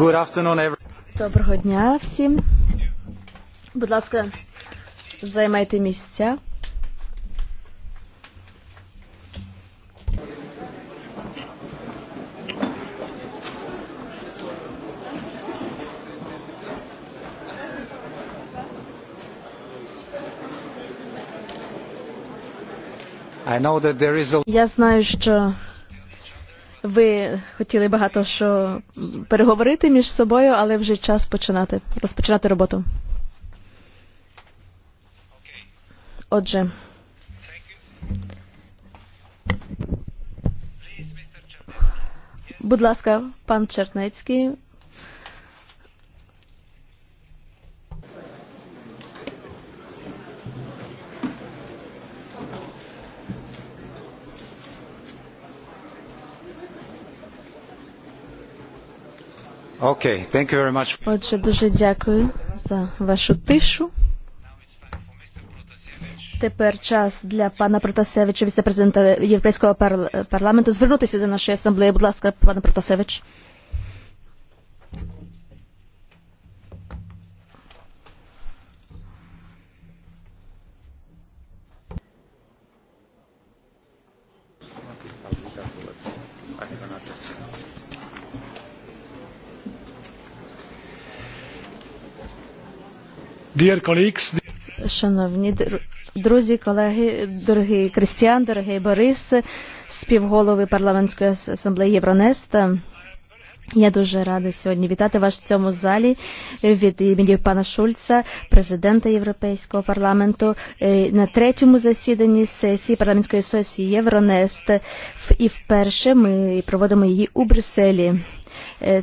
Good afternoon, Доброго дня всім. Будь ласка, займайте місця. Я знаю, що Ви хотіли багато що переговорити між собою, але вже час починати, розпочинати роботу. Отже. Будь ласка, пан Чернецький. Okay, thank you very much. Отже, дуже дякую за вашу тишу. Тепер час для пана Протасевича, віце-президента Європейського парламенту, звернутися до нашої асамблеї. Будь ласка, пане Протасевич. Dear colleagues, Шановні друзі, колеги, дорогі Крістіан, дорогий Борис, співголови парламентської асамблеї Євронеста. Я дуже рада сьогодні вітати вас в цьому залі від імені пана Шульца, президента Європейського парламенту, на третьому засіданні сесії парламентської сесії Євронест. І вперше ми проводимо її у Брюсселі.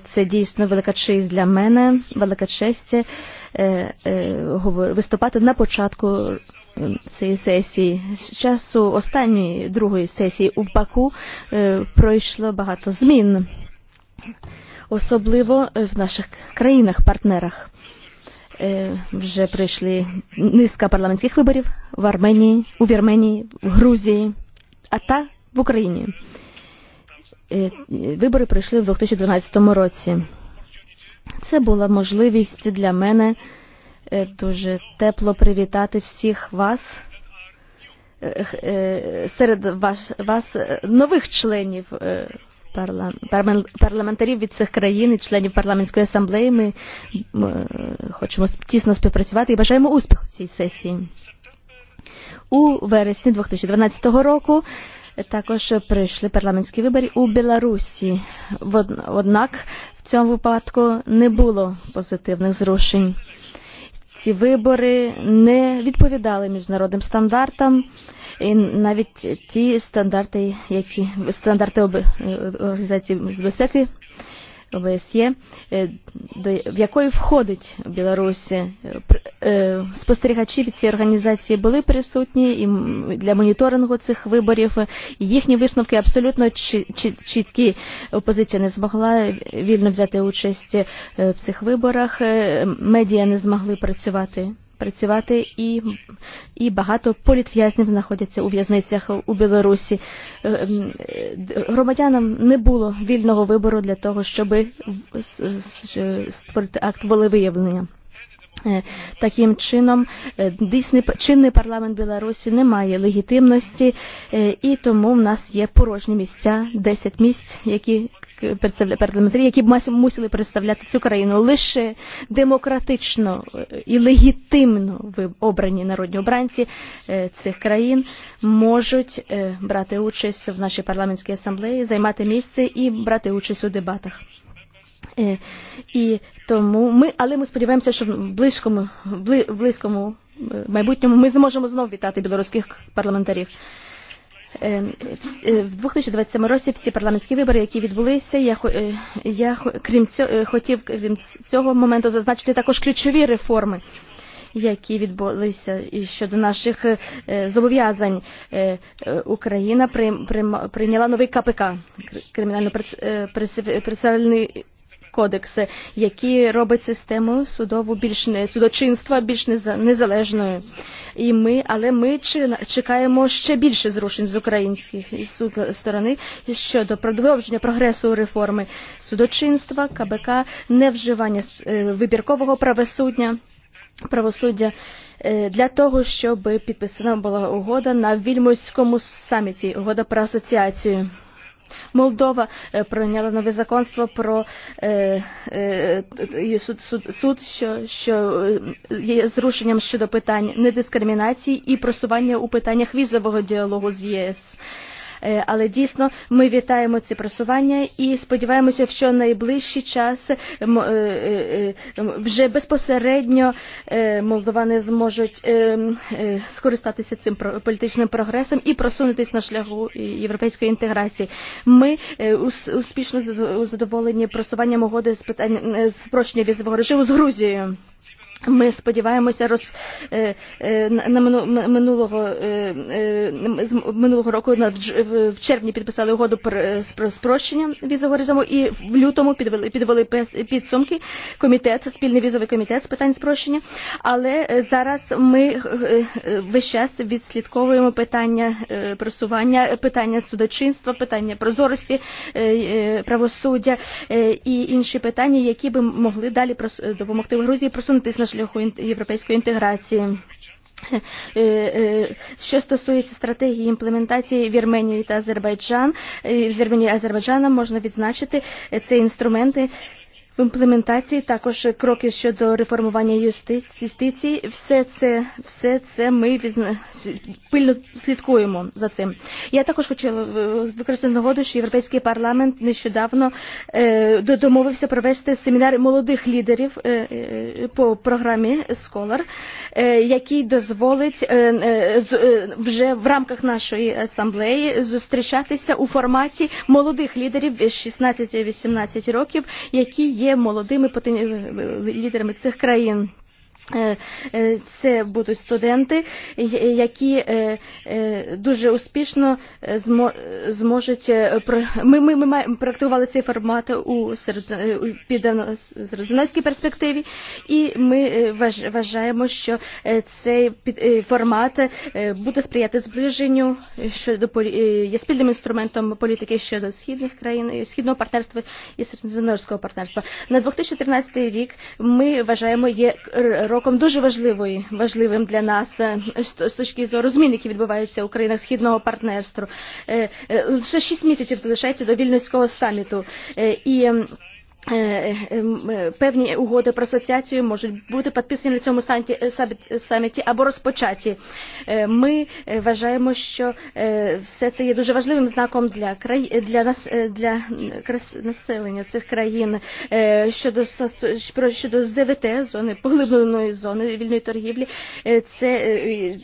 Це дійсно велика честь для мене, велика честь виступати на початку цієї сесії. З часу останньої другої сесії у Баку пройшло багато змін, особливо в наших країнах-партнерах. Вже прийшли низка парламентських виборів в Арменії, у Вірменії, в Грузії, а та в Україні. Вибори пройшли в 2012 році. Це була можливість для мене дуже тепло привітати всіх вас серед вас, вас нових членів парламентарів від цих країн і членів парламентської асамблеї. Ми хочемо тісно співпрацювати і бажаємо успіху цій сесії. У вересні 2012 року також пройшли парламентські вибори у Білорусі. Однак в цьому випадку не було позитивних зрушень. Ці вибори не відповідали міжнародним стандартам, і навіть ті стандарти, які стандарти організації з безпеки ОБСЄ, в якої входить Білорусі. Спостерігачі від цієї організації були присутні і для моніторингу цих виборів. Їхні висновки абсолютно чіткі. Опозиція не змогла вільно взяти участь в цих виборах, медіа не змогли працювати працювати, і і багато політв'язнів знаходяться у в'язницях у Білорусі. Громадянам не було вільного вибору для того, щоб створити акт волевиявлення. Таким чином, дійсний чинний парламент Білорусі не має легітимності, і тому в нас є порожні місця, 10 місць, які парламентарі, які б мусили представляти цю країну. Лише демократично і легітимно обрані народні обранці цих країн можуть брати участь в нашій парламентській асамблеї, займати місце і брати участь у дебатах. І тому ми, але ми сподіваємося, що в близькому, близькому майбутньому ми зможемо знову вітати білоруських парламентарів. В 2020 році всі парламентські вибори, які відбулися, я, я крім цього, хотів крім цього моменту зазначити також ключові реформи, які відбулися щодо наших зобов'язань. Україна прийняла новий КПК, кримінально процесуальний кодекси, які робить систему судову більш не судочинства більш незалежною. І ми, але ми чекаємо ще більше зрушень з українських суд сторони щодо продовження прогресу реформи судочинства, КБК, невживання вибіркового правосуддя правосуддя для того, щоб підписана була угода на Вільмуському саміті, угода про асоціацію. Молдова прийняла нове законство про е, суд, суд, суд що, що є зрушенням щодо питань недискримінації і просування у питаннях візового діалогу з ЄС. Але дійсно ми вітаємо ці просування і сподіваємося, що найближчий час вже безпосередньо молдовани зможуть скористатися цим політичним прогресом і просунутися на шляху європейської інтеграції. Ми успішно задоволені просуванням угоди з питань спрощення візового режиму з Грузією. Ми сподіваємося, роз на минулого з минулого року на в червні підписали угоду про спрощення візового режиму і в лютому підвели підвели підсумки комітет, спільний візовий комітет з питань спрощення. Але зараз ми весь час відслідковуємо питання просування, питання судочинства, питання прозорості правосуддя і інші питання, які би могли далі допомогти в Грузії просунутися на шляху європейської інтеграції. Що стосується стратегії імплементації Вірменії та Азербайджан, з Вірменії Азербайджаном можна відзначити ці інструменти в імплементації, також кроки щодо реформування юстиції. Все це, все це ми візна... пильно слідкуємо за цим. Я також хотіла використати нагоду, що Європейський парламент нещодавно е, домовився провести семінар молодих лідерів е, е, по програмі Scholar, е, який дозволить е, е, вже в рамках нашої асамблеї зустрічатися у форматі молодих лідерів 16-18 років, які є є молодими лідерами цих країн. Це будуть студенти, які дуже успішно зможуть ми, ми, ми маємо практикували цей формат у південно перспективі, і ми вважаємо, що цей формат буде сприяти зближенню щодо є спільним інструментом політики щодо східних країн, східного партнерства і середземноморського партнерства. На 2013 рік ми вважаємо є роком роком дуже важливий, важливим для нас з точки зору змін, які відбуваються в країнах східного партнерства. Лише шість місяців залишається до вільнюського саміту. І Певні угоди про асоціацію можуть бути підписані на цьому саміті або розпочаті. Ми вважаємо, що все це є дуже важливим знаком для край... для нас для населення цих країн щодо щодо ЗВТ зони поглибленої зони вільної торгівлі. Це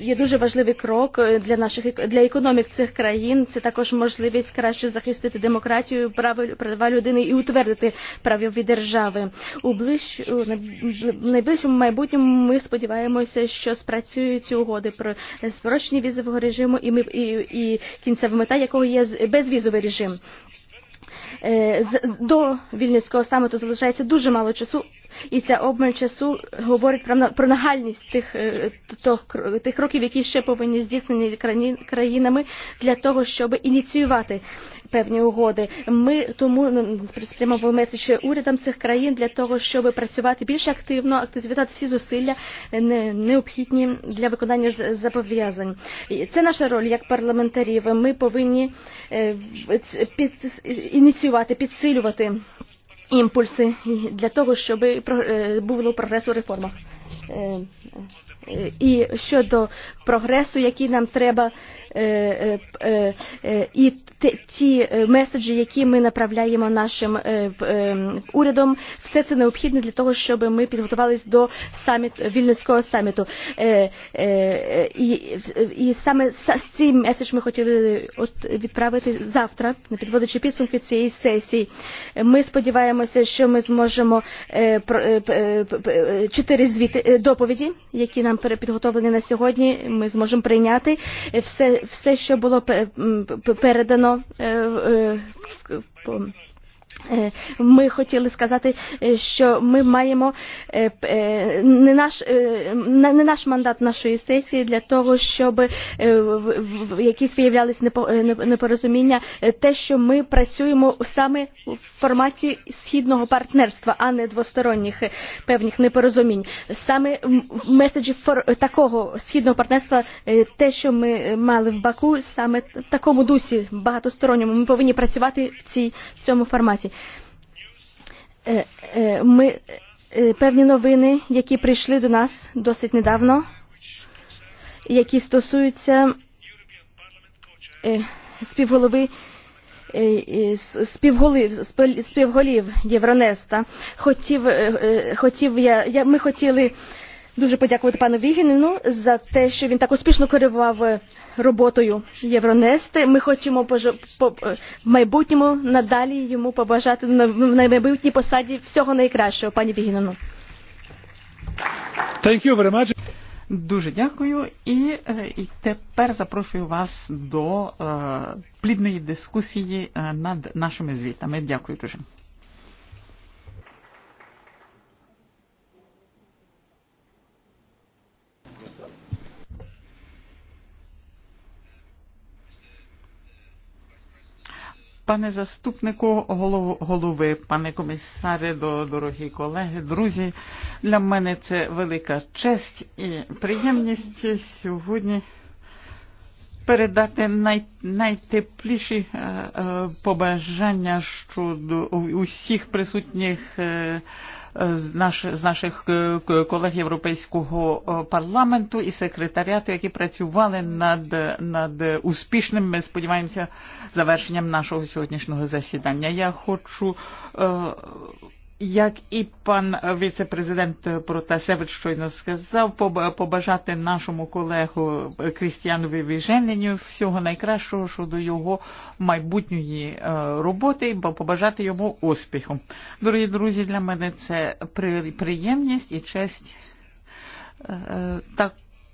є дуже важливий крок для наших для економік цих країн. Це також можливість краще захистити демократію, права людини і утвердити права правові держави. У ближ... в найближчому майбутньому ми сподіваємося, що спрацюють ці угоди про спрощені візового режиму і, ми, і, і кінцева мета якого є безвізовий режим. До Вільнюського саміту залишається дуже мало часу, і ця обмаль часу говорить про, про нагальність тих, тих, тих кроків, які ще повинні здійснені країнами для того, щоб ініціювати певні угоди. Ми тому спрямовуємо меседж урядам цих країн для того, щоб працювати більш активно, активізувати всі зусилля необхідні для виконання зобов'язань. Це наша роль як парламентарів. Ми повинні ініціювати, підсилювати імпульси для того, щоб був прогрес в реформах. І щодо прогресу, який нам треба і ті меседжі, які ми направляємо нашим урядом, все це необхідне для того, щоб ми підготувалися до саміт вільнюського саміту. І саме цей меседж ми хотіли відправити завтра, не підводячи підсумки цієї сесії. Ми сподіваємося, що ми зможемо чотири звіти доповіді, які нам підготовлені на сьогодні. Ми зможемо прийняти все все, що було передано Ми хотіли сказати, що ми маємо не наш, не наш мандат нашої сесії для того, щоб якісь виявлялися непорозуміння, те, що ми працюємо саме в форматі східного партнерства, а не двосторонніх певних непорозумінь. Саме меседжі такого східного партнерства, те, що ми мали в Баку, саме в такому дусі багатосторонньому, ми повинні працювати в, цій, в цьому форматі. Ми певні новини, які прийшли до нас досить недавно, які стосуються співголови співголів, співголів Євронеста. Хотів, хотів я, я, ми хотіли дуже подякувати пану Вігіну за те, що він так успішно керував роботою Євронести. Ми хочемо пож... по... в майбутньому надалі йому побажати в найбутній посаді всього найкращого, пані Вігіну. Thank you very much. Дуже дякую. І, і тепер запрошую вас до е, плідної дискусії над нашими звітами. Дякую дуже. Пане заступнику голови, пане комісаре, дорогі колеги, друзі, для мене це велика честь і приємність сьогодні передати най, найтепліші побажання щодо усіх присутніх з, наш, з наших колег Європейського парламенту і секретаріату, які працювали над, над успішним, ми сподіваємося, завершенням нашого сьогоднішнього засідання. Я хочу е, Як і пан віцепрезидент Протасевич щойно сказав, побажати нашому колегу Крістіанові Віжененю всього найкращого щодо його майбутньої роботи, бо побажати йому успіху. Дорогі друзі, для мене це приємність і честь так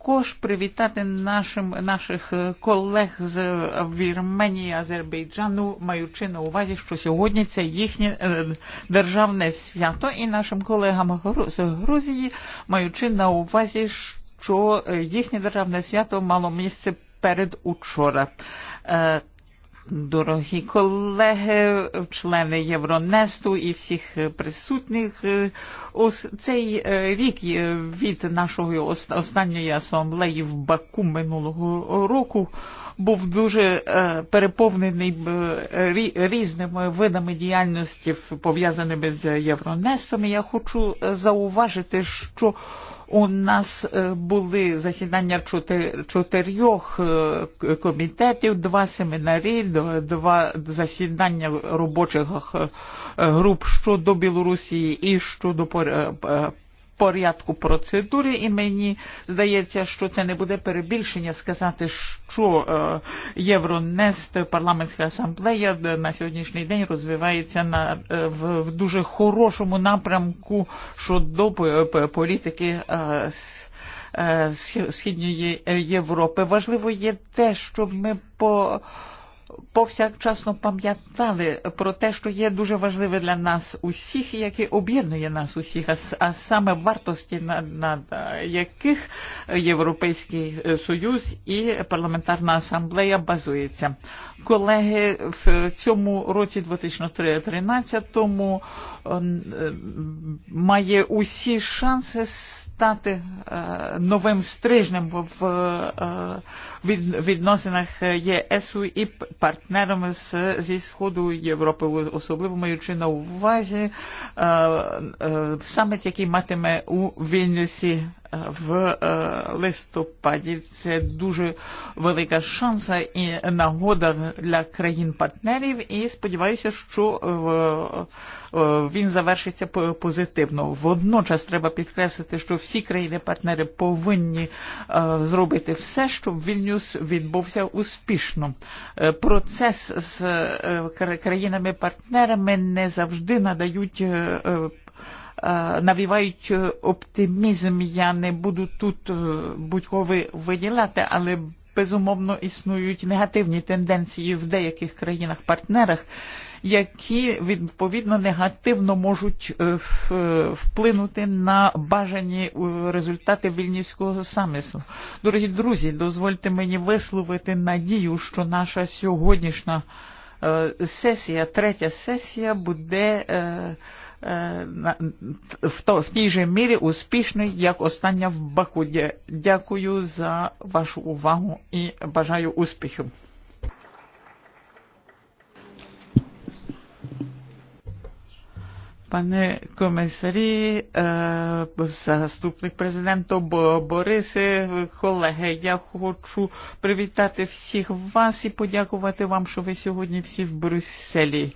також привітати нашим, наших колег з Вірменії, Азербайджану, маючи на увазі, що сьогодні це їхнє державне свято, і нашим колегам з Грузії, маючи на увазі, що їхнє державне свято мало місце перед учора. Дорогі колеги, члени Євронесту і всіх присутніх, ось цей рік від нашої останньої асамблеї в Баку минулого року був дуже переповнений різними видами діяльності пов'язаними з Євронестом. І я хочу зауважити, що У нас були засідання чотирьох комітетів, два семінарі, два засідання робочих груп щодо Білорусі і щодо порядку процедури, і мені здається, що це не буде перебільшення сказати, що Євронест, парламентська асамблея на сьогоднішній день розвивається на, в, в дуже хорошому напрямку щодо політики Східної Європи. Важливо є те, щоб ми по повсякчасно пам'ятали про те, що є дуже важливе для нас усіх, яке об'єднує нас усіх, а саме вартості, над над яких Європейський Союз і парламентарна асамблея базується. Колеги, в цьому році 2013 має усі шанси стати новим стрижнем в відносинах ЄСу і партнерами зі Сходу Європи, особливо маючи на увазі саміт, який матиме у Вільнюсі в листопаді. Це дуже велика шанса і нагода для країн-партнерів. І сподіваюся, що він завершиться позитивно. Водночас треба підкреслити, що всі країни-партнери повинні зробити все, щоб Вільнюс відбувся успішно. Процес з країнами-партнерами не завжди надають навівають оптимізм. Я не буду тут будь-кого виділяти, але безумовно існують негативні тенденції в деяких країнах-партнерах, які відповідно негативно можуть вплинути на бажані результати вільнівського самісу. Дорогі друзі, дозвольте мені висловити надію, що наша сьогоднішня сесія, третя сесія буде в то в тій же мірі успішний, як остання в Баку. Дякую за вашу увагу і бажаю успіхів. Пане комісарі, заступник президента Бориси, колеги, я хочу привітати всіх вас і подякувати вам, що ви сьогодні всі в Брюсселі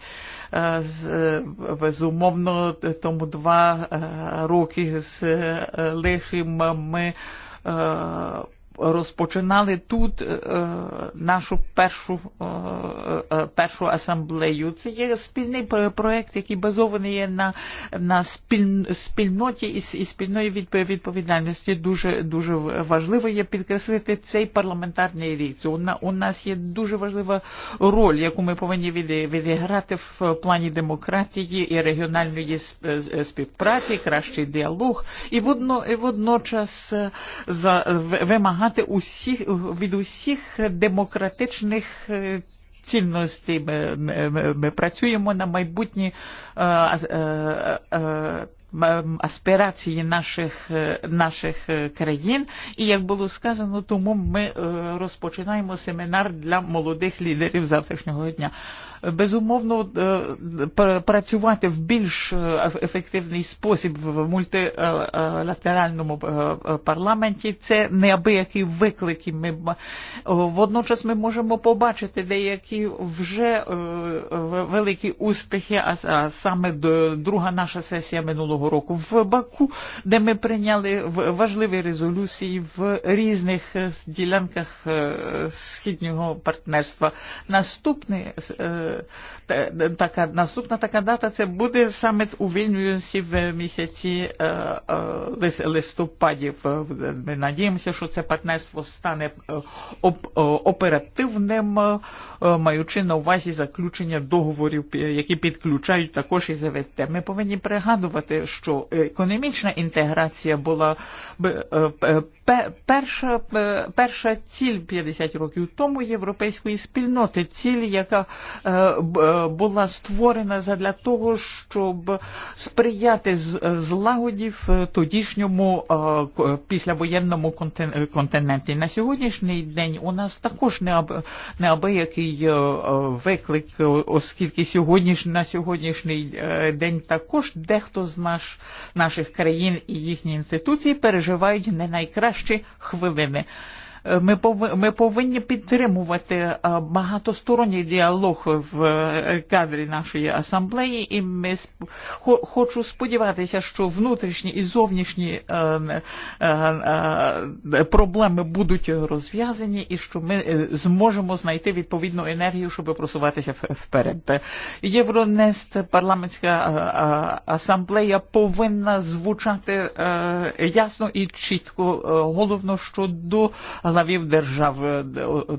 безумовно, тому два роки з лихим ми розпочинали тут е, нашу першу, е, першу асамблею. Це є спільний проєкт, який базований є на, на спіль, спільноті і, і спільної відповідальності. Дуже, дуже важливо є підкреслити цей парламентарний рік. У, на, у нас є дуже важлива роль, яку ми повинні відіграти в плані демократії і регіональної співпраці, кращий діалог. І, водно, і водночас за, вимагати вимагати усіх від усіх демократичних цінностей. Ми, ми, ми працюємо на майбутні а, а, а, аспірації наших, наших країн. І як було сказано, тому ми розпочинаємо семінар для молодих лідерів завтрашнього дня безумовно працювати в більш ефективний спосіб в мультилатеральному парламенті. Це неабиякі виклики. Ми водночас ми можемо побачити деякі вже великі успіхи, а саме друга наша сесія минулого року в Баку, де ми прийняли важливі резолюції в різних ділянках східнього партнерства. Наступний така, наступната кандидата буде саме у Вільнюсі в місяці листопадів. Ми надіємося, що це партнерство стане оперативним, маючи на увазі заключення договорів, які підключають також і ЗВТ. Ми повинні пригадувати, що економічна інтеграція була перша, перша ціль 50 років тому європейської спільноти, ціль, яка була створена для того, щоб сприяти злагоді в тодішньому післявоєнному континенті. На сьогоднішній день у нас також неабиякий виклик, оскільки сьогодніш, на сьогоднішній день також дехто з наш, наших країн і їхні інституції переживають не найкраще кращі хвилини. Ми пов... ми повинні підтримувати багатосторонній діалог в кадрі нашої асамблеї, і ми сп... хочу сподіватися, що внутрішні і зовнішні проблеми будуть розв'язані, і що ми зможемо знайти відповідну енергію, щоб просуватися вперед. Євронест, парламентська асамблея повинна звучати ясно і чітко, головно щодо главів держав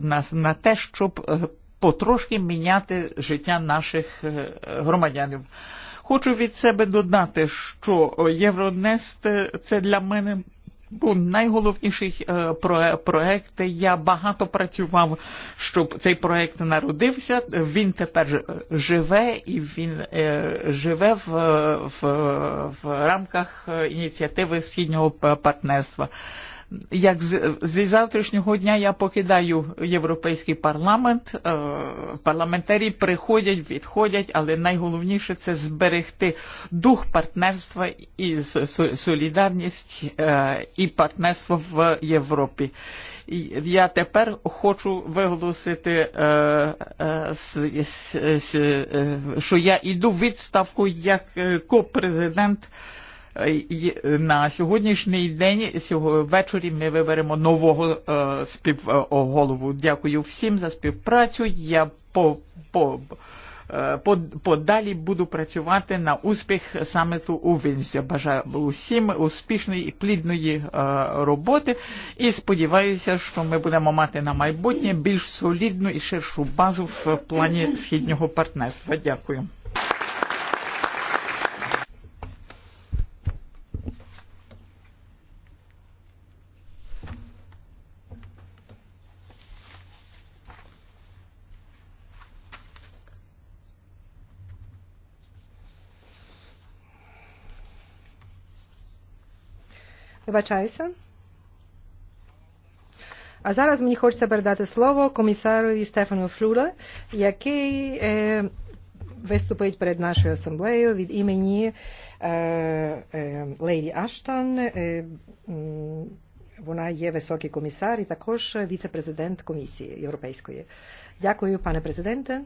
на, на те, щоб потрошки міняти життя наших громадянів. Хочу від себе додати, що Євронест це для мене був найголовніший проект. Я багато працював, щоб цей проект народився. Він тепер живе і він живе в, в, в рамках ініціативи східнього партнерства як зі завтрашнього дня я покидаю Європейський парламент, парламентарі приходять, відходять, але найголовніше це зберегти дух партнерства і солідарність і партнерство в Європі. Я тепер хочу виголосити, що я йду відставку як ко-президент на сьогоднішній день ввечері ми виберемо нового співголову. Дякую всім за співпрацю. Я по, по по, подалі буду працювати на успіх саміту у Вінсі. Бажаю усім успішної і плідної роботи і сподіваюся, що ми будемо мати на майбутнє більш солідну і ширшу базу в плані східнього партнерства. Дякую. Вибачаюся. А зараз мені хочеться передати слово комісарові Стефану Флюле, який е, виступить перед нашою асамблеєю від імені е, е, Лейді Аштон. Е, вона є високий комісар і також віце-президент комісії Європейської. Дякую, пане президенте.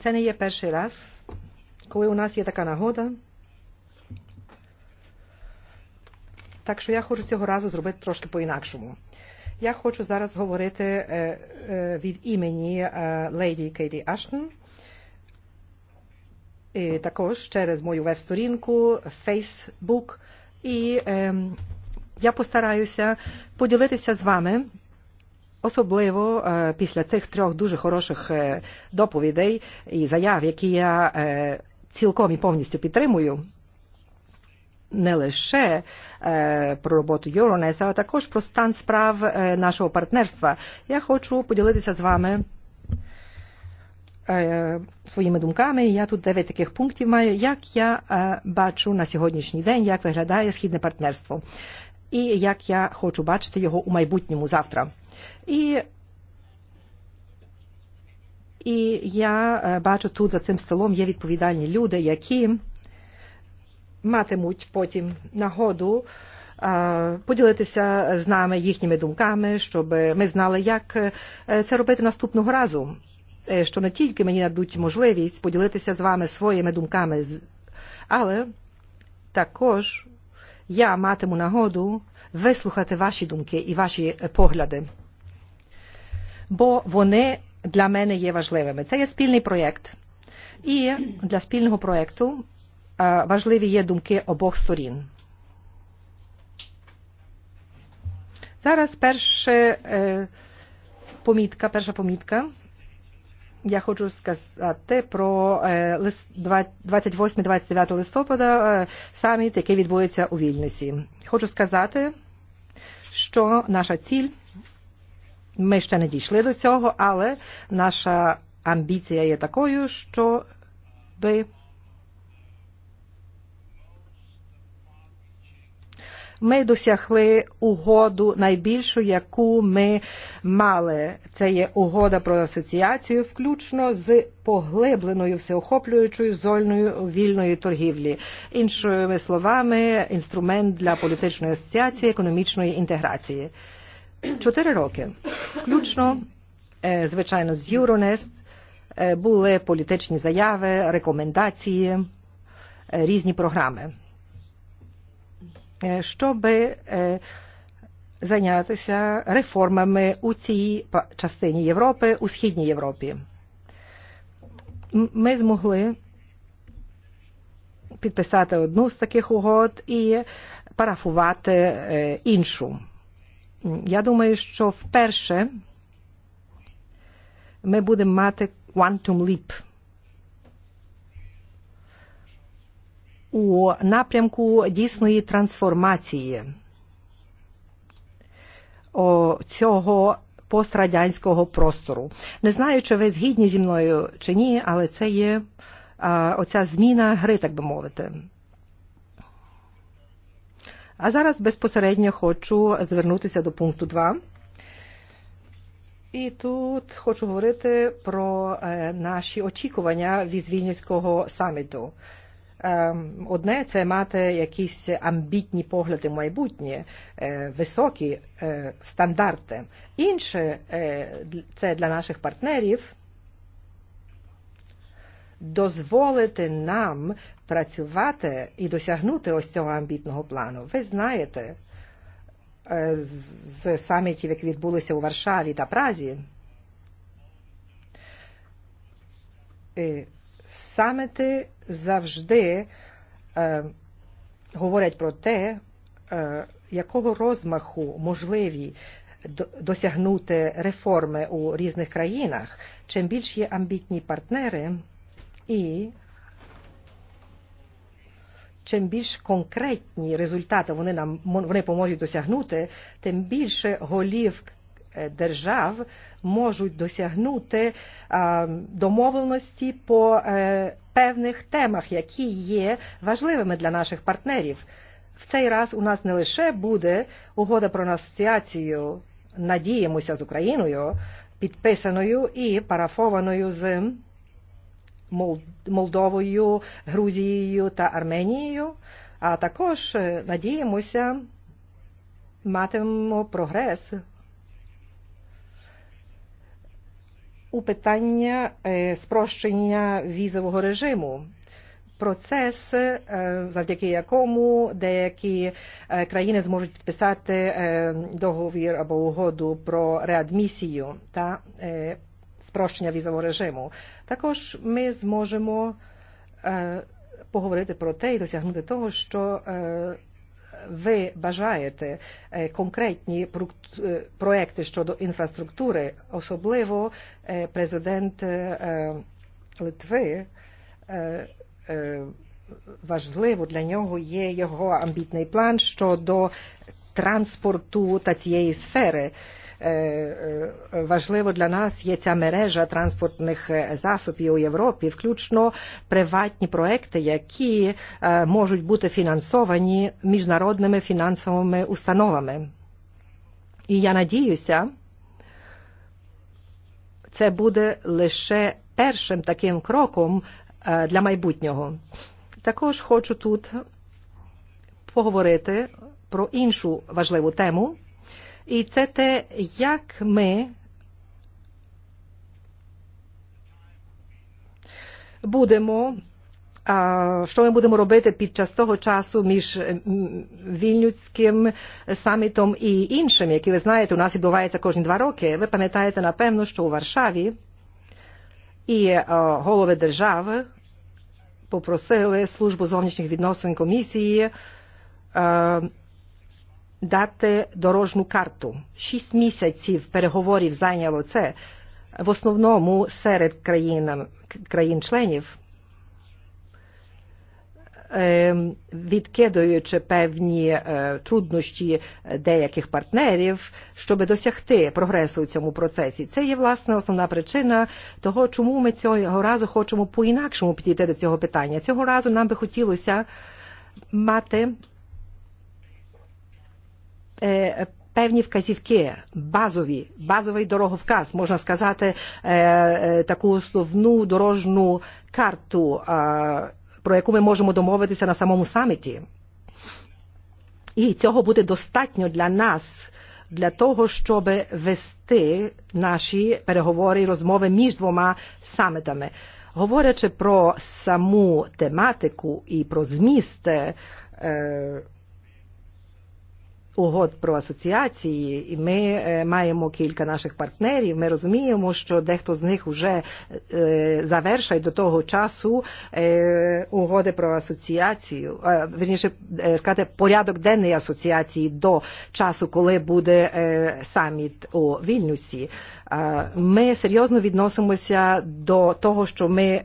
Це не є перший раз, коли у нас є така нагода Так що я хочу цього разу зробити трошки по-інакшому. Я хочу зараз говорити від імені леді Кейді Аштон, і також через мою веб-сторінку, Facebook, і я постараюся поділитися з вами Особливо після цих трьох дуже хороших доповідей і заяв, які я цілком і повністю підтримую, не лише е, про роботу Euronest, але також про стан справ е, нашого партнерства. Я хочу поділитися з вами е, своїми думками. Я тут дев'ять таких пунктів маю, як я е, бачу на сьогоднішній день, як виглядає східне партнерство і як я хочу бачити його у майбутньому завтра. І і я бачу тут за цим столом є відповідальні люди, які матимуть потім нагоду поділитися з нами їхніми думками, щоб ми знали, як це робити наступного разу. Що не тільки мені надуть можливість поділитися з вами своїми думками, але також я матиму нагоду вислухати ваші думки і ваші погляди, бо вони для мене є важливими. Це є спільний проєкт. І для спільного проєкту важливі є думки обох сторін. Зараз перше помітка, перша помітка. Я хочу сказати про 28-29 листопада саміт, який відбудеться у Вільнюсі. Хочу сказати, що наша ціль, ми ще не дійшли до цього, але наша амбіція є такою, що Ми досягли угоду найбільшу, яку ми мали. Це є угода про асоціацію, включно з поглибленою всеохоплюючою зольною вільної торгівлі. Іншими словами, інструмент для політичної асоціації, економічної інтеграції. Чотири роки, включно, звичайно, з Euronest, були політичні заяви, рекомендації, різні програми щоб зайнятися реформами у цій частині Європи, у Східній Європі. Ми змогли підписати одну з таких угод і парафувати іншу. Я думаю, що вперше ми будемо мати quantum leap – у напрямку дійсної трансформації цього пострадянського простору. Не знаю, чи ви згідні зі мною чи ні, але це є оця зміна гри, так би мовити. А зараз безпосередньо хочу звернутися до пункту 2. І тут хочу говорити про наші очікування від Вільнюського саміту. Одне це мати якісь амбітні погляди в майбутнє, високі стандарти. Інше це для наших партнерів дозволити нам працювати і досягнути ось цього амбітного плану. Ви знаєте, з самітів, які відбулися у Варшаві та Празі, саме ти завжди е, говорять про те, е, якого розмаху можливі досягнути реформи у різних країнах. Чим більш є амбітні партнери і чим більш конкретні результати вони нам вони поможуть досягнути, тим більше голів держав можуть досягнути домовленості по певних темах, які є важливими для наших партнерів. В цей раз у нас не лише буде угода про асоціацію, надіємося, з Україною, підписаною і парафованою з Молдовою, Грузією та Арменією, а також надіємося матимемо прогрес у питання спрощення візового режиму. Процес, завдяки якому деякі країни зможуть підписати договір або угоду про реадмісію та спрощення візового режиму. Також ми зможемо поговорити про те і досягнути того, що ви бажаєте конкретні проекти щодо інфраструктури, особливо президент Литви важливо для нього є його амбітний план щодо транспорту та цієї сфери важливо для нас є ця мережа транспортних засобів у Європі, включно приватні проекти, які можуть бути фінансовані міжнародними фінансовими установами. І я надіюся, це буде лише першим таким кроком для майбутнього. Також хочу тут поговорити про іншу важливу тему, ICT, jak my будемо а Що ми будемо робити під час того часу між вільнюцьким самітом і іншим, які ви знаєте, у нас відбувається кожні два роки. Ви пам'ятаєте, напевно, що у Варшаві і голови держави попросили службу зовнішніх відносин комісії дати дорожню карту. Шість місяців переговорів зайняло це в основному серед країн, країн-членів, відкидаючи певні труднощі деяких партнерів, щоб досягти прогресу у цьому процесі. Це є власне основна причина того, чому ми цього разу хочемо по-інакшому підійти до цього питання. Цього разу нам би хотілося мати Певні вказівки, базові, базовий дороговказ, можна сказати, таку основну дорожну карту, про яку ми можемо домовитися на самому саміті. І цього буде достатньо для нас, для того, щоб вести наші переговори і розмови між двома самитами. Говорячи про саму тематику і про зміст угод про асоціації, і ми маємо кілька наших партнерів. Ми розуміємо, що дехто з них вже завершає до того часу угоди про асоціацію, верніше сказати, порядок денний асоціації до часу, коли буде саміт у Вільнюсі. Ми серйозно відносимося до того, що ми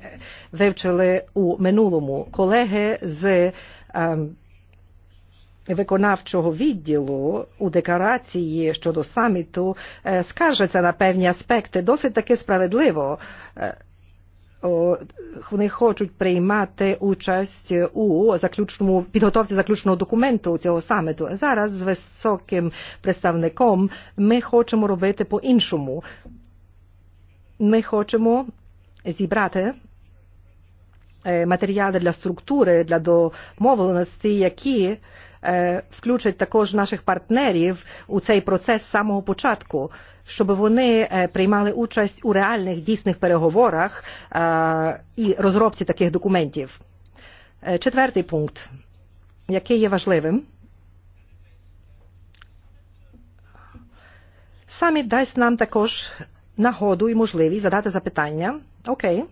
вивчили у минулому. Колеги з виконавчого відділу у декларації щодо саміту скаржаться на певні аспекти досить таки справедливо. Вони хочуть приймати участь у заключному підготовці заключного документу цього саміту. Зараз з високим представником ми хочемо робити по-іншому. Ми хочемо зібрати матеріали для структури, для домовленості, які включить також наших партнерів у цей процес з самого початку, щоб вони приймали участь у реальних дійсних переговорах і розробці таких документів. Четвертий пункт, який є важливим. Саміт дасть нам також нагоду і можливість задати запитання. Окей. Okay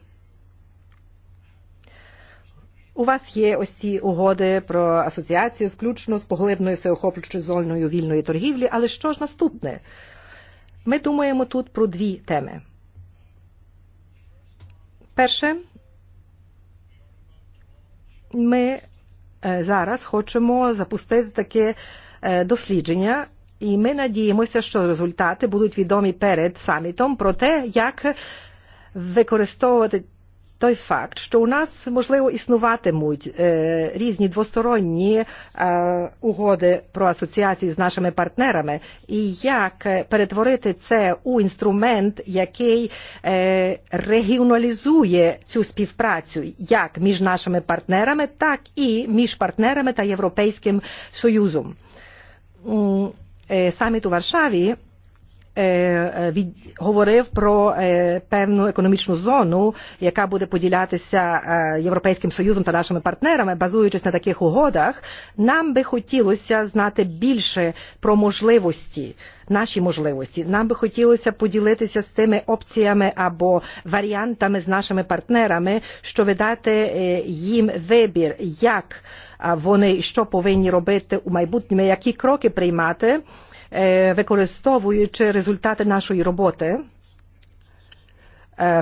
У вас є ось ці угоди про асоціацію, включно з поглибною всеохоплюючою зоною вільної торгівлі. Але що ж наступне? Ми думаємо тут про дві теми. Перше, ми зараз хочемо запустити таке дослідження І ми надіємося, що результати будуть відомі перед самітом про те, як використовувати той факт, що у нас можливо існуватимуть е, різні двосторонні е, угоди про асоціації з нашими партнерами, і як перетворити це у інструмент, який е, регіоналізує цю співпрацю як між нашими партнерами, так і між партнерами та Європейським Союзом. Саміт у Варшаві говорив про певну економічну зону, яка буде поділятися Європейським Союзом та нашими партнерами, базуючись на таких угодах, нам би хотілося знати більше про можливості, наші можливості. Нам би хотілося поділитися з тими опціями або варіантами з нашими партнерами, щоб дати їм вибір, як вони що повинні робити у майбутньому, які кроки приймати використовуючи результати нашої роботи,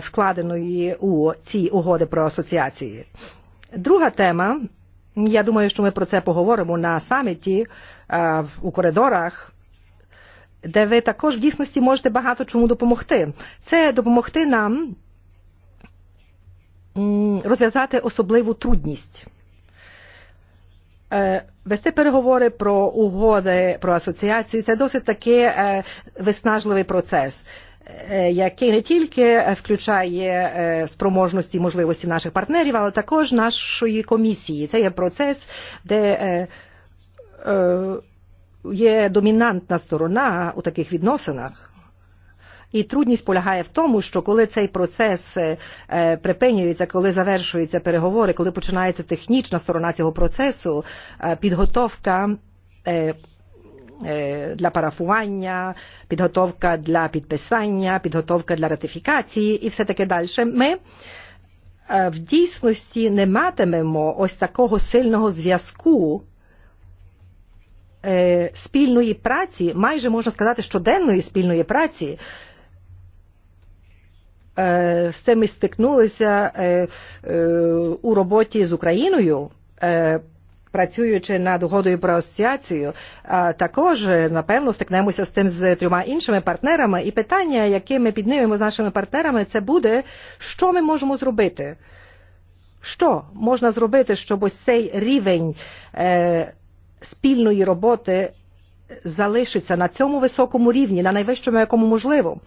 вкладеної у ці угоди про асоціації. Друга тема, я думаю, що ми про це поговоримо на саміті у коридорах, де ви також в дійсності можете багато чому допомогти. Це допомогти нам розв'язати особливу трудність – Вести переговори про угоди про асоціації це досить такий виснажливий процес. Який не тільки включає спроможності і можливості наших партнерів, але також нашої комісії. Це є процес, де є домінантна сторона у таких відносинах. І трудність полягає в тому, що коли цей процес припинюється, коли завершуються переговори, коли починається технічна сторона цього процесу, підготовка для парафування, підготовка для підписання, підготовка для ратифікації і все таке далі, ми в дійсності не матимемо ось такого сильного зв'язку спільної праці, майже можна сказати, щоденної спільної праці з цим ми стикнулися у роботі з Україною, працюючи над угодою про асоціацію. А також, напевно, стикнемося з тим з трьома іншими партнерами. І питання, яке ми піднімемо з нашими партнерами, це буде, що ми можемо зробити? Що можна зробити, щоб ось цей рівень е, спільної роботи залишиться на цьому високому рівні, на найвищому, якому можливо?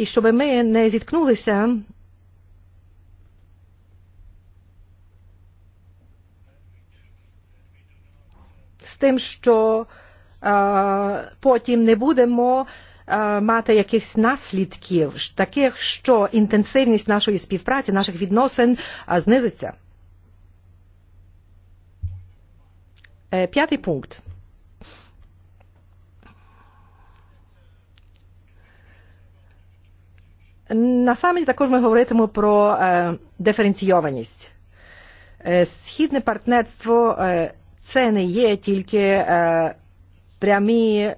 І щоб ми не зіткнулися з тим, що а, потім не будемо мати якихось наслідків, таких, що інтенсивність нашої співпраці, наших відносин знизиться. П'ятий пункт. На саміті також ми говоритимо про диференційованість. Східне партнерство це не є тільки прямі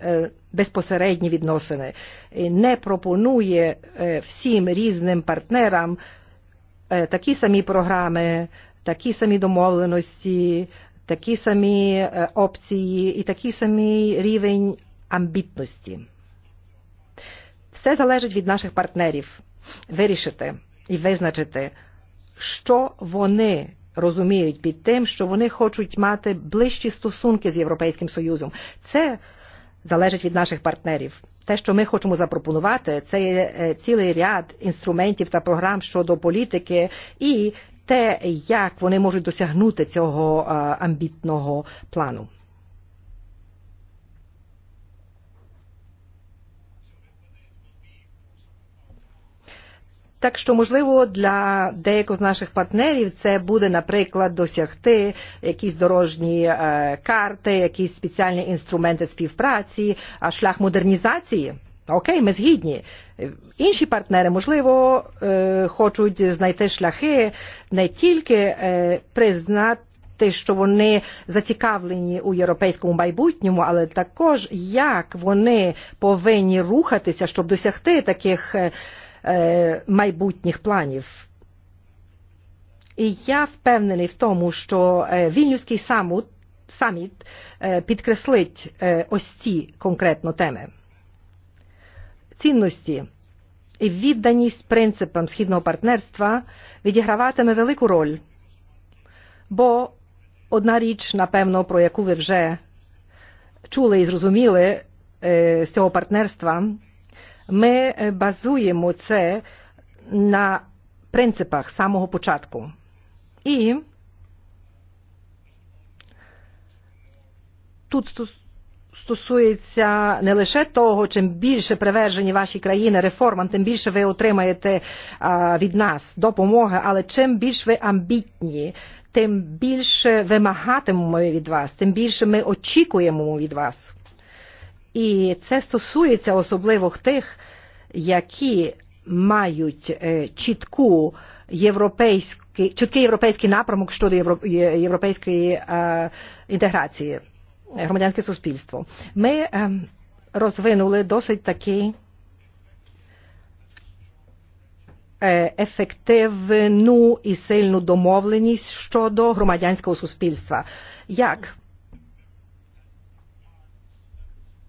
безпосередні відносини, не пропонує всім різним партнерам такі самі програми, такі самі домовленості, такі самі опції і такий самий рівень амбітності все залежить від наших партнерів вирішити і визначити, що вони розуміють під тим, що вони хочуть мати ближчі стосунки з Європейським Союзом. Це залежить від наших партнерів. Те, що ми хочемо запропонувати, це є цілий ряд інструментів та програм щодо політики і те, як вони можуть досягнути цього амбітного плану. Так що, можливо, для деяких з наших партнерів це буде, наприклад, досягти якісь дорожні карти, якісь спеціальні інструменти співпраці, а шлях модернізації. Окей, ми згідні. Інші партнери, можливо, хочуть знайти шляхи не тільки признати те, що вони зацікавлені у європейському майбутньому, але також як вони повинні рухатися, щоб досягти таких майбутніх планів. І я впевнений в тому, що Вільнюський самут, саміт підкреслить ось ці конкретно теми. Цінності і відданість принципам східного партнерства відіграватиме велику роль. Бо одна річ, напевно, про яку ви вже чули і зрозуміли з цього партнерства – Ми базуємо це на принципах самого початку. І тут стосується не лише того, чим більше привержені ваші країни реформам, тим більше ви отримаєте від нас допомоги, але чим більш ви амбітні, тим більше вимагатимемо від вас, тим більше ми очікуємо від вас. І це стосується особливо тих, які мають чітку європейський, чіткий європейський напрямок щодо європейської інтеграції, громадянське суспільство. Ми розвинули досить такий ефективну і сильну домовленість щодо громадянського суспільства. Як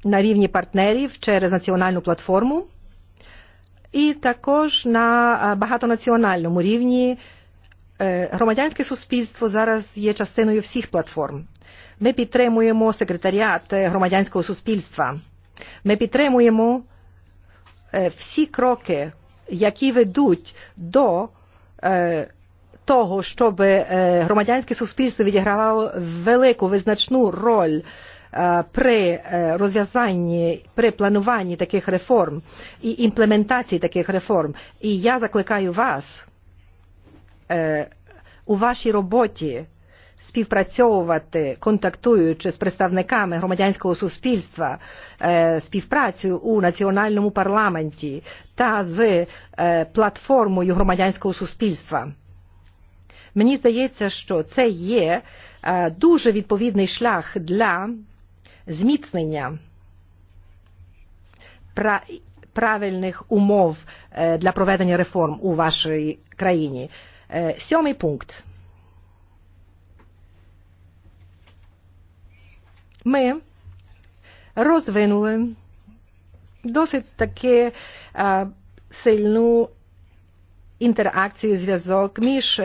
na рівні партнерів через національну платформу і також на багатонаціональному рівні. Громадянське суспільство зараз є частиною всіх платформ. Ми підтримуємо секретаріат громадянського суспільства. Ми підтримуємо всі кроки, які ведуть до того, щоб громадянське суспільство відігравало велику визначну роль при розв'язанні, при плануванні таких реформ і імплементації таких реформ. І я закликаю вас у вашій роботі співпрацьовувати, контактуючи з представниками громадянського суспільства, співпрацю у національному парламенті та з платформою громадянського суспільства. Мені здається, що це є дуже відповідний шлях для zmicnення правильних умов для проведення реформ у вашій країні. Сьомий пункт. Ми розвинули досить таки сильну інтеракцію, зв'язок між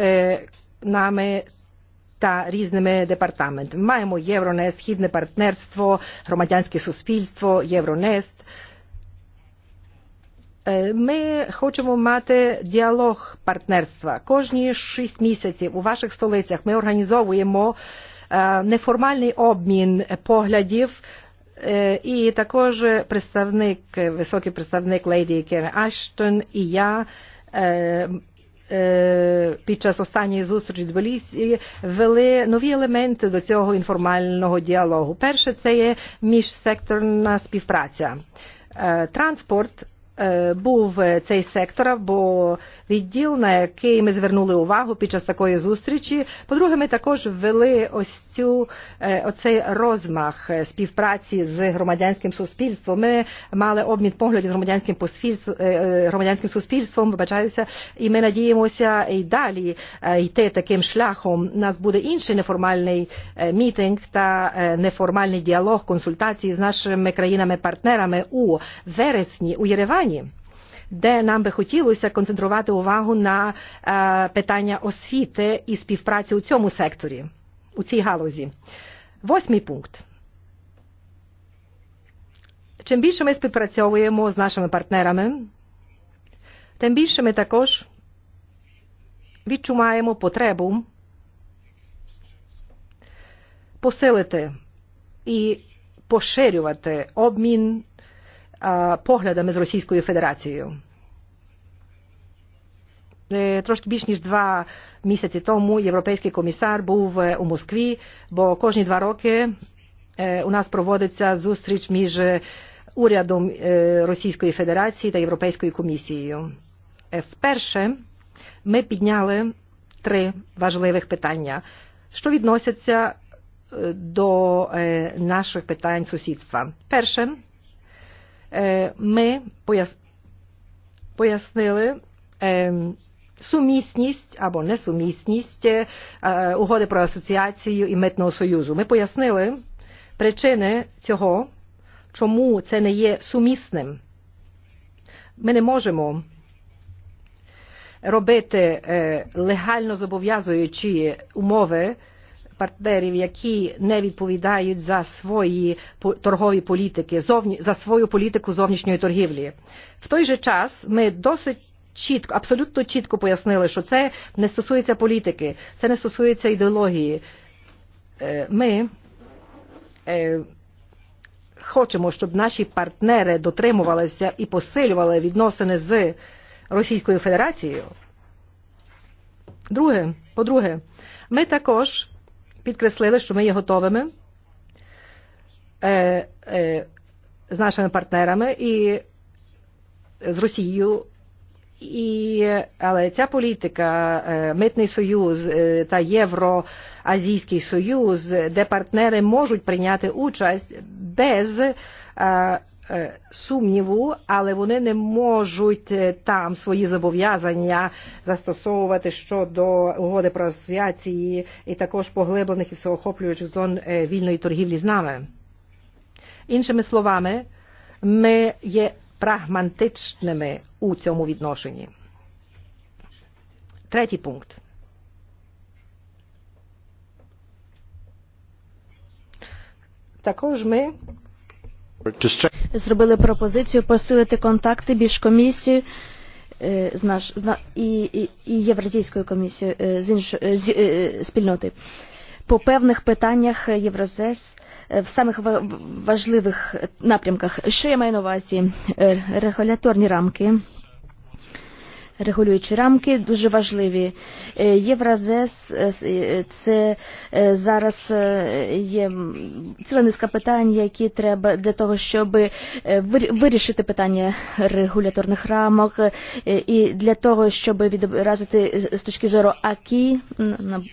нами та різними департаментами. Маємо Euronest, Східне партнерство, громадянське суспільство, Євронест. Ми хочемо мати діалог партнерства. Кожні шість місяців у ваших столицях ми організовуємо неформальний обмін поглядів і також представник, високий представник Лейді Кіра Аштон і я під час останньої зустрічі в Тбілісі ввели нові елементи до цього інформального діалогу. Перше це є міжсекторна співпраця. Транспорт був цей сектор або відділ, на який ми звернули увагу під час такої зустрічі. По-друге, ми також ввели ось цю, оцей розмах співпраці з громадянським суспільством. Ми мали обмін поглядів з громадянським, громадянським суспільством, вибачаюся, і ми надіємося і далі йти таким шляхом. У нас буде інший неформальний мітинг та неформальний діалог, консультації з нашими країнами-партнерами у вересні, у Єревані питанні. де нам би хотілося концентрувати увагу на питання освіти і співпраці у цьому секторі, у цій галузі. Восьмий пункт. Чим більше ми співпрацьовуємо з нашими партнерами, тим більше ми також відчуваємо потребу посилити і поширювати обмін pohledom iz Російською Федерацією. Трошки більш ніж два місяці тому європейський комісар був у Москві, бо кожні два роки у нас проводиться зустріч між урядом Російської Федерації та Європейською комісією. Вперше ми підняли три важливих питання, що відносяться до наших питань сусідства. Перше Eh, my pojas, pojasnili eh, sumístnost nebo uhody pro asociaci i Metnou Sojuzu. My pojasnili příčiny toho, čemu to není sumístným. My nemůžeme robit eh, legálně zobovязуючі umovy партнерів, які не відповідають за свої торгові політики, за свою політику зовнішньої торгівлі. В той же час ми досить чітко, абсолютно чітко пояснили, що це не стосується політики, це не стосується ідеології. Ми хочемо, щоб наші партнери дотримувалися і посилювали відносини з Російською Федерацією. Друге, по-друге, ми також підкреслили, що ми є готовими е, е, з нашими партнерами і з Росією. І, але ця політика, митний союз та євроазійський союз, де партнери можуть прийняти участь без сумніву, але вони не можуть там свої зобов'язання застосовувати щодо угоди про асоціації і також поглиблених і всеохоплюючих зон вільної торгівлі з нами. Іншими словами, ми є прагматичними у цьому відношенні. Третій пункт. Також ми зробили пропозицію посилити контакти між комісією з наш з і, і, і євразійською комісією з іншої з, спільноти по певних питаннях Єврозес в самих важливих напрямках. Що я маю на увазі? Регуляторні рамки Регулюючі рамки дуже важливі. Євразес це зараз є ціла низка питань, які треба для того, щоб вирішити питання регуляторних рамок і для того, щоб відобразити з точки зору АКІ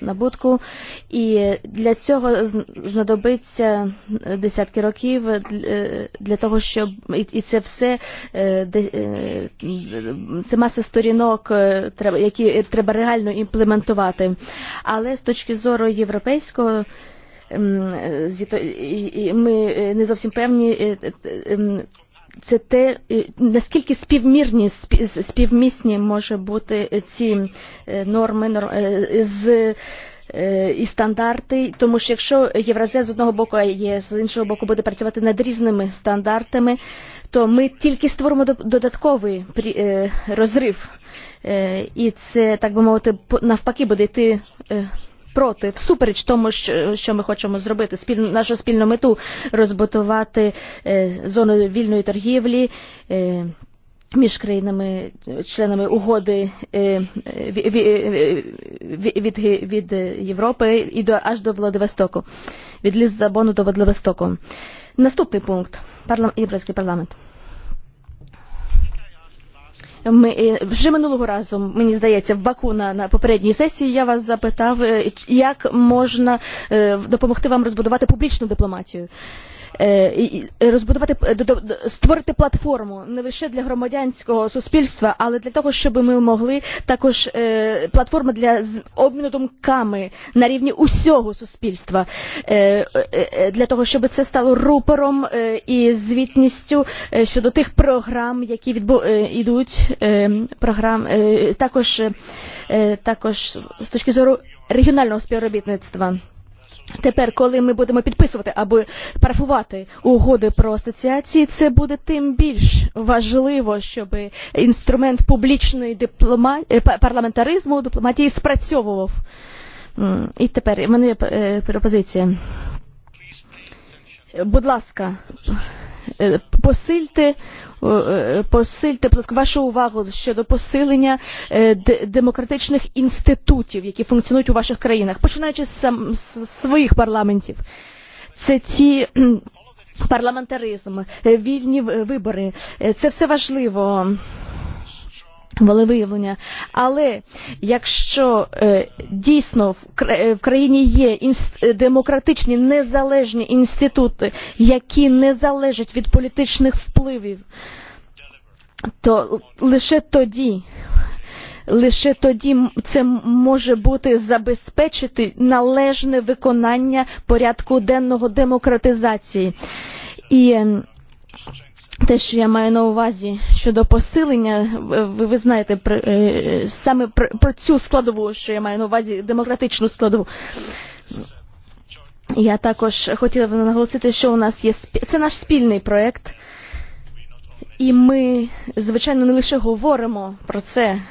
набутку. І для цього знадобиться десятки років для того, щоб і це все це маса сторін жінок, які треба реально імплементувати. Але з точки зору європейського ми не зовсім певні, це те, наскільки співмірні, співмісні може бути ці норми з і стандарти, тому що якщо Євразія з одного боку є, з іншого боку буде працювати над різними стандартами, то ми тільки створимо додатковий розрив і це, так би мовити, навпаки буде йти проти, всупереч тому, що ми хочемо зробити, спільну, нашу спільну мету розбудувати зону вільної торгівлі між країнами, членами угоди від, від від Європи і до, аж до Владивостоку, від Лізабону до Владивостоку. Наступний пункт. Європейський парламент. Ми вже минулого разу, мені здається, в Баку на, на попередній сесії я вас запитав, як можна допомогти вам розбудувати публічну дипломатію розбудувати створити платформу не лише для громадянського суспільства, але для того, щоб ми могли також платформу для обміну думками на рівні усього суспільства, для того, щоб це стало рупором і звітністю щодо тих програм, які відбу... йдуть програм також також з точки зору регіонального співробітництва. Тепер, коли ми будемо підписувати або парафувати угоди про асоціації, це буде тим більш важливо, щоб інструмент публічної диплома... парламентаризму дипломатії спрацьовував. І тепер мене пропозиція. Будь ласка, посильте Посильте, будь ласка, вашу увагу щодо посилення демократичних інститутів, які функціонують у ваших країнах, починаючи з своїх парламентів. Це ті парламентаризм, вільні вибори. Це все важливо волевиявлення. Але якщо дійсно в країні є демократичні незалежні інститути, які не залежать від політичних впливів, то лише тоді лише тоді це може бути забезпечити належне виконання порядку денного демократизації. І Те, що я маю на увазі щодо посилення, ви, ви знаєте про, саме про, про цю складову, що я маю на увазі демократичну складову. Я також хотіла б наголосити, що у нас є це наш спільний проект, і ми, звичайно, не лише говоримо про це,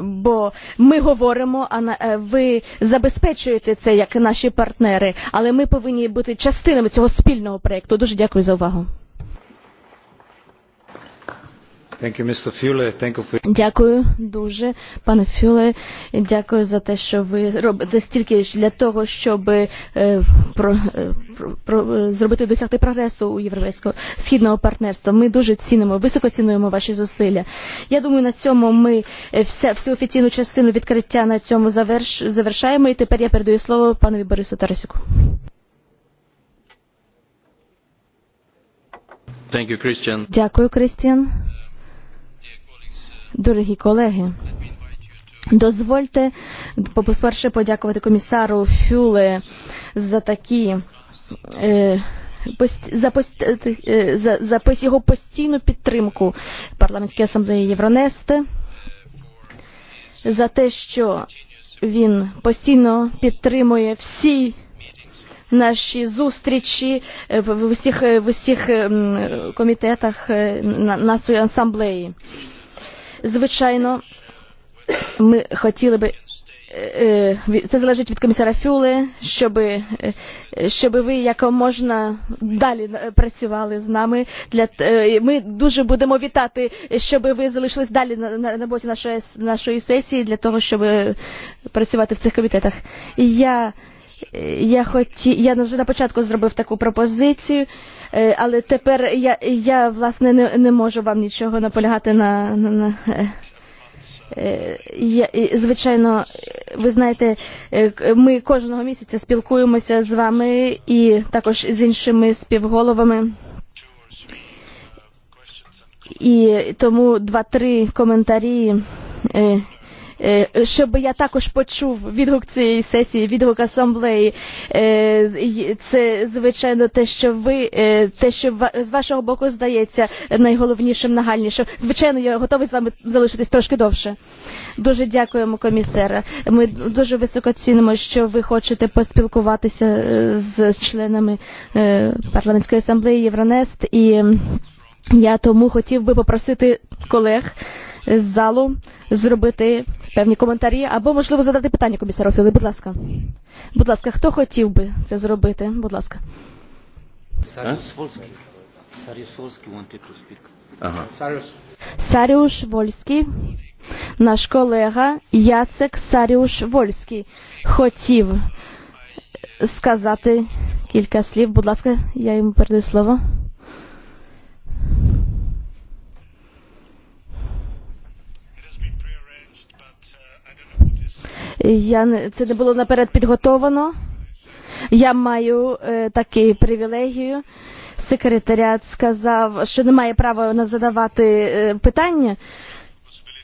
бо ми говоримо, а на, ви забезпечуєте це як наші партнери, але ми повинні бути частинами цього спільного проекту. Дуже дякую за увагу. Дякую дуже, пане Фюле. Дякую за те, що ви робите стільки для того, щоб про, про, зробити досягти прогресу у європейського східного партнерства. Ми дуже цінимо, високо цінуємо ваші зусилля. Я думаю, на цьому ми вся, всю офіційну частину відкриття на цьому заверш, завершаємо. І тепер я передаю слово панові Борису Тарасюку. Дякую, Крістіан. Дякую, Крістіан. Дорогі колеги, дозвольте по-перше подякувати комісару Фюле за такі е, за, за, за його постійну підтримку парламентської асамблеї Євронести, за те, що він постійно підтримує всі наші зустрічі в усіх, в усіх комітетах нашої асамблеї. Звичайно, ми хотіли би це залежить від комісара Фюли, щоб, щоб ви як далі працювали з нами. Для, ми дуже будемо вітати, щоб ви залишились далі на, на, на боці нашої, нашої сесії для того, щоб працювати в цих комітетах. Я Я хоті... я вже на початку зробив таку пропозицію, але тепер я, я власне, не, не можу вам нічого наполягати на. на, на... Я, звичайно, ви знаєте, ми кожного місяця спілкуємося з вами і також з іншими співголовами. І тому два-три коментарі щоб я також почув відгук цієї сесії, відгук асамблеї. Це звичайно те, що ви те, що з вашого боку здається найголовнішим, нагальнішим. Звичайно, я готовий з вами залишитись трошки довше. Дуже дякуємо, комісера. Ми дуже високо цінимо, що ви хочете поспілкуватися з членами парламентської асамблеї Євронест і. Я тому хотів би попросити колег залу зробити певні коментарі або, можливо, задати питання комісару Філі. Будь ласка. Будь ласка, хто хотів би це зробити? Будь ласка. Саріус Вольський, наш колега Яцек Саріуш Вольський хотів сказати кілька слів. Будь ласка, я йому передаю слово. Я це не було наперед підготовано. Я маю е, таку привілегію. Секретаріат сказав, що немає права на задавати е, питання,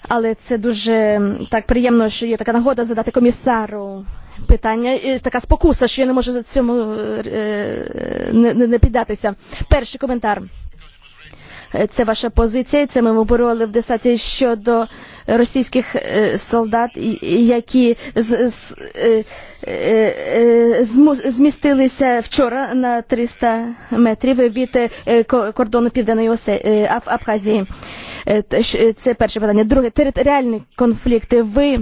але це дуже так приємно, що є така нагода задати комісару питання. І така спокуса, що я не можу за цьому е, не, не піддатися. Перший коментар. Це ваша позиція, це ми обороли в десаті щодо російських солдат, які змістилися вчора на 300 метрів від кордону Південної Осе... Абхазії. Це перше питання. Друге, територіальні конфлікти. Ви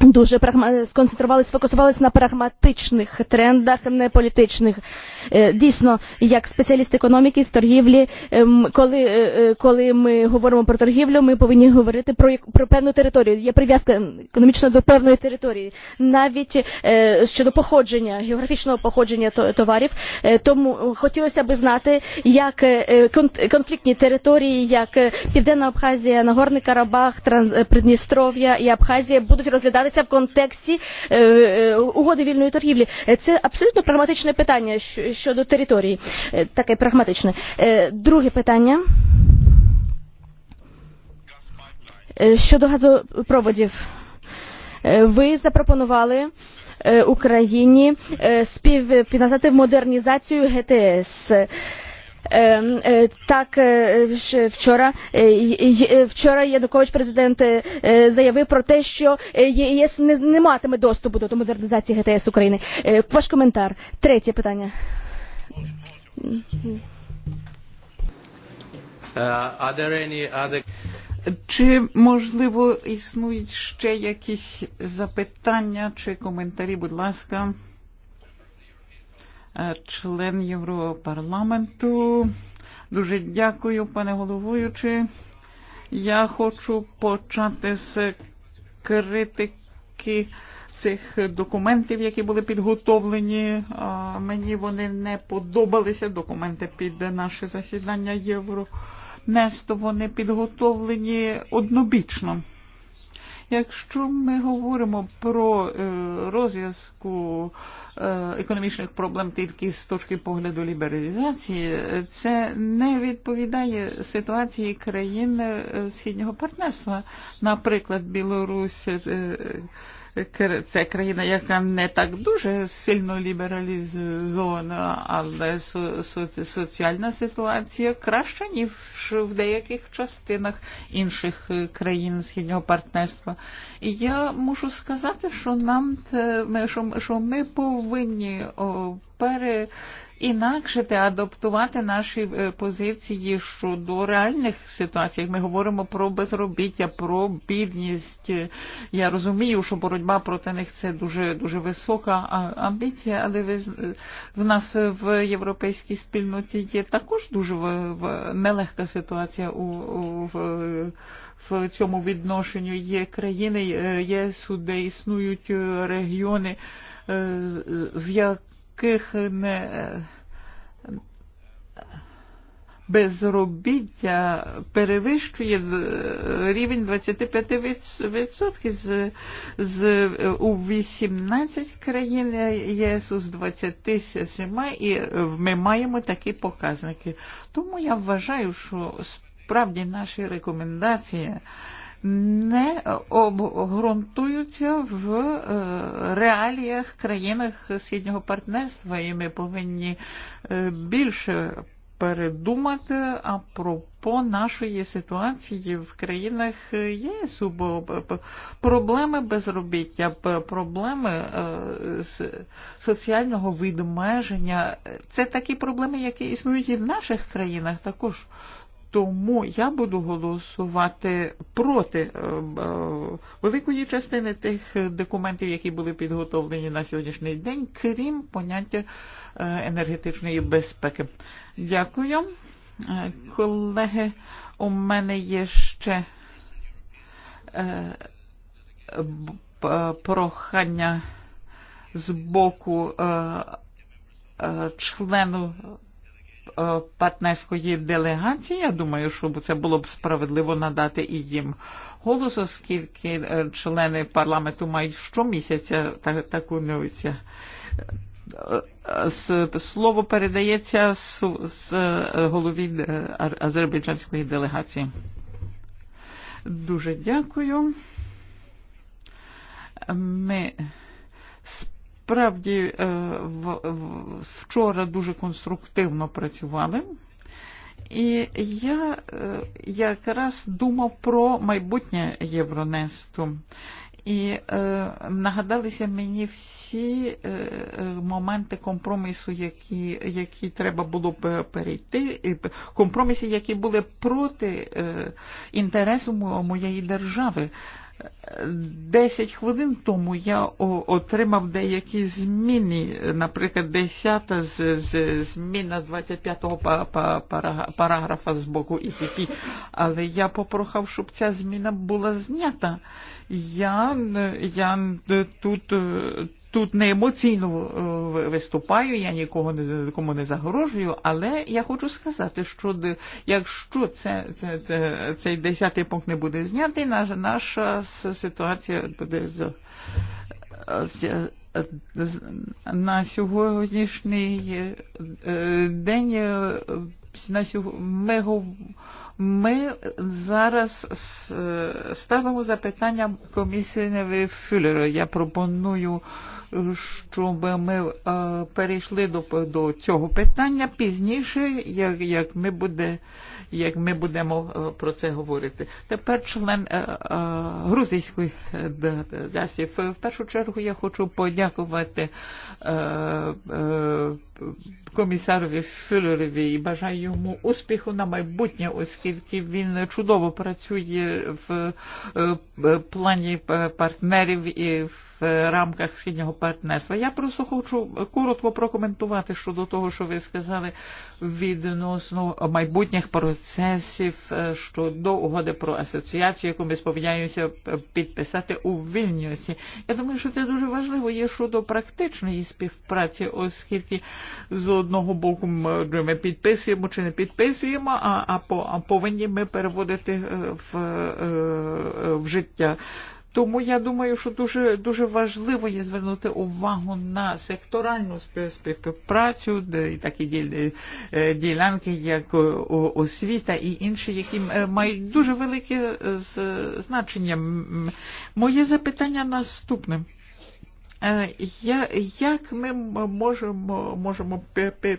дуже прагма... сконцентрувалися, сфокусувалися на прагматичних трендах, не політичних дійсно як спеціаліст економіки з торгівлі, коли, коли ми говоримо про торгівлю, ми повинні говорити про, про певну територію. Є прив'язка економічна до певної території, навіть щодо походження, географічного походження товарів. Тому хотілося б знати, як конфліктні території, як Південна Абхазія, Нагорний Карабах, Придністров'я і Абхазія будуть розглядатися в контексті угоди вільної торгівлі. Це абсолютно прагматичне питання щодо території, таке прагматичне. Друге питання щодо газопроводів. Ви запропонували Україні співфінансувати модернізацію ГТС так вчора вчора Янукович президент заявив про те, що ЄС не матиме доступу до модернізації ГТС України. Ваш коментар. Третє питання. Чи, можливо, існують ще якісь запитання чи коментарі, будь ласка? член Європарламенту. Дуже дякую, пане головуючи. Я хочу почати з критики цих документів, які були підготовлені. Мені вони не подобалися. Документи під наше засідання Євро. Несто вони підготовлені однобічно. Якщо ми говоримо про розв'язку економічних проблем тільки з точки погляду лібералізації, це не відповідає ситуації країн східного партнерства. Наприклад, Білорусь ця країна, яка не так дуже сильно лібералізована, але соціальна ситуація краща, ніж в деяких частинах інших країн східного партнерства. І я можу сказати, що нам що, що ми повинні пере інакше те адаптувати наші позиції щодо реальних ситуацій. Як ми говоримо про безробіття, про бідність. Я розумію, що боротьба проти них це дуже дуже висока амбіція, але ви, в нас в європейській спільноті є також дуже нелегка ситуація у, у в в цьому відношенню є країни, є суди, існують регіони, в як кихне безробіття перевищує рівень 25% з, з, у 18 країн ЄС з 27 і ми маємо такі показники. Тому я вважаю, що справді наші рекомендації – не обґрунтуються в реаліях країнах східного партнерства, і ми повинні більше передумати а пропо нашої ситуації в країнах ЄС, бо проблеми безробіття, проблеми соціального відмеження – це такі проблеми, які існують і в наших країнах також. Тому я буду голосувати проти великої частини тих документів, які були підготовлені на сьогоднішній день, крім поняття енергетичної безпеки. Дякую. Колеги, у мене є ще прохання з боку члену партнерської делегації. Я думаю, що це було б справедливо надати і їм голос, оскільки члени парламенту мають щомісяця таку новицю. Слово передається з голові азербайджанської делегації. Дуже дякую. Ми справді в, в, вчора дуже конструктивно працювали. І я якраз думав про майбутнє Євронесту. І е, нагадалися мені всі е, моменти компромісу, які, які треба було б перейти, компроміси, які були проти е, інтересу моєї держави. 10 хвилин тому я отримав деякі зміни, наприклад, 10 зміна 25-го параграфа з боку ІПП, але я попрохав, щоб ця зміна була знята. Я, я тут тут не емоційно виступаю, я нікого не кому не загрожую, але я хочу сказати, що якщо це, це, це цей десятий пункт не буде знятий, наша наша ситуація буде з з, з, на сьогоднішній день на ми, ми зараз ставимо запитання комісії Фюлера. Я пропоную щоб ми перейшли до, до цього питання пізніше, як, як, ми буде, як ми будемо про це говорити. Тепер член грузинської дасі. В в першу чергу я хочу подякувати комісарові Фюллерові і бажаю йому успіху на майбутнє, оскільки він чудово працює в плані партнерів і в рамках східнього партнерства. Я просто хочу коротко прокоментувати щодо того, що ви сказали відносно майбутніх процесів щодо угоди про асоціацію, яку ми сподіваємося підписати у Вільнюсі. Я думаю, що це дуже важливо є щодо практичної співпраці, оскільки з одного боку ми підписуємо чи не підписуємо, а, а, а повинні ми переводити в, в життя Тому я думаю, що дуже дуже важливо є звернути увагу на секторальну співпрацю, де і такі ділянки, як освіта і інші, які мають дуже велике значення. Моє запитання наступне. Як ми можемо, можемо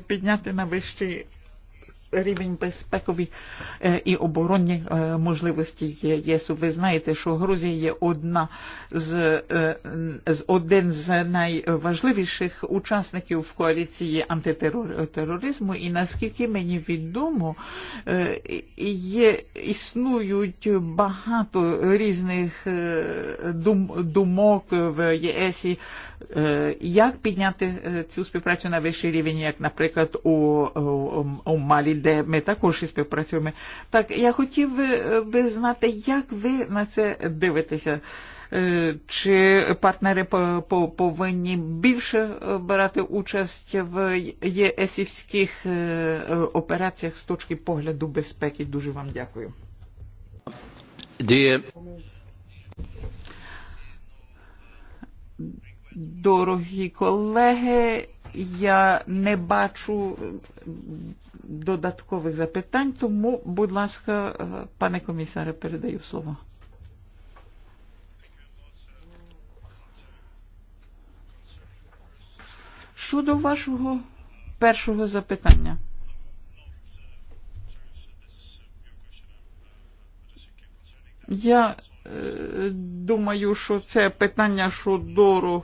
підняти на вищий рівень безпекові і оборонні можливості є. Ви знаєте, що Грузія є одна з, з один з найважливіших учасників в коаліції антитероризму і наскільки мені відомо, є, існують багато різних дум, думок в ЄСі Як підняти цю співпрацю на вищий рівень, як, наприклад, у, у, у Малі, де ми також і співпрацюємо? Так, я хотів би знати, як ви на це дивитеся? Чи партнери повинні більше брати участь в ЄСівських операціях з точки погляду безпеки? Дуже вам дякую. Дякую. Дорогі колеги, я не бачу додаткових запитань, тому, будь ласка, пане комісаре, передаю слово. Щодо вашого першого запитання. Я думаю, що це питання щодо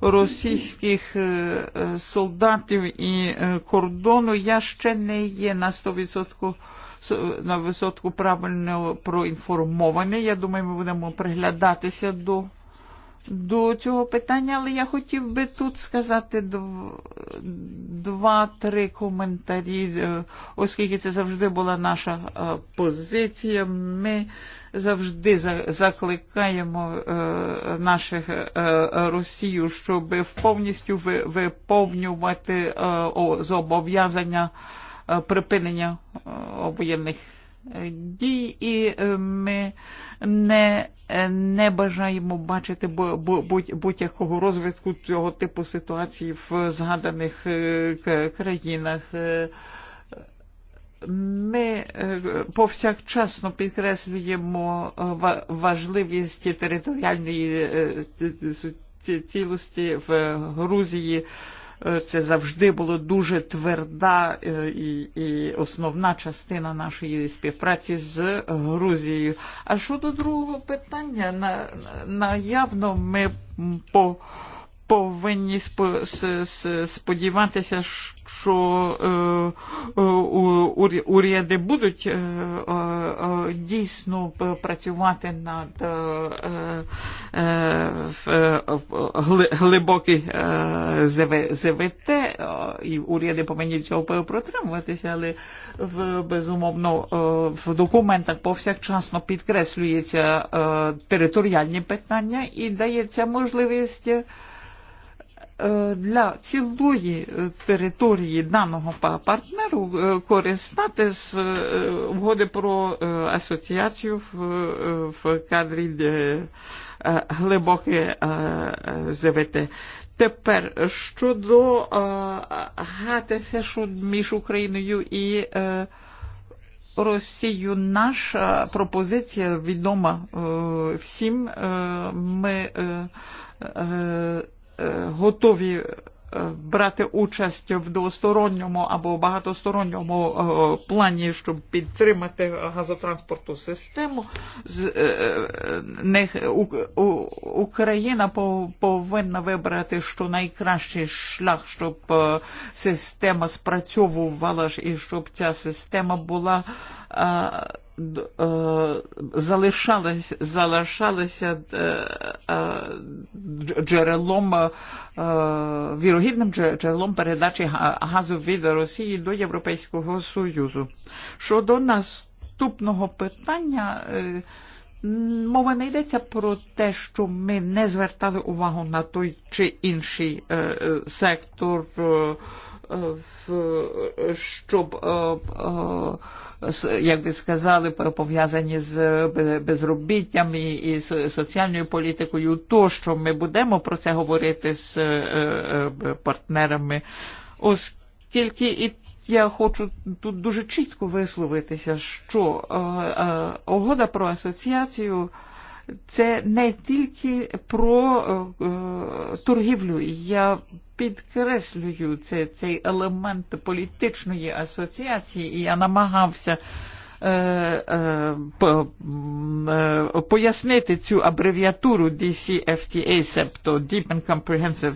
російських солдатів і кордону. Я ще не є на 100% на висотку правильно проінформований. Я думаю, ми будемо приглядатися до до цього питання, але я хотів би тут сказати два-три коментарі, оскільки це завжди була наша позиція. Ми завжди закликаємо наших Росію, щоб повністю виповнювати зобов'язання припинення воєнних Ді і ми не, не бажаємо бачити будь-якого розвитку цього типу ситуації в згаданих країнах. Ми повсякчасно підкреслюємо важливість територіальної цілості в Грузії це завжди була дуже тверда і, і основна частина нашої співпраці з Грузією. А щодо другого питання, на, наявно ми по повинні сподіватися, що уряди будуть дійсно працювати над глибокий ЗВТ, і уряди повинні цього протримуватися, але безумовно в документах повсякчасно підкреслюється територіальні питання і дається можливість для цілої території даного партнеру користати вгоди про асоціацію в в кадрі глибоке ЗВТ. Тепер щодо ГТС між Україною і Росію наша пропозиція відома всім. Ми готові брати участь в двосторонньому або багатосторонньому плані, щоб підтримати газотранспортну систему, Україна повинна вибрати що найкращий шлях, щоб система спрацьовувала і щоб ця система була залишалися, залишалися джерелом, вірогідним джерелом передачі газу від Росії до Європейського Союзу. Щодо наступного питання, Мова не йдеться про те, що ми не звертали увагу на той чи інший сектор в, щоб, як ви сказали, пов'язані з безробіттям і, і соціальною політикою, то що ми будемо про це говорити з партнерами, оскільки і я хочу тут дуже чітко висловитися, що угода про асоціацію це не тільки про торгівлю. Я підкреслюю це, цей елемент політичної асоціації, і я намагався пояснити цю абревіатуру DCFTA, себто Deep and Comprehensive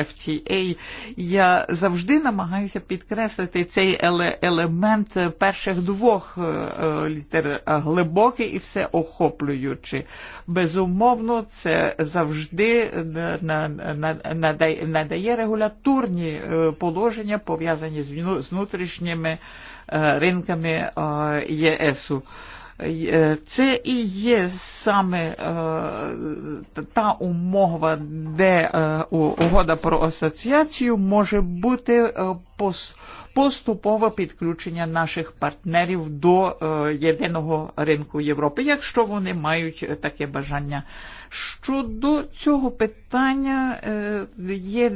FTA, я завжди намагаюся підкреслити цей елемент перших двох літер глибокий і всеохоплюючий. Безумовно, це завжди надає регуляторні положення, пов'язані з внутрішніми ринками ЄСу. Це і є саме та умова, де угода про асоціацію може бути поступово підключення наших партнерів до єдиного ринку Європи, якщо вони мають таке бажання. Щодо цього питання є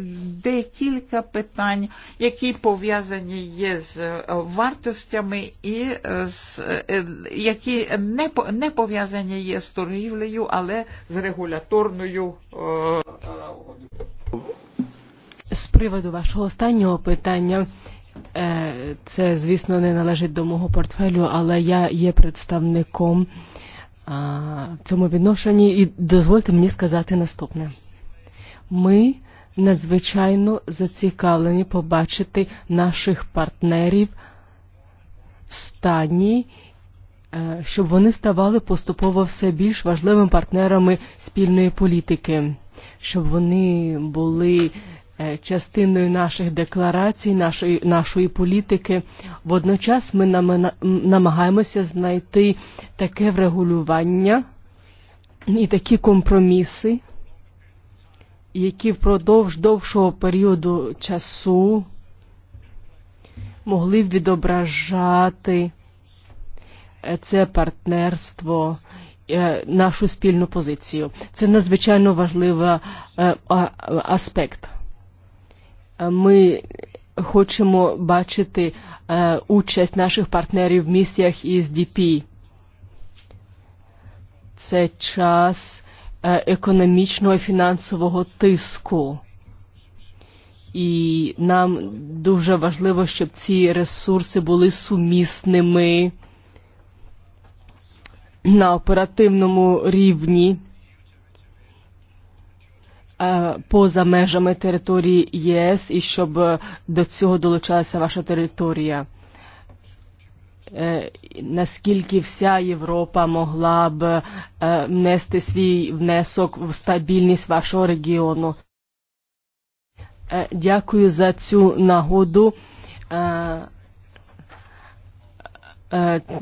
декілька питань, які пов'язані є з вартостями і з які не, не пов'язані є з торгівлею, але з регуляторною з приводу вашого останнього питання. Це, звісно, не належить до мого портфелю, але я є представником в цьому відношенні. І дозвольте мені сказати наступне. Ми надзвичайно зацікавлені побачити наших партнерів в стані, щоб вони ставали поступово все більш важливими партнерами спільної політики, щоб вони були частиною наших декларацій, нашої, нашої політики. Водночас ми намагаємося знайти таке врегулювання і такі компроміси, які впродовж довшого періоду часу могли б відображати це партнерство, нашу спільну позицію. Це надзвичайно важливий аспект. Ми хочемо бачити участь наших партнерів в місіях ІСДП. Це час економічного і фінансового тиску. І нам дуже важливо, щоб ці ресурси були сумісними на оперативному рівні поза межами території ЄС і щоб до цього долучалася ваша територія? Наскільки вся Європа могла б внести свій внесок в стабільність вашого регіону? Дякую за цю нагоду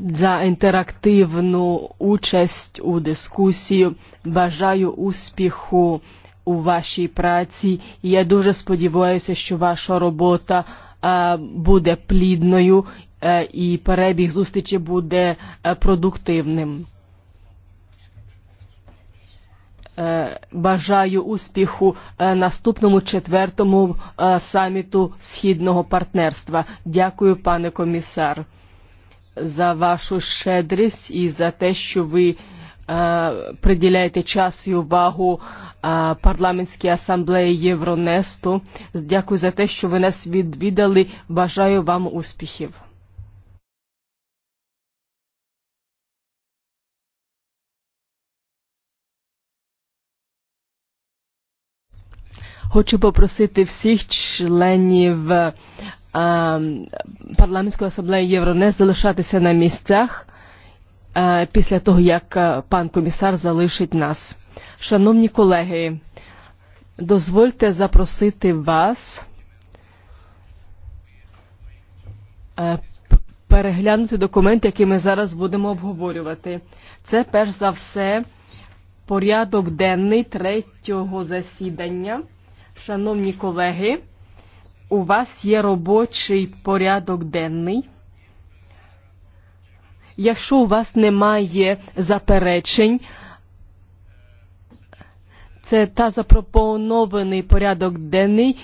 за інтерактивну участь у дискусії. Бажаю успіху у вашій праці. І Я дуже сподіваюся, що ваша робота е, буде плідною е, і перебіг зустрічі буде е, продуктивним. Бажаю успіху наступному четвертому саміту східного партнерства. Дякую, пане комісар, за вашу щедрість і за те, що ви приділяєте час і увагу парламентській асамблеї Євронесту. Дякую за те, що ви нас відвідали. Бажаю вам успіхів. Хочу попросити всіх членів парламентської асамблеї Євронес залишатися на місцях після того, як пан комісар залишить нас. Шановні колеги, дозвольте запросити вас переглянути документ, який ми зараз будемо обговорювати. Це перш за все порядок денний третього засідання. Шановні колеги, у вас є робочий порядок денний. Якщо у вас немає заперечень, це та запропонований порядок денний,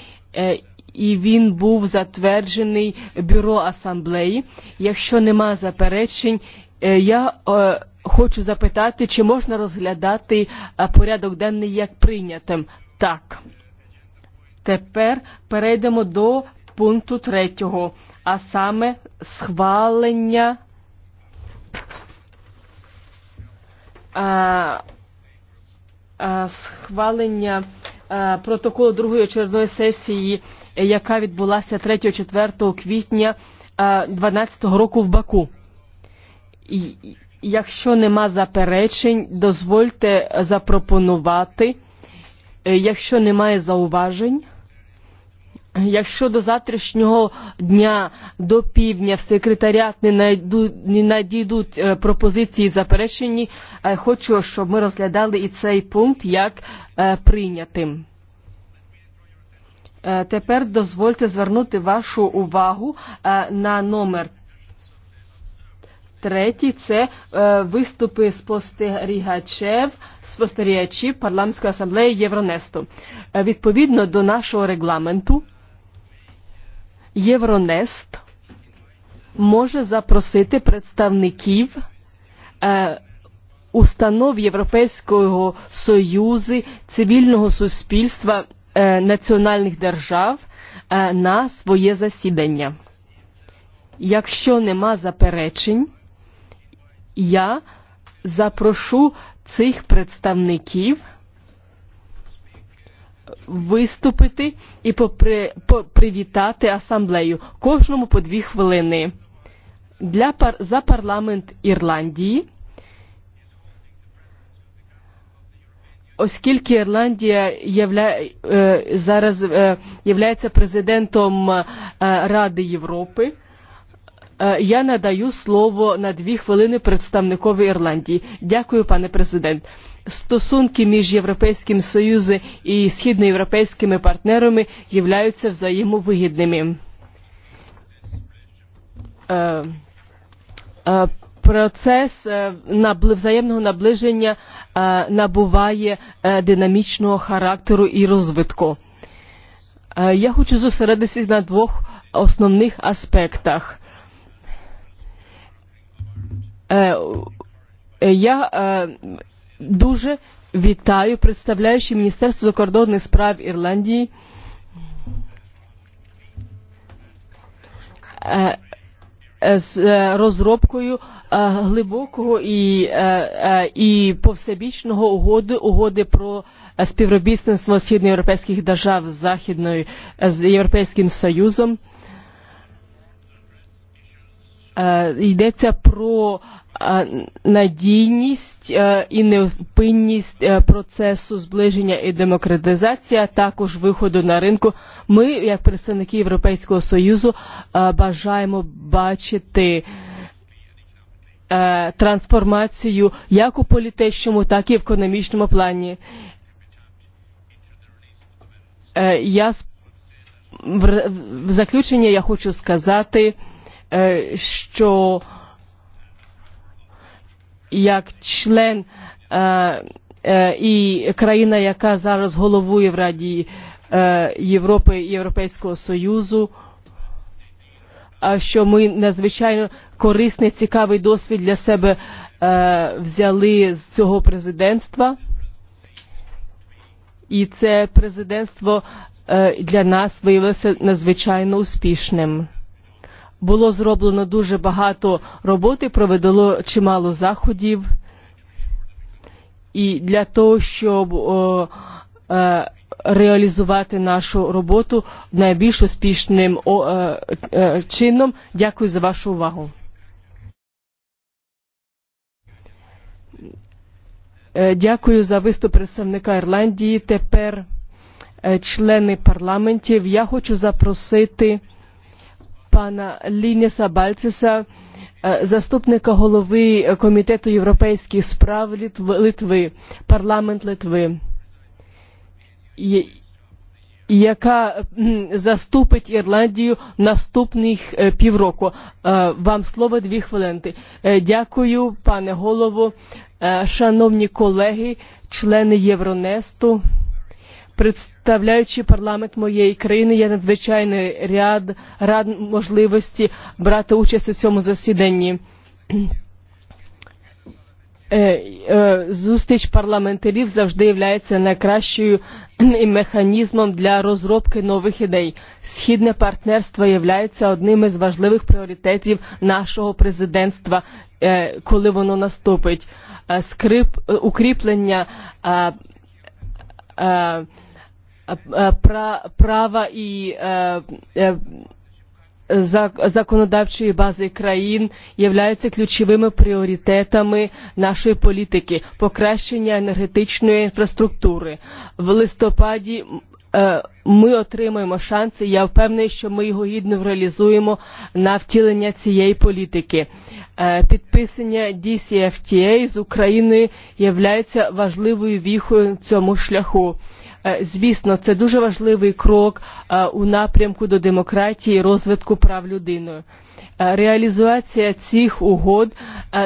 і він був затверджений бюро асамблеї. Якщо немає заперечень, я хочу запитати, чи можна розглядати порядок денний як прийнятим? Так. Тепер перейдемо до пункту третього, а саме схвалення схвалення протоколу другої очередної сесії, яка відбулася 3-4 квітня 2012 року в Баку. Якщо нема заперечень, дозвольте запропонувати. Якщо немає зауважень, Якщо до завтрашнього дня до півдня в секретаріат не, найду, не надійдуть пропозиції заперечені, хочу, щоб ми розглядали і цей пункт як прийнятим. Тепер дозвольте звернути вашу увагу на номер Третій це е, виступи спостерігачів, спостерігачів парламентської асамблеї Євронесту. Е, відповідно до нашого регламенту, Євронест може запросити представників установ Європейського Союзу, цивільного суспільства, національних держав на своє засідання. Якщо нема заперечень, я запрошу цих представників – виступити і попри, привітати асамблею. Кожному по дві хвилини. Для, пар, за парламент Ірландії оскільки Ірландія явля... зараз є президентом Ради Європи, я надаю слово на дві хвилини представникові Ірландії. Дякую, пане президент. Стосунки між Європейським Союзом і східноєвропейськими партнерами являються взаємовигідними. Процес взаємного наближення набуває динамічного характеру і розвитку. Я хочу зосередитися на двох основних аспектах. Я дуже вітаю представляючи Міністерство закордонних справ Ірландії. з розробкою глибокого і, і повсебічного угоди, угоди про співробітництво східноєвропейських держав з Західною з Європейським Союзом йдеться про надійність і невпинність процесу зближення і демократизації, а також виходу на ринку. Ми, як представники Європейського Союзу, бажаємо бачити трансформацію як у політичному, так і в економічному плані. Я в заключення я хочу сказати, що що як член і країна, яка зараз головує в Раді Європи і Європейського Союзу, що ми надзвичайно корисний, цікавий досвід для себе взяли з цього президентства. І це президентство для нас виявилося надзвичайно успішним. Було зроблено дуже багато роботи, проведено чимало заходів. І для того, щоб о, о, реалізувати нашу роботу найбільш успішним о, о, о, чином, дякую за вашу увагу. Дякую за виступ представника Ірландії. Тепер члени парламентів. Я хочу запросити пана Лініса Бальцеса, заступника голови Комітету європейських справ Литви, парламент Литви, яка заступить Ірландію наступних півроку. Вам слово дві хвилинки. Дякую, пане голово, шановні колеги, члени Євронесту. Представляючи парламент моєї країни, я надзвичайно рад, рад можливості брати участь у цьому засіданні. Зустріч парламентарів завжди являється найкращою і механізмом для розробки нових ідей. Східне партнерство є одним із важливих пріоритетів нашого президентства, коли воно наступить. Скрип, укріплення prava i законодавчої бази країн являються ключовими пріоритетами нашої політики покращення енергетичної інфраструктури. В листопаді ми отримаємо шанси, я впевнений, що ми його гідно реалізуємо на втілення цієї політики. Підписання DCFTA з Україною є важливою віхою цьому шляху. Звісно, це дуже важливий крок у напрямку до демократії, і розвитку прав людини. Реалізація цих угод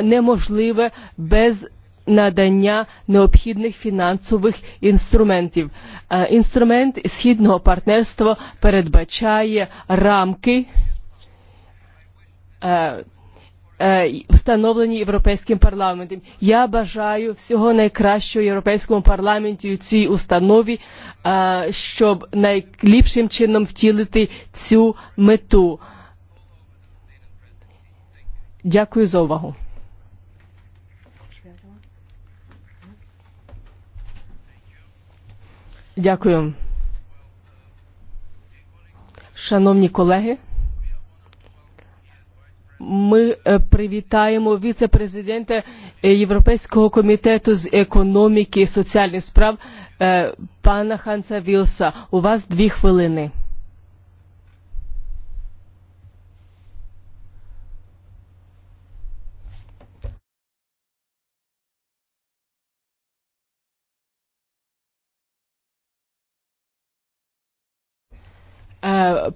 неможлива без надання необхідних фінансових інструментів. Інструмент східного партнерства передбачає рамки встановлені Європейським парламентом. Я бажаю всього найкращого Європейському парламенту і цій установі, щоб найліпшим чином втілити цю мету. Дякую за увагу. Дякую. Шановні колеги, ми привітаємо віце-президента Європейського комітету з економіки і соціальних справ пана Ханса Вілса. У вас дві хвилини.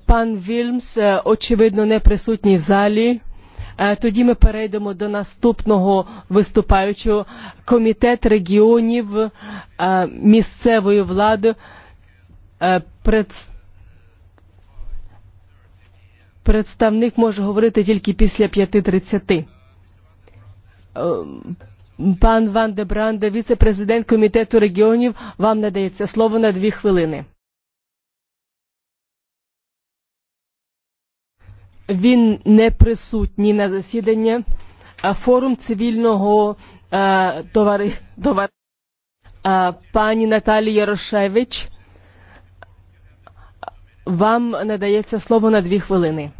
Пан Вільмс, очевидно, не присутній в залі. Тоді ми перейдемо до наступного виступаючого комітет регіонів місцевої влади. представник може говорити тільки після 5.30. Пан Ван де Бранде, віце-президент Комітету регіонів, вам надається слово на дві хвилини. він не присутній на засіданні. Форум цивільного товариства. пані Наталі Ярошевич. Вам надається слово на дві хвилини.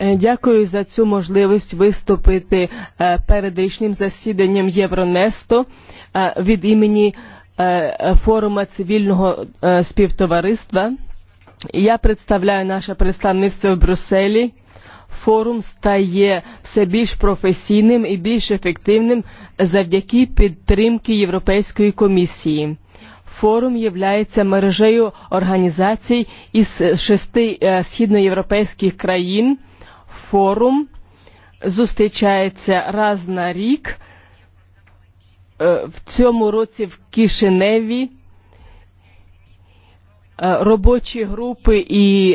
Дякую за цю можливість виступити перед річним засіданням Євронесту від імені Євронесту форума цивільного співтовариства. Я представляю наше представництво в Брюсселі. Форум стає все більш професійним і більш ефективним завдяки підтримки Європейської комісії. Форум є мережею організацій із шести східноєвропейських країн. Форум зустрічається раз на рік – в цьому році в Кишиневі робочі групи і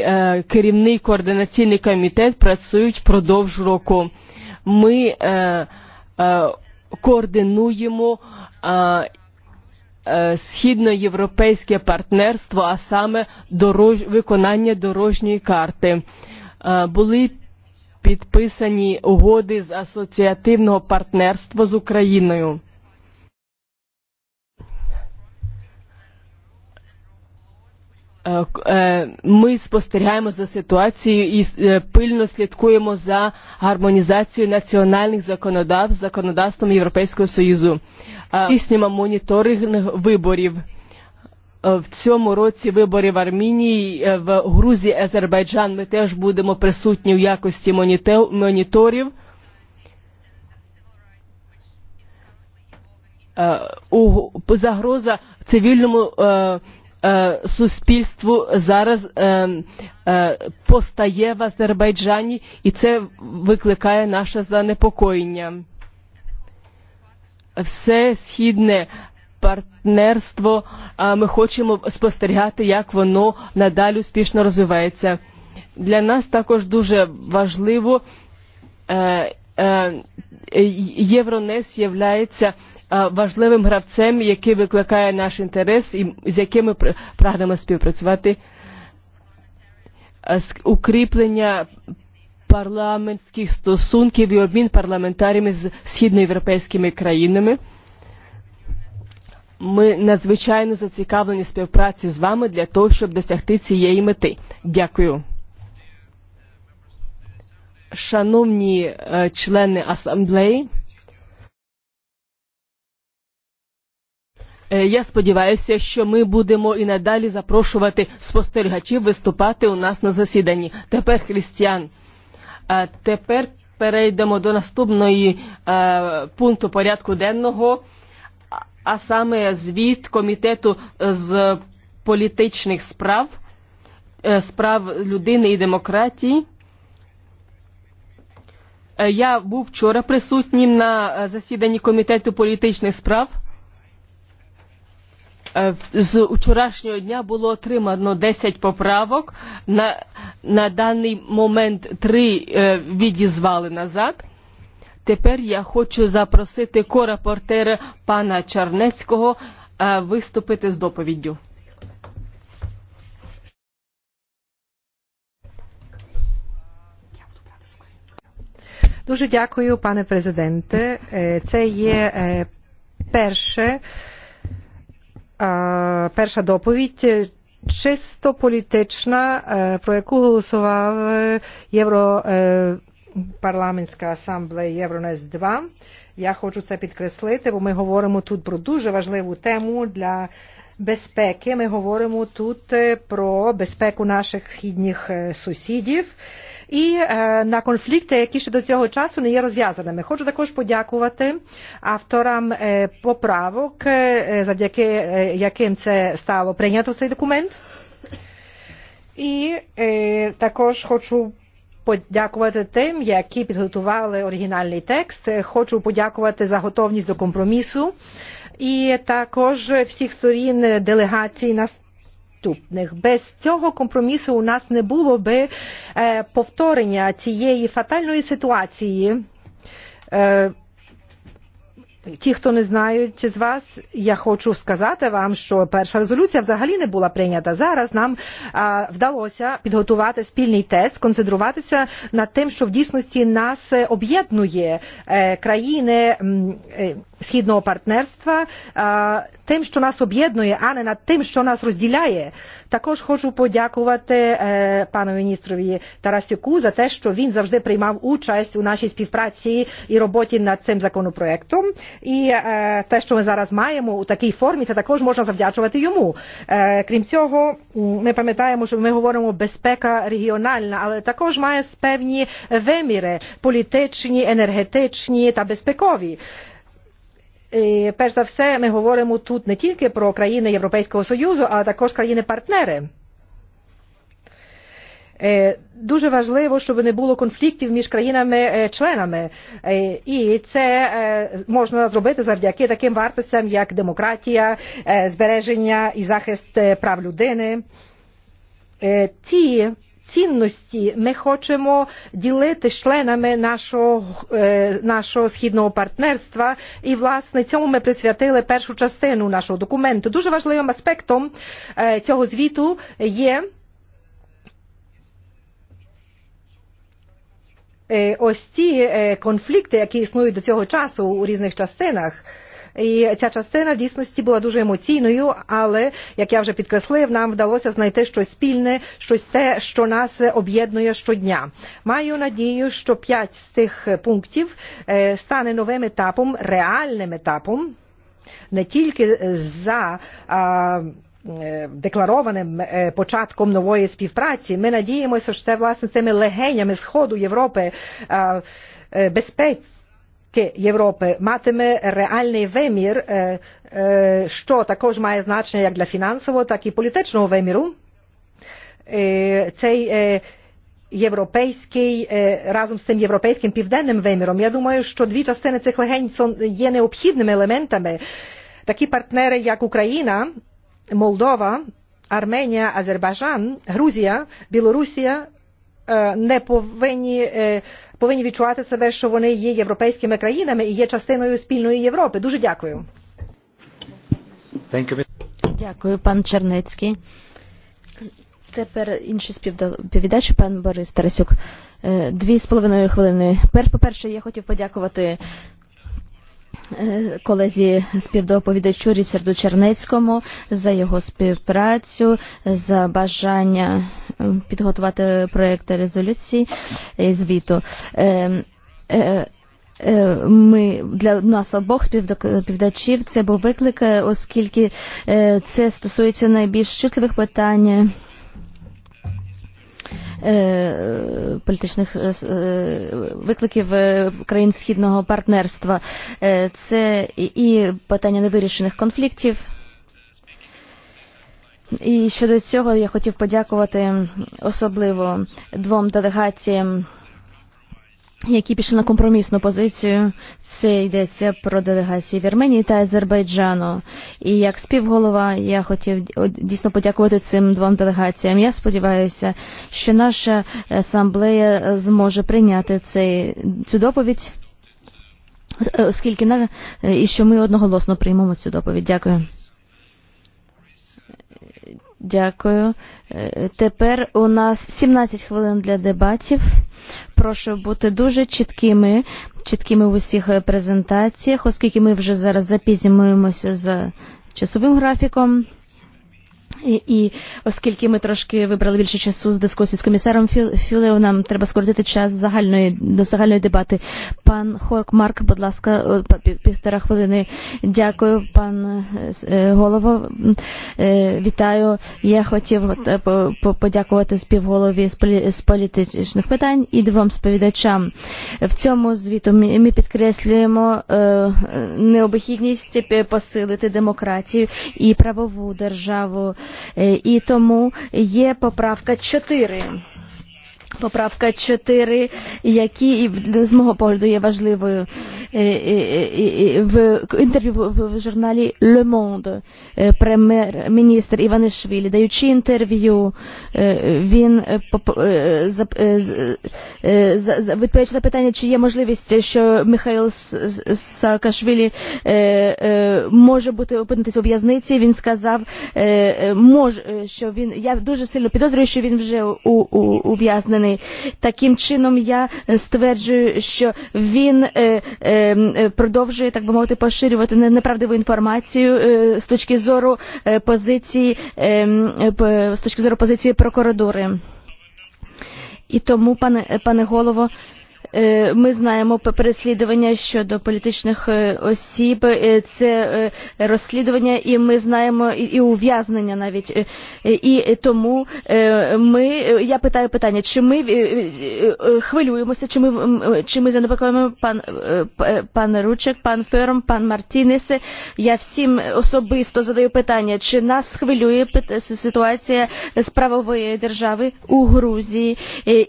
керівний координаційний комітет працюють впродовж року. Ми координуємо східноєвропейське партнерство, а саме дорож... виконання дорожньої карти. Були підписані угоди з асоціативного партнерства з Україною. ми спостерігаємо за ситуацією і пильно слідкуємо за гармонізацією національних законодавств з законодавством Європейського Союзу. Здійснюємо моніторинг виборів. В цьому році вибори в Армінії, в Грузії, Азербайджан ми теж будемо присутні в якості моніторів. Загроза цивільному суспільству зараз постає в Азербайджані, і це викликає наше занепокоєння. Все східне партнерство, ми хочемо спостерігати, як воно надалі успішно розвивається. Для нас також дуже важливо Євронес є важливим гравцем, який викликає наш інтерес і з яким ми прагнемо співпрацювати. Укріплення парламентських стосунків і обмін парламентарями з східноєвропейськими країнами. Ми надзвичайно зацікавлені співпраці з вами для того, щоб досягти цієї мети. Дякую. Шановні члени асамблеї, Я сподіваюся, що ми будемо і надалі запрошувати спостерігачів виступати у нас на засіданні. Тепер християн. А тепер перейдемо до наступної а, пункту порядку денного, а саме звіт комітету з політичних справ, справ людини і демократії. Я був вчора присутнім на засіданні комітету політичних справ – З вчорашнього дня було отримано 10 поправок. На, на даний момент 3 відізвали назад. Тепер я хочу запросити корапортера пана Чарнецького виступити з доповіддю. Дуже дякую, пане президенте. Це є перше перша доповідь чисто політична, про яку голосував Євро парламентська асамблея Євронес 2. Я хочу це підкреслити, бо ми говоримо тут про дуже важливу тему для безпеки. Ми говоримо тут про безпеку наших східних сусідів і на конфлікти, які ще до цього часу не є розв'язаними. Хочу також подякувати авторам поправок, завдяки яким це стало прийнято цей документ. І також хочу подякувати тим, які підготували оригінальний текст. Хочу подякувати за готовність до компромісу і також всіх сторін делегації на наступних. Без цього компромісу у нас не було би повторення цієї фатальної ситуації Ті, хто не знають з вас, я хочу сказати вам, що перша резолюція взагалі не була прийнята. Зараз нам а, вдалося підготувати спільний тест, концентруватися над тим, що в дійсності нас об'єднує е, країни е, східного партнерства, е, тим, що нас об'єднує, а не над тим, що нас розділяє. Також хочу подякувати е, пану міністрові Тарасюку за те, що він завжди приймав участь у нашій співпраці і роботі над цим законопроектом. Е, І те, що ми зараз маємо у такій формі, це також можна завдячувати йому. Крім цього, ми пам'ятаємо, що ми говоримо безпека регіональна, але також має певні виміри політичні, енергетичні та безпекові. І, перш за все, ми говоримо тут не тільки про країни Європейського Союзу, а також країни-партнери. Дуже важливо, щоб не було конфліктів між країнами-членами, і це можна зробити завдяки таким вартостям, як демократія, збереження і захист прав людини. Ці цінності ми хочемо ділити з членами нашого, нашого східного партнерства. І, власне, цьому ми присвятили першу частину нашого документу. Дуже важливим аспектом цього звіту є ось ці конфлікти, які існують до цього часу у різних частинах. І ця частина в дійсності була дуже емоційною, але як я вже підкреслив, нам вдалося знайти щось спільне, щось те, що нас об'єднує щодня. Маю надію, що п'ять з тих пунктів стане новим етапом, реальним етапом не тільки за декларованим початком нової співпраці. Ми надіємося, що це власне цими легенями Сходу Європи безпеки Європи матиме реальний вимір, що також має значення як для фінансового, так і політичного виміру. Цей європейський разом з тим європейським південним виміром. Я думаю, що дві частини цих легень є необхідними елементами. Такі партнери, як Україна, Moldova, Арменія, Азербайджан, Грузія, Білорусія не повинні, повинні відчувати себе, що вони є європейськими країнами і є частиною спільної Європи. Дуже дякую. Дякую, пан Чернецький. Тепер інші співповідачі, пан Борис Тарасюк. Дві з половиною хвилини. Перш, по-перше, я хотів подякувати колезі співдоповідачу Ріцарду Чернецькому за його співпрацю, за бажання підготувати проекти резолюції і звіту. Ми для нас обох співдачів це був виклик, оскільки це стосується найбільш чутливих питань політичних викликів країн східного партнерства. Це і питання невирішених конфліктів. І щодо цього я хотів подякувати особливо двом делегаціям які пішли на компромісну позицію. Це йдеться про делегації Вірменії та Азербайджану. І як співголова я хотів дійсно подякувати цим двом делегаціям. Я сподіваюся, що наша асамблея зможе прийняти цей, цю доповідь, оскільки на, і що ми одноголосно приймемо цю доповідь. Дякую. Дякую. Тепер у нас 17 хвилин для дебатів. Прошу бути дуже чіткими, чіткими в усіх презентаціях, оскільки ми вже зараз запізнюємося за часовим графіком. І оскільки ми трошки вибрали більше часу з дискусії з комісаром Філео, нам треба скоротити час загальної до загальної дебати. Пан Хорк Марк, будь ласка, півтора хвилини. Дякую, пан голово. Вітаю. Я хотів подякувати співголові з політичних питань і двом сповідачам. В цьому звіту ми підкреслюємо необхідність посилити демократію і правову державу i tomu je poprávka 4. Поправка 4, які з мого погляду є важливою в інтерв'ю в журналі Le Monde прем'єр-міністр Іванишвілі, даючи інтерв'ю, він відповідаючи на питання, чи є можливість, що Михайло Саакашвілі може бути опинитися у в'язниці, він сказав, що він, я дуже сильно підозрюю, що він вже у, у, ув'язнений обладнаний. Таким чином, я стверджую, що він продовжує, так би мовити, поширювати неправдиву інформацію з точки зору позиції з точки зору позиції прокуратури. І тому, пане, пане голово, Ми знаємо про переслідування щодо політичних осіб, це розслідування, і ми знаємо і ув'язнення навіть. І тому ми, я питаю питання, чи ми хвилюємося, чи ми, чи ми занепокоїмо пан, пан Ручек, пан Ферм, пан Мартінес. Я всім особисто задаю питання, чи нас хвилює ситуація з правової держави у Грузії,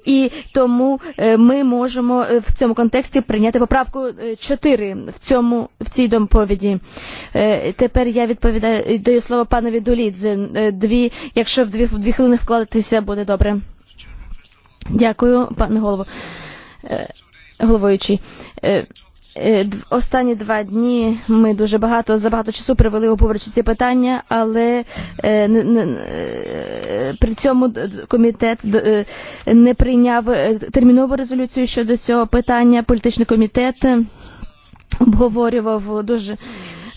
і тому ми можемо маємо в цьому контексті прийняти поправку 4 в, цьому, в цій доповіді. Тепер я відповідаю, даю слово панові Дулідзе. Дві, якщо в дві, в дві хвилини вкладатися, буде добре. Дякую, пане голово. Головуючий. Останні два дні ми дуже багато за багато часу провели обговорюючи ці питання, але при цьому комітет не прийняв термінову резолюцію щодо цього питання. Політичний комітет обговорював дуже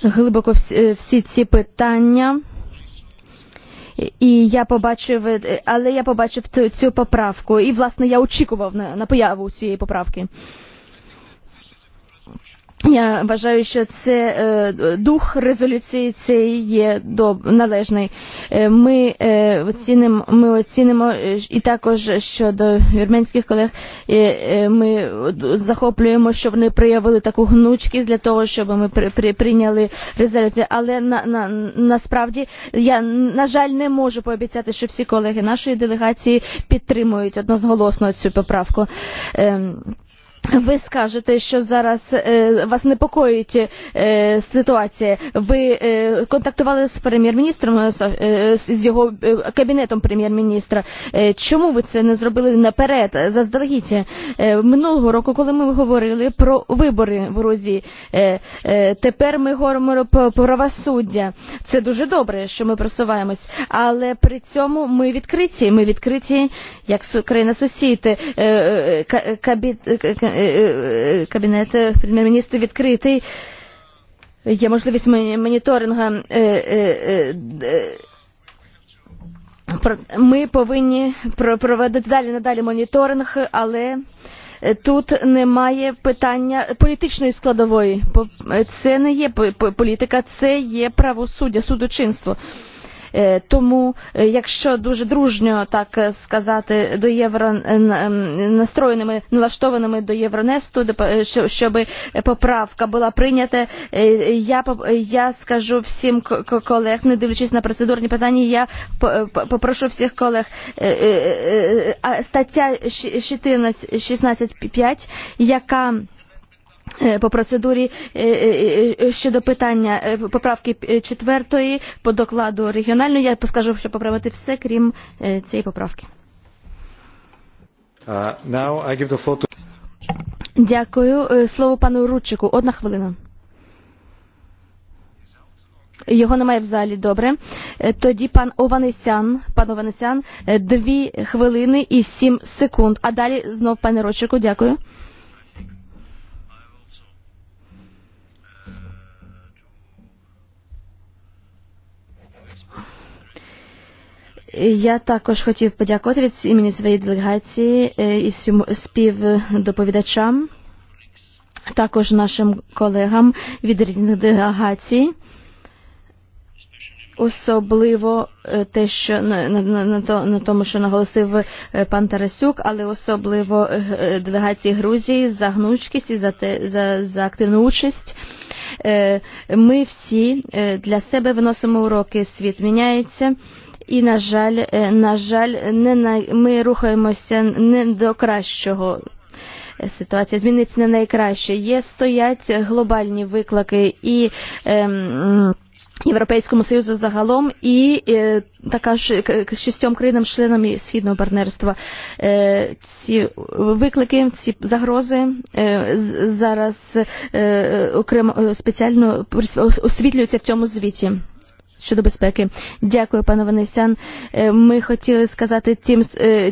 глибоко всі ці питання. І я побачив, але я побачив цю, цю поправку, і власне я очікував на, на появу цієї поправки. Я вважаю, що це е, дух резолюції цієї є доб, належний. Е, ми, е, оцінимо, ми оцінимо і також щодо вірменських колег е, е, ми захоплюємо, що вони проявили таку гнучкість для того, щоб ми при, при, прийняли резолюцію. Але на, на, насправді я, на жаль, не можу пообіцяти, що всі колеги нашої делегації підтримують одноголосно цю поправку. Е, ви скажете, що зараз вас непокоїть ситуація. Ви контактували з прем'єр-міністром, з його кабінетом прем'єр-міністра. Чому ви це не зробили наперед, заздалегідь? Минулого року, коли ми говорили про вибори в Грузії, тепер ми говоримо про правосуддя. Це дуже добре, що ми просуваємось, але при цьому ми відкриті. Ми відкриті, як країна сусід, кабінет кабінет прем'єр-міністра відкритий. Є можливість моніторингу. Ми повинні проводити далі надалі моніторинг, але тут немає питання політичної складової. Це не є політика, це є правосуддя, судочинство. Тому, якщо дуже дружньо так сказати, до євро настроєними, налаштованими до Євронесту, щоб поправка була прийнята, я я скажу всім колег, не дивлячись на процедурні питання, я попрошу всіх колег. Стаття 16.5, яка по процедурі щодо питання поправки четвертої по докладу регіональної. Я поскажу, що поправити все, крім цієї поправки. Uh, now I give the floor to... Дякую. Слово пану Рудчику. Одна хвилина. Його немає в залі, добре. Тоді пан Ованесян, пан Ованесян, дві хвилини і сім секунд. А далі знов пане Рудчику, дякую. Uh, Я також хотів подякувати від імені своєї делегації і співдоповідачам, також нашим колегам від різних делегацій. Особливо те, що на, на, на, на тому, що наголосив пан Тарасюк, але особливо делегації Грузії за гнучкість і за, те, за, за активну участь ми всі для себе виносимо уроки, світ міняється, і, на жаль, на жаль, не на ми рухаємося не до кращого. Ситуація зміниться не найкраще. Є стоять глобальні виклики і. Ем, Європейському Союзу загалом і е, така ж шістьом країнам-членам східного партнерства. Е, ці виклики, ці загрози е, зараз е, окремо спеціально освітлюються в цьому звіті щодо безпеки. Дякую, пане Ванесян. Ми хотіли сказати тим,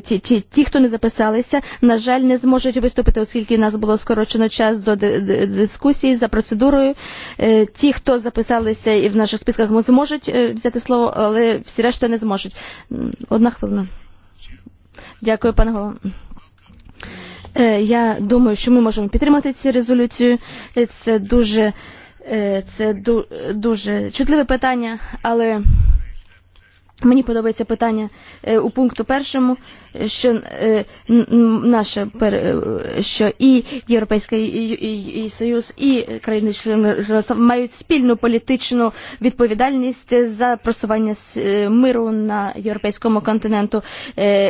ті, ті, ті, хто не записалися, на жаль, не зможуть виступити, оскільки у нас було скорочено час до дискусії за процедурою. Ті, хто записалися і в наших списках, зможуть взяти слово, але всі решта не зможуть. Одна хвилина. Дякую, пане голово. Я думаю, що ми можемо підтримати цю резолюцію. Це дуже Це дуже чутливе питання, але Мені подобається питання у пункту першому, що наше що і Європейський Союз, і країни-члени мають спільну політичну відповідальність за просування миру на європейському континенту.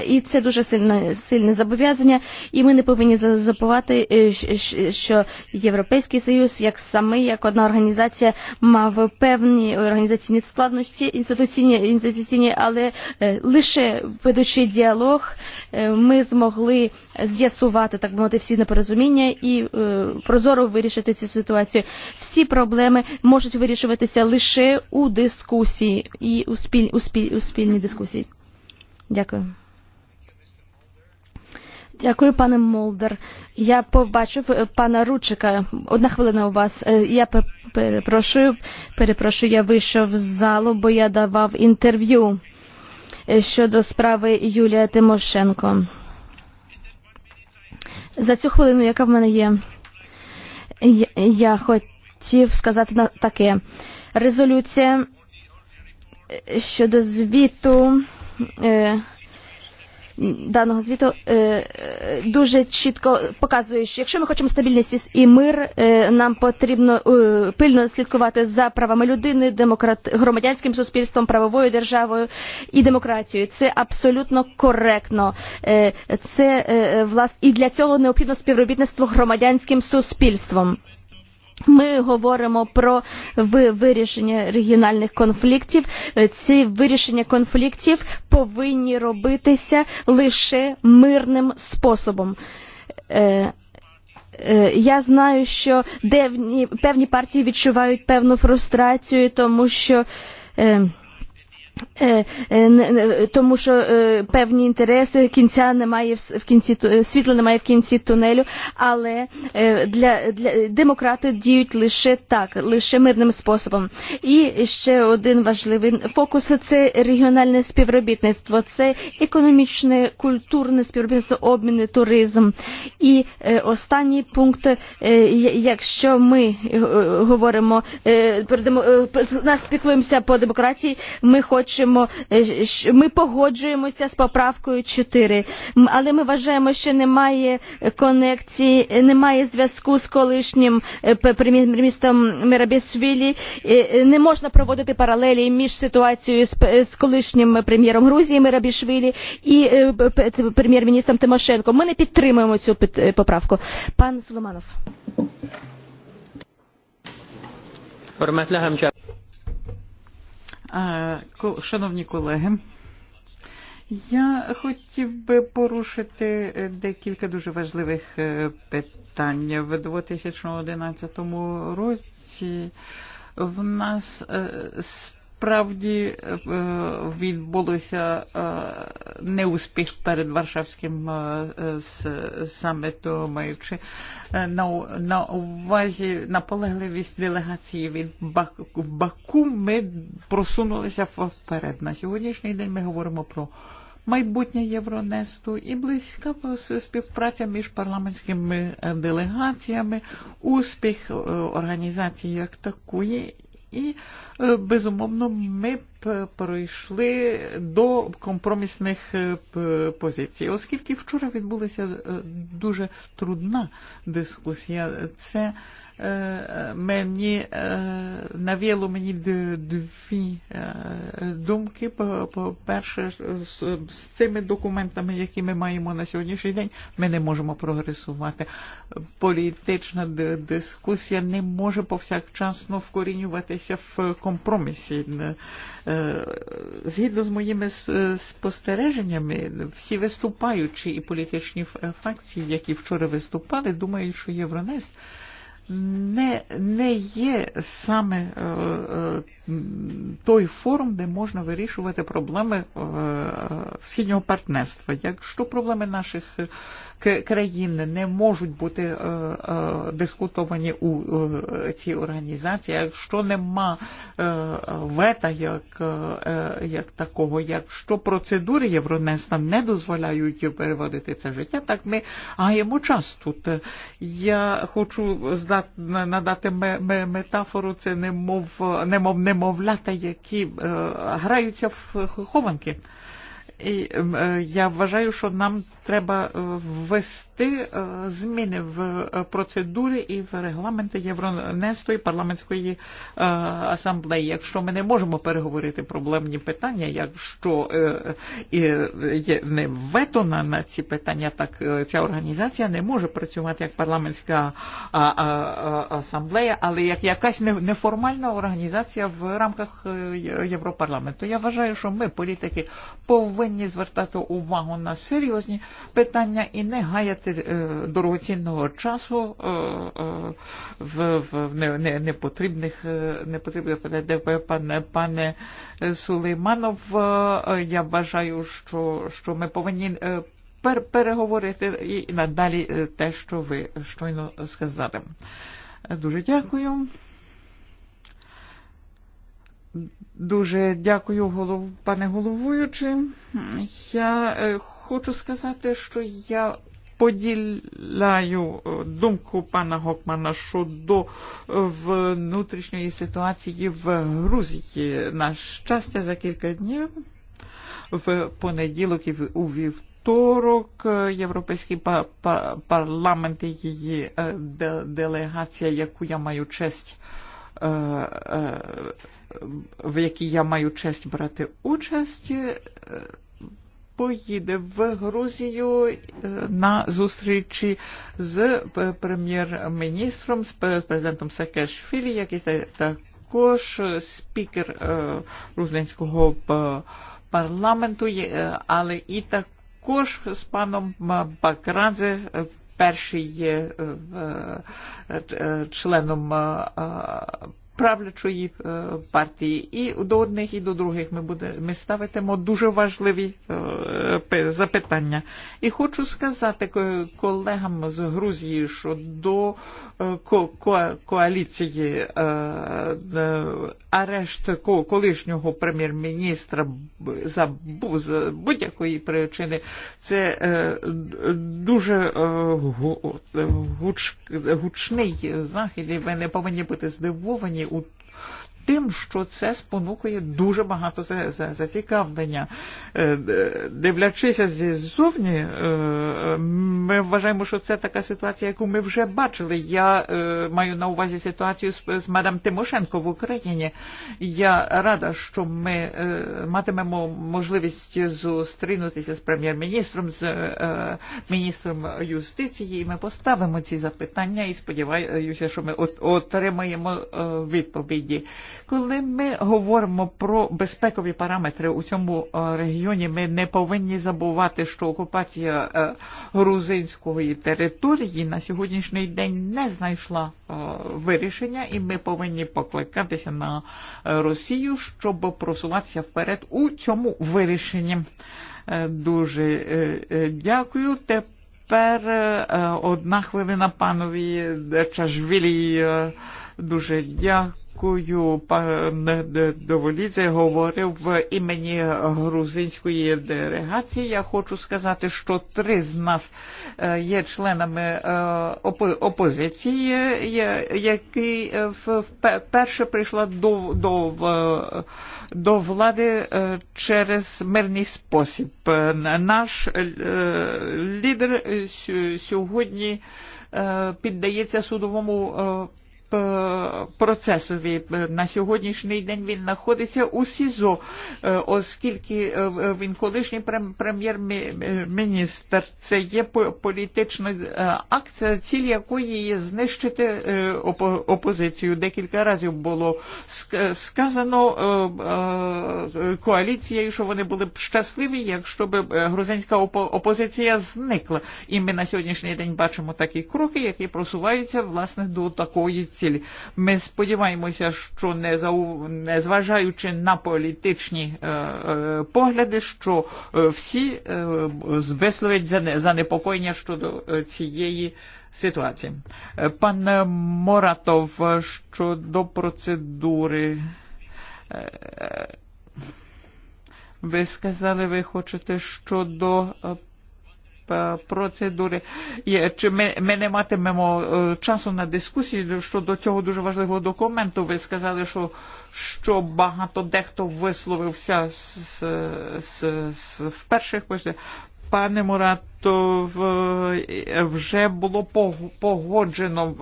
І це дуже сильне, сильне зобов'язання. І ми не повинні забувати, що Європейський Союз, як самий, як одна організація, мав певні організаційні складності, інституційні інституційні Палестині, але лише ведучи діалог, ми змогли з'ясувати так мовити всі непорозуміння і прозоро вирішити цю ситуацію. Всі проблеми можуть вирішуватися лише у дискусії і у спільній дискусії. Дякую. Дякую, пане Молдер. Я побачив пана Ручика. Одна хвилина у вас. Я перепрошую, перепрошую, я вийшов з залу, бо я давав інтерв'ю щодо справи Юлія Тимошенко. За цю хвилину, яка в мене є, я хотів сказати таке. Резолюція щодо звіту даного звіту дуже чітко показує, що якщо ми хочемо стабільності і мир, е, нам потрібно е, пильно слідкувати за правами людини, демократ... громадянським суспільством, правовою державою і демократією. Це абсолютно коректно. Е, Це е, власне і для цього необхідно співробітництво громадянським суспільством. Ми говоримо про вирішення регіональних конфліктів. Ці вирішення конфліктів повинні робитися лише мирним способом. Я знаю, що певні партії відчувають певну фрустрацію, тому що тому що певні інтереси кінця немає в кінці світла немає в кінці тунелю, але для, для демократи діють лише так, лише мирним способом. І ще один важливий фокус це регіональне співробітництво, це економічне, культурне співробітництво, обміни, туризм. І останній пункт, якщо ми говоримо, нас піклуємося по демократії, ми хочемо хочемо, ми погоджуємося з поправкою 4, але ми вважаємо, що немає конекції, немає зв'язку з колишнім прем'єр-міністром Мірабісвілі. Не можна проводити паралелі між ситуацією з колишнім прем'єром Грузії Мірабішвілі і прем'єр-міністром Тимошенко. Ми не підтримуємо цю поправку. Пан Соломанов. Hörmətli həmkarlar. Шановні колеги, я хотів би порушити декілька дуже важливих питань. В 2011 році в нас справді відбулося неуспіх перед Варшавським самітом, маючи на увазі наполегливість делегації від Баку, ми просунулися вперед. На сьогоднішній день ми говоримо про майбутнє Євронесту і близька співпраця між парламентськими делегаціями, успіх організації як такої и безумовно ме прийшли до компромісних позицій. Оскільки вчора відбулася дуже трудна дискусія, це мені навіло мені дві думки. По-перше, з цими документами, які ми маємо на сьогоднішній день, ми не можемо прогресувати. Політична дискусія не може повсякчасно вкорінюватися в компромісі. Згідно з моїми спостереженнями, всі виступаючі і політичні фракції, які вчора виступали, думають, що Євронест не, не є саме той форум, де можна вирішувати проблеми східнього партнерства. Якщо проблеми наших країни не можуть бути дискутовані у цій організації, якщо нема вета як, як такого, якщо процедури Євронеста не дозволяють переводити це життя, так ми гаємо час тут. Я хочу надати метафору, це немов, немов немовлята, які граються в хованки. І я вважаю, що нам треба ввести зміни в процедури і в регламенти Євронесту і парламентської асамблеї. Якщо ми не можемо переговорити проблемні питання, якщо не ветона на ці питання, так ця організація не може працювати як парламентська асамблея, але як якась неформальна організація в рамках Європарламенту. Я вважаю, що ми, політики, повинні повинні звертати увагу на серйозні питання і не гаяти дорогоцінного часу в, в непотрібних непотрібних ДВП, пане пане Сулейманов. Я вважаю, що, що ми повинні пер, переговорити і надалі те, що ви щойно сказали. Дуже дякую. Дуже дякую, голов... пане головуючий. Я хочу сказати, що я поділяю думку пана Гокмана щодо внутрішньої ситуації в Грузії. На щастя, за кілька днів в понеділок і у вівторок Європейський па- па- парламент і її делегація, яку я маю честь в якій я маю честь брати участь, поїде в Грузію на зустрічі з прем'єр-міністром, з президентом Сакешфілі, який також спікер грузинського парламенту, але і також з паном Бакрадзе, перший є членом правлячої партії. І до одних, і до других ми, буде, ми ставитимо дуже важливі запитання. І хочу сказати колегам з Грузії, що до ко ко коаліції арешт колишнього прем'єр-міністра за будь-якої причини це дуже гучний захід, і ви не повинні бути здивовані u тим, що це спонукує дуже багато зацікавлення. Дивлячися ззовні, ми вважаємо, що це така ситуація, яку ми вже бачили. Я маю на увазі ситуацію з мадам Тимошенко в Україні. Я рада, що ми матимемо можливість зустрінутися з прем'єр-міністром, з міністром юстиції, і ми поставимо ці запитання і сподіваюся, що ми отримаємо відповіді. Коли ми говоримо про безпекові параметри у цьому регіоні, ми не повинні забувати, що окупація грузинської території на сьогоднішній день не знайшла вирішення, і ми повинні покликатися на Росію, щоб просуватися вперед у цьому вирішенні. Дуже дякую. Тепер одна хвилина панові Чажвілі. Дуже дякую. Дякую, пане Доволідзе, говорив в імені грузинської делегації. Я хочу сказати, що три з нас є членами опозиції, які вперше прийшла до, до, до влади через мирний спосіб. Наш лідер сьогодні піддається судовому процесові. На сьогоднішній день він знаходиться у СІЗО, оскільки він колишній прем'єр-міністр. Це є політична акція, ціль якої є знищити опозицію. Декілька разів було сказано коаліцією, що вони були б щасливі, якщо б грузинська опозиція зникла. І ми на сьогоднішній день бачимо такі кроки, які просуваються власне до такої цілі. Ми сподіваємося, що не незважаючи на політичні е, е, погляди, що всі е, висловлять занепокоєння щодо цієї ситуації. Пан Моратов щодо процедури. Ви сказали, ви хочете щодо процедури. Є, чи Ми ми не матимемо часу на дискусії щодо цього дуже важливого документу. Ви сказали, що, що багато дехто висловився з, з, з, з перших позиціях. Пане Муратов, вже було погоджено.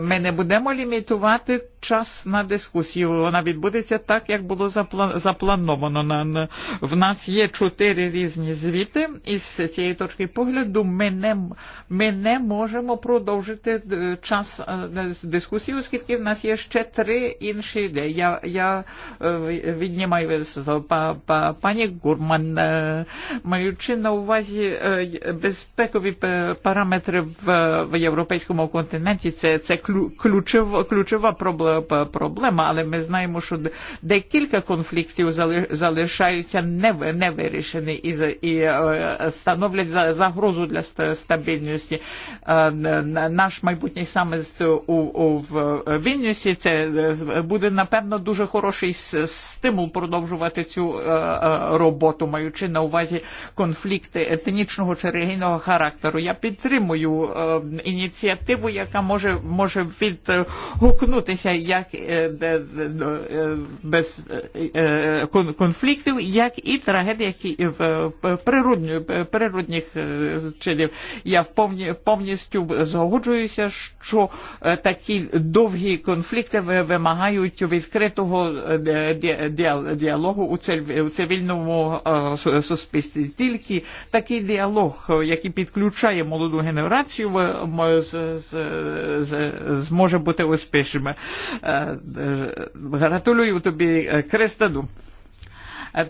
Ми не будемо лімітувати час на дискусію. Вона відбудеться так, як було заплановано. В нас є чотири різні звіти, і з цієї точки погляду ми не, ми не можемо продовжити час дискусії, оскільки в нас є ще три інші ідеї. Я, я віднімаю пані Гурма pan e, eh, mający na uwadze e, eh, bezpiekowe eh, parametry w, w europejskim kontynencie, to jest kluczowa problema, ale my znamy, że de kilka konfliktów zaleszają się niewyryszone i, i e, stanowią za, zagrozę dla stabilności. E, Nasz majątny summit u, u, w Wilniusie, to będzie na pewno dużo хороший стимул продовжувати цю роботу конфлікту, маючи на увазі конфлікти етнічного чи релігійного характеру. Я підтримую е, ініціативу, яка може, може відгукнутися як е, е, без е, конфліктів, як і трагедії, які в природні, природніх чинів. Я вповні, повністю згоджуюся, що такі довгі конфлікти вимагають відкритого діалогу у цивільному суспільстві. Тільки такий діалог, який підключає молоду генерацію, зможе бути успішним. Гратулюю тобі, Крестаду.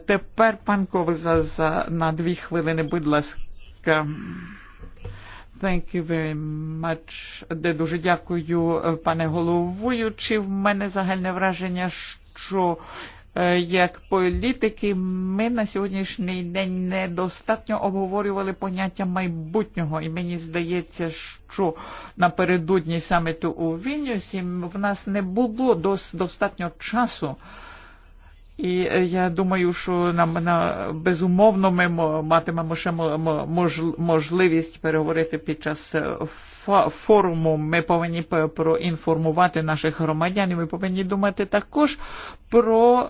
Тепер, пан Ковза, за, на дві хвилини, будь ласка. Thank you very much. Де дуже дякую, пане головуючи. В мене загальне враження, що як політики ми на сьогоднішній день недостатньо обговорювали поняття майбутнього. І мені здається, що напередодні саміту у Вільнюсі в нас не було достатньо часу. І я думаю, що нам на безумовно ми матимемо ще можливість переговорити під час форуму ми повинні проінформувати наших громадян, і ми повинні думати також про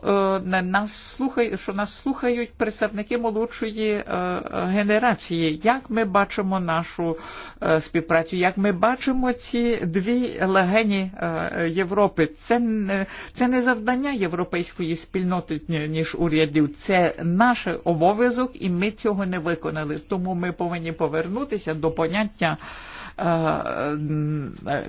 е, нас слухай, що нас слухають представники молодшої е, генерації. Як ми бачимо нашу е, співпрацю, як ми бачимо ці дві легені е, Європи. Це, це не завдання європейської спільноти, ніж урядів. Це наш обов'язок, і ми цього не виконали. Тому ми повинні повернутися до поняття uh, uh,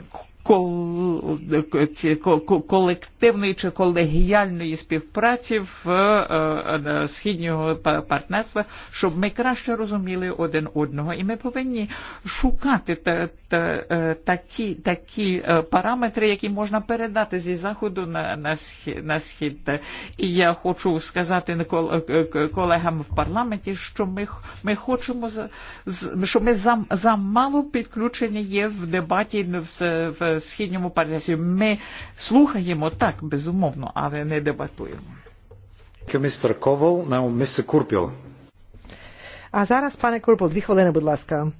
колективної чи колегіальної співпраці в східнього партнерства, щоб ми краще розуміли один одного. І ми повинні шукати та, та, такі, такі параметри, які можна передати зі заходу на, на, схід, на схід. І я хочу сказати колегам в парламенті, що ми, ми хочемо, що ми зам, замало підключені є в дебаті в, в східньому партнерстві. Ми слухаємо так, безумовно, але не дебатуємо. Містер Ковал, now Mr. Kurpil. А зараз, пане Курпіл, дві хвилини, будь ласка.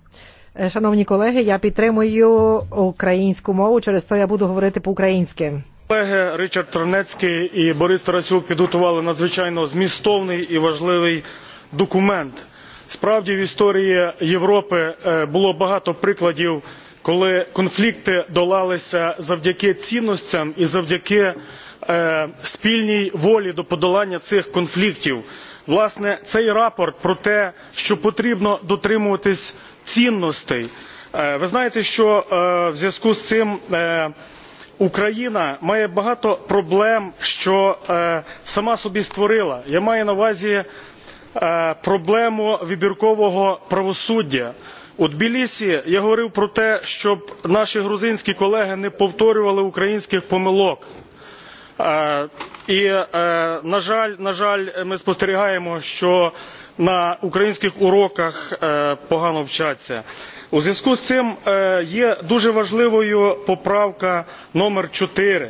Шановні колеги, я підтримую українську мову, через то я буду говорити по-українськи. Колеги Ричард Транецький і Борис Тарасюк підготували надзвичайно змістовний і важливий документ. Справді в історії Європи було багато прикладів коли конфлікти долалися завдяки цінностям і завдяки е, спільній волі до подолання цих конфліктів. Власне, цей рапорт про те, що потрібно дотримуватись цінностей. Е, ви знаєте, що е, в зв'язку з цим е, Україна має багато проблем, що е, сама собі створила. Я маю на увазі е, проблему вибіркового правосуддя у тбілісі я говорив про те щоб наші грузинські колеги не повторювали українських помилок і на жаль на жаль ми спостерігаємо що на українських уроках погано вчаться. у зв'язку з цим є дуже важливою поправка номер чотири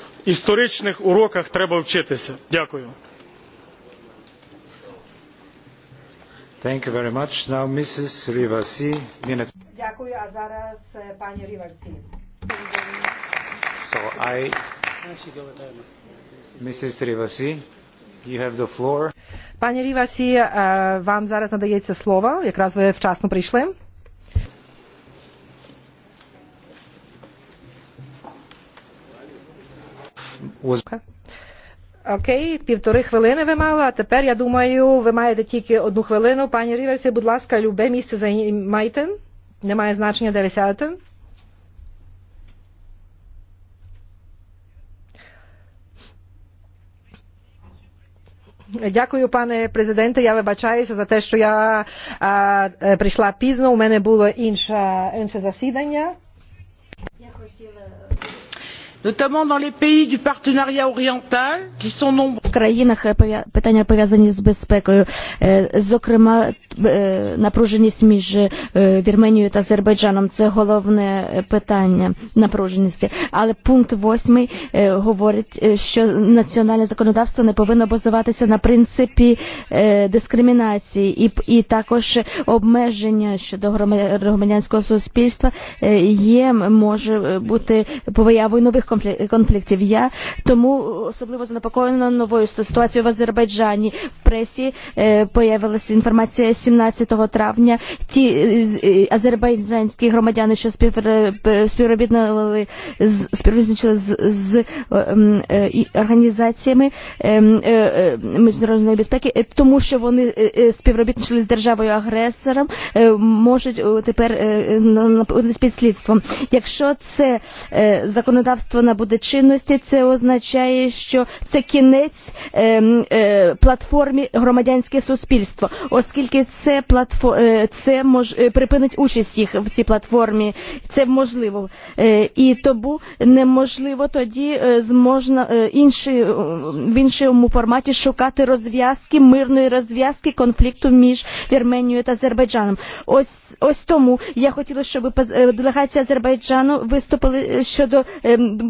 історичних уроках треба вчитися. Дякую. Дякую, а зараз пані Ріварсі. So I Mrs. Rivasi, you have the floor. Пані Рівасі, вам зараз надається слово, якраз ви вчасно прийшли. was... okay. Окей, півтори хвилини ви мали, а тепер, я думаю, ви маєте тільки одну хвилину. Пані Ріверсі, будь ласка, любе місце займайте. Немає значення, де ви сядете. Дякую, пане президенте. Я вибачаюся за те, що я а, прийшла пізно. У мене було інше, інше засідання. Я хотіла notamment dans les pays du partenariat oriental qui sont nombreux. В країнах питання пов'язані з безпекою, зокрема напруженість між Вірменією та Азербайджаном це головне питання напруженості. Але пункт 8 говорить, що національне законодавство не повинно базуватися на принципі дискримінації і, і також обмеження щодо громадянського суспільства є може бути появою нових конфліктів. Я тому особливо занепокоєна новою ситуацією в Азербайджані. В пресі появилася інформація 17 травня. Ті азербайджанські громадяни, що співробітничали з, співробітничали з, з організаціями міжнародної безпеки, тому що вони співробітничали з державою-агресором, можуть тепер під слідством. Якщо це законодавство вона буде чинності, це означає, що це кінець е, е, платформі громадянське суспільство, оскільки це е, це мож е, припинить участь їх в цій платформі. Це можливо Е, і тому неможливо тоді е, зможна е, інші в іншому форматі шукати розв'язки мирної розв'язки конфлікту між Вірменією та Азербайджаном. Ось ось тому я хотіла, щоб делегація Азербайджану виступили щодо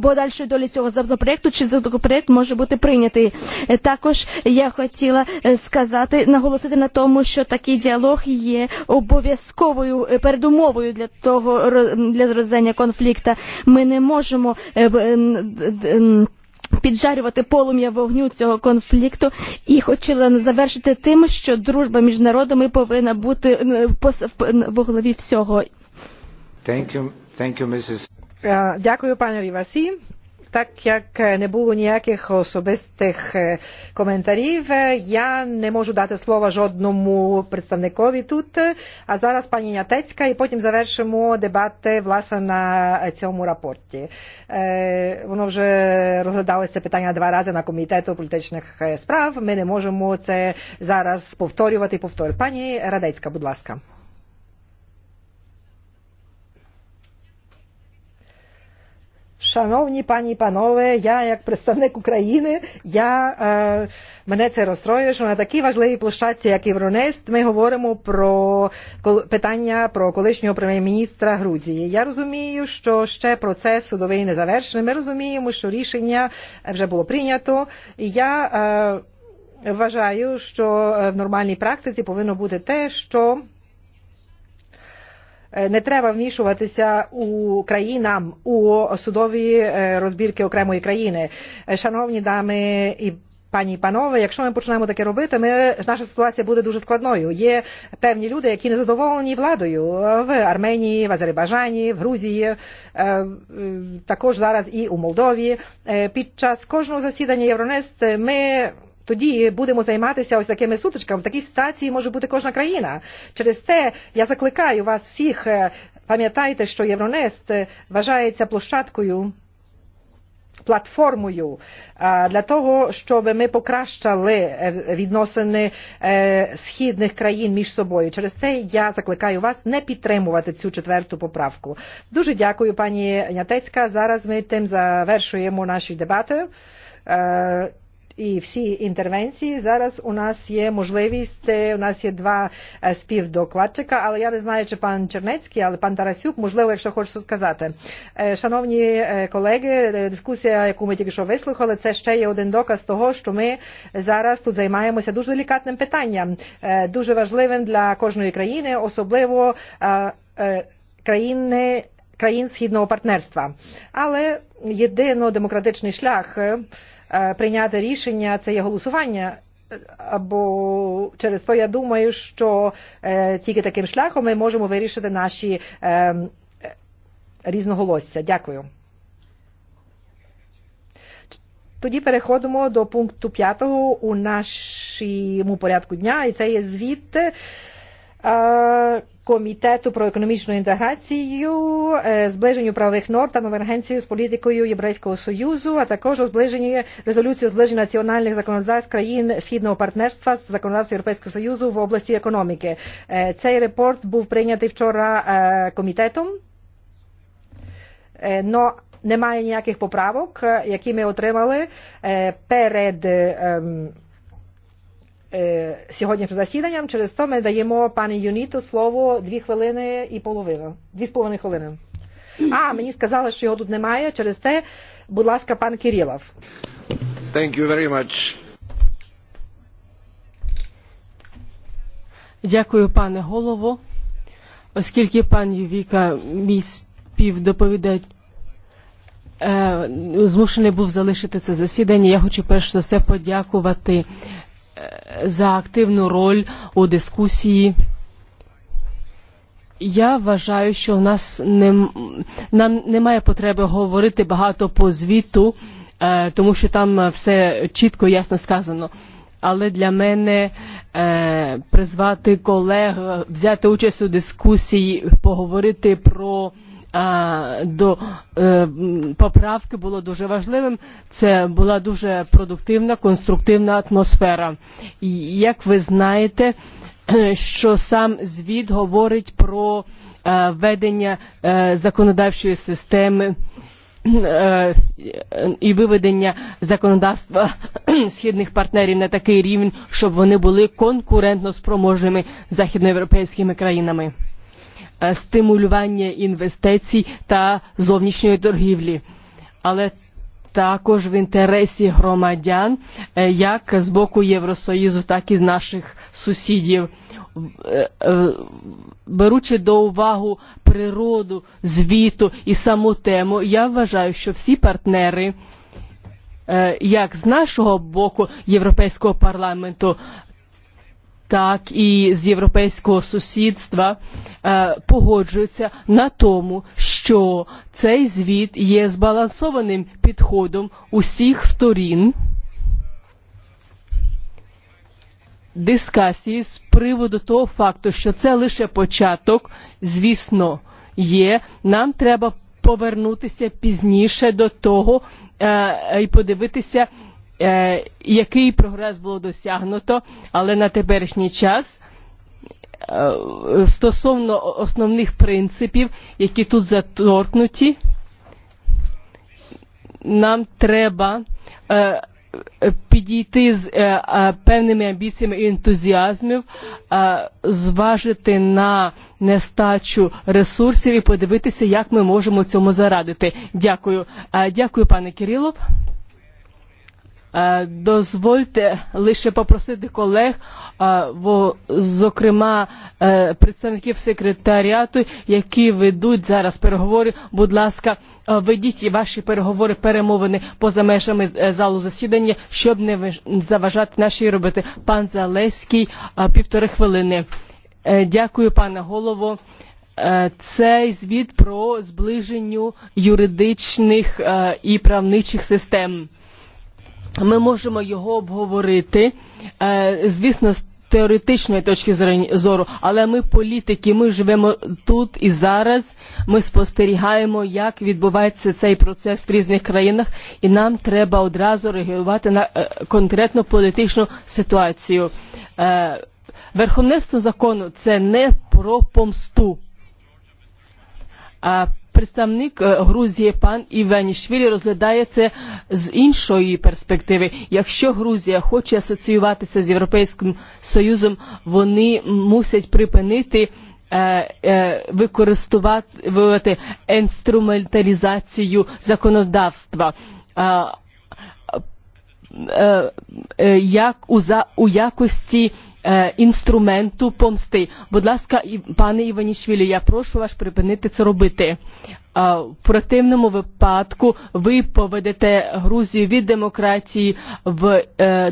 подальшої долі цього законопроекту чи законопроект може бути прийнятий. Також я хотіла сказати, наголосити на тому, що такий діалог є обов'язковою передумовою для того для розв'язання конфлікту. Ми не можемо піджарювати полум'я вогню цього конфлікту і хотіла завершити тим, що дружба між народами повинна бути в голові всього. Thank you. Thank you, Mrs. Дякую, пане Рівасі. Так як не було ніяких особистих коментарів, я не можу дати слова жодному представникові тут. А зараз пані Нятецька, і потім завершимо дебати власне на цьому рапорті. Воно вже розглядалося питання два рази на комітету політичних справ. Ми не можемо це зараз повторювати і повторювати. Пані Радецька, будь ласка. Шановні пані і панове, я як представник України, я, е, мене це розстроює, що на такій важливій площадці, як Євронест, ми говоримо про питання про колишнього прем'єр-міністра Грузії. Я розумію, що ще процес судовий не завершений. Ми розуміємо, що рішення вже було прийнято. Я е, вважаю, що в нормальній практиці повинно бути те, що Не треба вмішуватися у країнам у судові розбірки окремої країни. Шановні дами і Пані і панове, якщо ми почнемо таке робити, ми, наша ситуація буде дуже складною. Є певні люди, які не задоволені владою в Арменії, в Азербайджані, в Грузії, також зараз і у Молдові. Під час кожного засідання Євронест ми тоді будемо займатися ось такими сутичками. В такій ситуації може бути кожна країна. Через те я закликаю вас всіх, пам'ятайте, що Євронест вважається площадкою платформою для того, щоб ми покращали відносини східних країн між собою. Через те я закликаю вас не підтримувати цю четверту поправку. Дуже дякую, пані Нятецька. Зараз ми тим завершуємо наші дебати і всі інтервенції. Зараз у нас є можливість, у нас є два співдокладчика, але я не знаю, чи пан Чернецький, але пан Тарасюк, можливо, якщо хоче сказати. Шановні колеги, дискусія, яку ми тільки що вислухали, це ще є один доказ того, що ми зараз тут займаємося дуже делікатним питанням, дуже важливим для кожної країни, особливо країни країн східного партнерства. Але єдино демократичний шлях прийняти рішення, це є голосування. Або через то я думаю, що тільки таким шляхом ми можемо вирішити наші е, різноголосся. Дякую. Тоді переходимо до пункту п'ятого у нашому порядку дня, і це є звіт Комітету про економічну інтеграцію, зближенню правових норм та конвергенцію з політикою Єврейського союзу, а також у зближенні резолюції зближення національних законодавств країн східного партнерства з законодавством Європейського союзу в області економіки. Цей репорт був прийнятий вчора комітетом. Но немає ніяких поправок, які ми отримали перед сьогоднішнім засіданням. Через то ми даємо пані Юніту слово дві хвилини і половину. Дві з половиною хвилини. А, мені сказали, що його тут немає. Через те, будь ласка, пан Кирилов. Thank you very much. Дякую, пане голово. Оскільки пан Ювіка, мій співдоповідач, змушений був залишити це засідання, я хочу перш за все подякувати за активну роль у дискусії. Я вважаю, що в нас не, нам немає потреби говорити багато по звіту, тому що там все чітко і ясно сказано. Але для мене е, призвати колег, взяти участь у дискусії, поговорити про е, до поправки було дуже важливим. Це була дуже продуктивна, конструктивна атмосфера. І, як ви знаєте, що сам звіт говорить про ведення законодавчої системи і виведення законодавства східних партнерів на такий рівень, щоб вони були конкурентно спроможними західноєвропейськими країнами стимулювання інвестицій та зовнішньої торгівлі. Але також в інтересі громадян, як з боку Євросоюзу, так і з наших сусідів, беручи до уваги природу звіту і саму тему, я вважаю, що всі партнери як з нашого боку Європейського парламенту, так і з європейського сусідства погоджуються на тому, що цей звіт є збалансованим підходом усіх сторін дискусії з приводу того факту, що це лише початок, звісно, є. Нам треба повернутися пізніше до того і подивитися, який прогрес було досягнуто, але на теперішній час стосовно основних принципів, які тут заторкнуті, нам треба підійти з певними амбіціями і ентузіазмів, зважити на нестачу ресурсів і подивитися, як ми можемо цьому зарадити. Дякую. Дякую, пане Кирилов. Дозвольте лише попросити колег, зокрема представників секретаріату, які ведуть зараз переговори. Будь ласка, ведіть ваші переговори, перемовини поза межами залу засідання, щоб не заважати нашій роботи. Пан Залеський, півтори хвилини. Дякую, пане голово. Цей звіт про зближенню юридичних і правничих систем ми можемо його обговорити. Звісно, з теоретичної точки зору, але ми політики, ми живемо тут і зараз, ми спостерігаємо, як відбувається цей процес в різних країнах, і нам треба одразу реагувати на конкретну політичну ситуацію. Верховництво закону – це не про помсту. А представник Грузії пан Іванішвілі розглядає це з іншої перспективи. Якщо Грузія хоче асоціюватися з Європейським Союзом, вони мусять припинити використовувати інструменталізацію законодавства як у якості інструменту помсти. Будь ласка, пане Іванішвілі, я прошу вас припинити це робити. В противному випадку ви поведете Грузію від демократії в,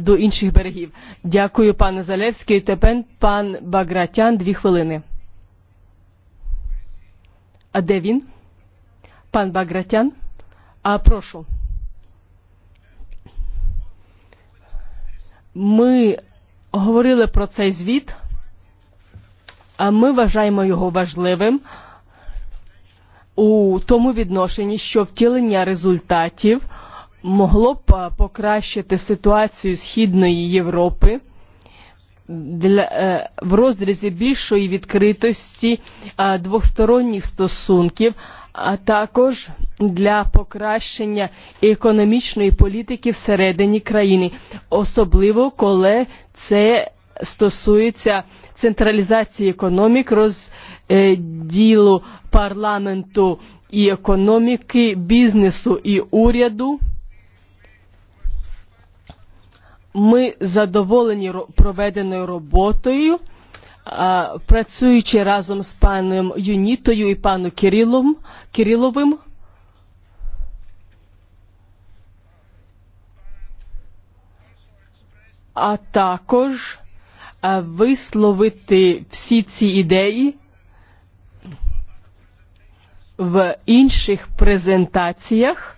до інших берегів. Дякую, пане Залевський. Тепер пан Багратян, дві хвилини. А де він? Пан Багратян? А прошу. Ми говорили про цей звіт. а Ми вважаємо його важливим у тому відношенні, що втілення результатів могло б покращити ситуацію Східної Європи для, в розрізі більшої відкритості двосторонніх стосунків а також для покращення економічної політики всередині країни, особливо коли це стосується централізації економік, розділу парламенту і економіки, бізнесу і уряду. Ми задоволені проведеною роботою – працюючи разом з паном Юнітою і паном Кирилом, Кириловим. А також висловити всі ці ідеї в інших презентаціях,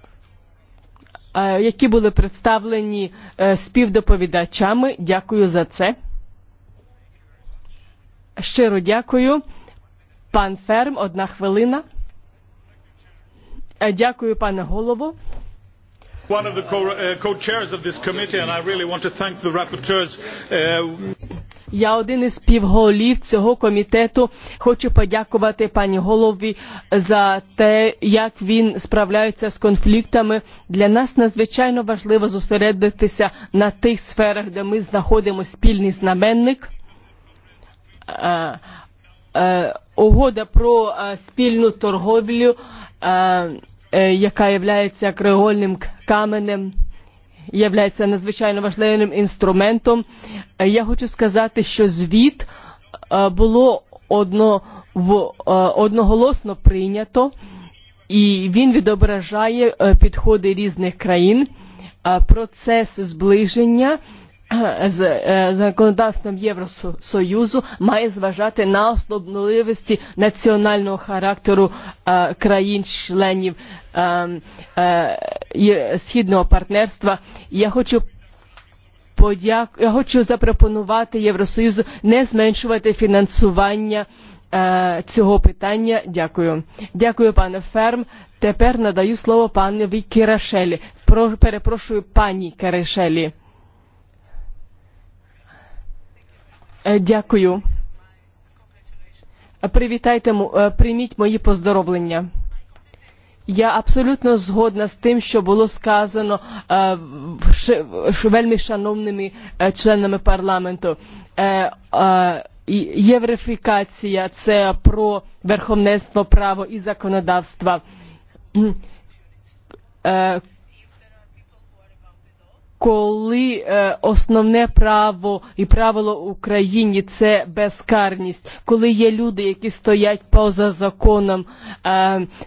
які були представлені співдоповідачами. Дякую за це. Щиро дякую. Пан Ферм, одна хвилина. Дякую, пане голову. one of the co, chairs of this committee and i really want to thank the rapporteurs я один із співголів цього комітету. Хочу подякувати пані голові за те, як він справляється з конфліктами. Для нас надзвичайно важливо зосередитися на тих сферах, де ми знаходимо спільний знаменник – угода про спільну торговлю, яка є кривольним каменем є надзвичайно важливим інструментом. Я хочу сказати, що звіт було одно, в, одноголосно прийнято, і він відображає підходи різних країн, процес зближення – законодавством Євросоюзу має зважати на особливості національного характеру країн-членів східного партнерства. Я хочу я хочу запропонувати Євросоюзу не зменшувати фінансування цього питання. Дякую. Дякую, пане Ферм. Тепер надаю слово панові Кірашелі. Перепрошую, пані Кірашелі Дякую. Привітайте, прийміть мої поздоровлення. Я абсолютно згодна з тим, що було сказано вельми шановними членами парламенту. Єврифікація – це про верховенство право і законодавства коли основне право і правило в Україні це безкарність, коли є люди, які стоять поза законом,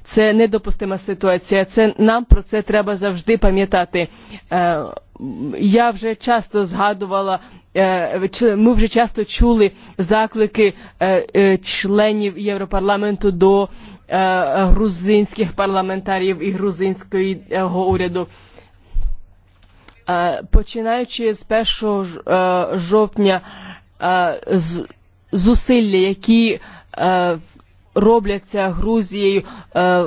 це недопустима ситуація. Це нам про це треба завжди пам'ятати. Я вже часто згадувала, ми вже часто чули заклики членів Європарламенту до грузинських парламентарів і грузинського уряду. Починаючи з 1 жовтня зусилля, які робляться Грузією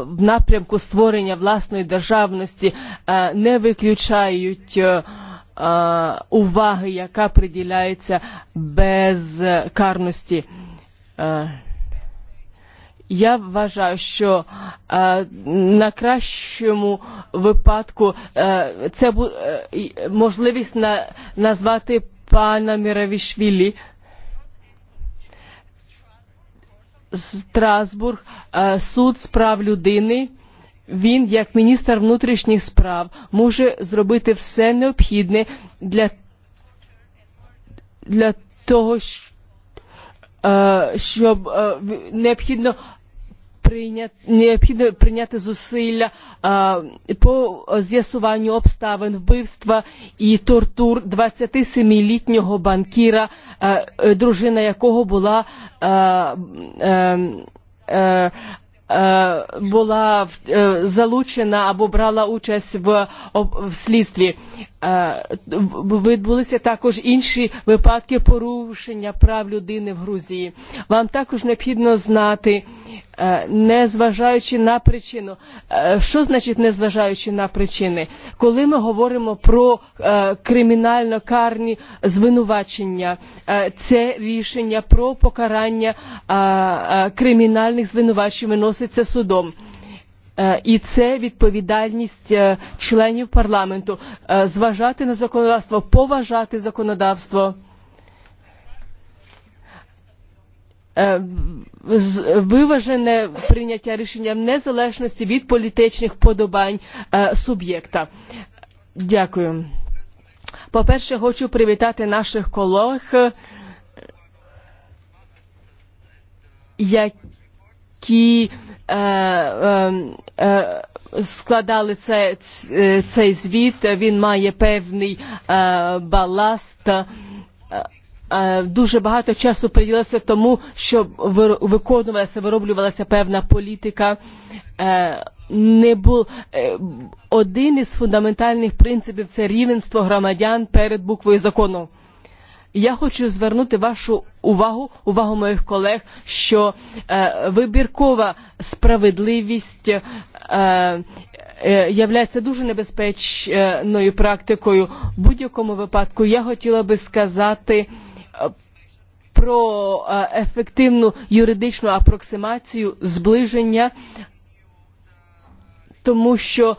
в напрямку створення власної державності, не виключають уваги, яка приділяється безкарності Я вважаю, що е, на кращому випадку е, це бу, е, можливість на, назвати пана Міравішвілі Страсбург е, суд з прав людини. Він, як міністр внутрішніх справ, може зробити все необхідне для, для того, щоб е, необхідно необхідно прийняти зусилля по з'ясуванню обставин вбивства і тортур 27-літнього банкіра, дружина якого була була залучена або брала участь в, в слідстві. Відбулися також інші випадки порушення прав людини в Грузії. Вам також необхідно знати, незважаючи на причину. Що значить незважаючи на причини? Коли ми говоримо про кримінально карні звинувачення, це рішення про покарання кримінальних звинувачень виноситься судом і це відповідальність членів парламенту зважати на законодавство поважати законодавство виважене прийняття рішення в незалежності від політичних подобань суб'єкта. Дякую. По-перше, хочу привітати наших колег, які складали цей звіт. Він має певний баласт. Е, дуже багато часу приділилося тому, що виконувалася, вироблювалася певна політика. Не був один із фундаментальних принципів це рівенство громадян перед буквою закону. Я хочу звернути вашу увагу, увагу моїх колег, що е, вибіркова справедливість е, е, являється дуже небезпечною практикою. В будь-якому випадку я хотіла би сказати, про ефективну юридичну апроксимацію зближення, тому що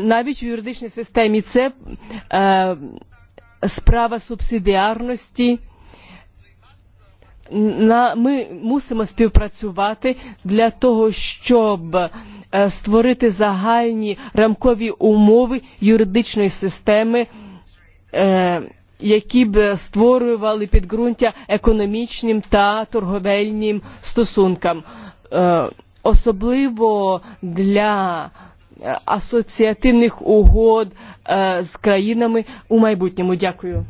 навіть у юридичній системі це справа субсидіарності. На, ми мусимо співпрацювати для того, щоб створити загальні рамкові умови юридичної системи які б створювали підґрунтя економічним та торговельним стосункам, особливо для асоціативних угод з країнами у майбутньому. Дякую.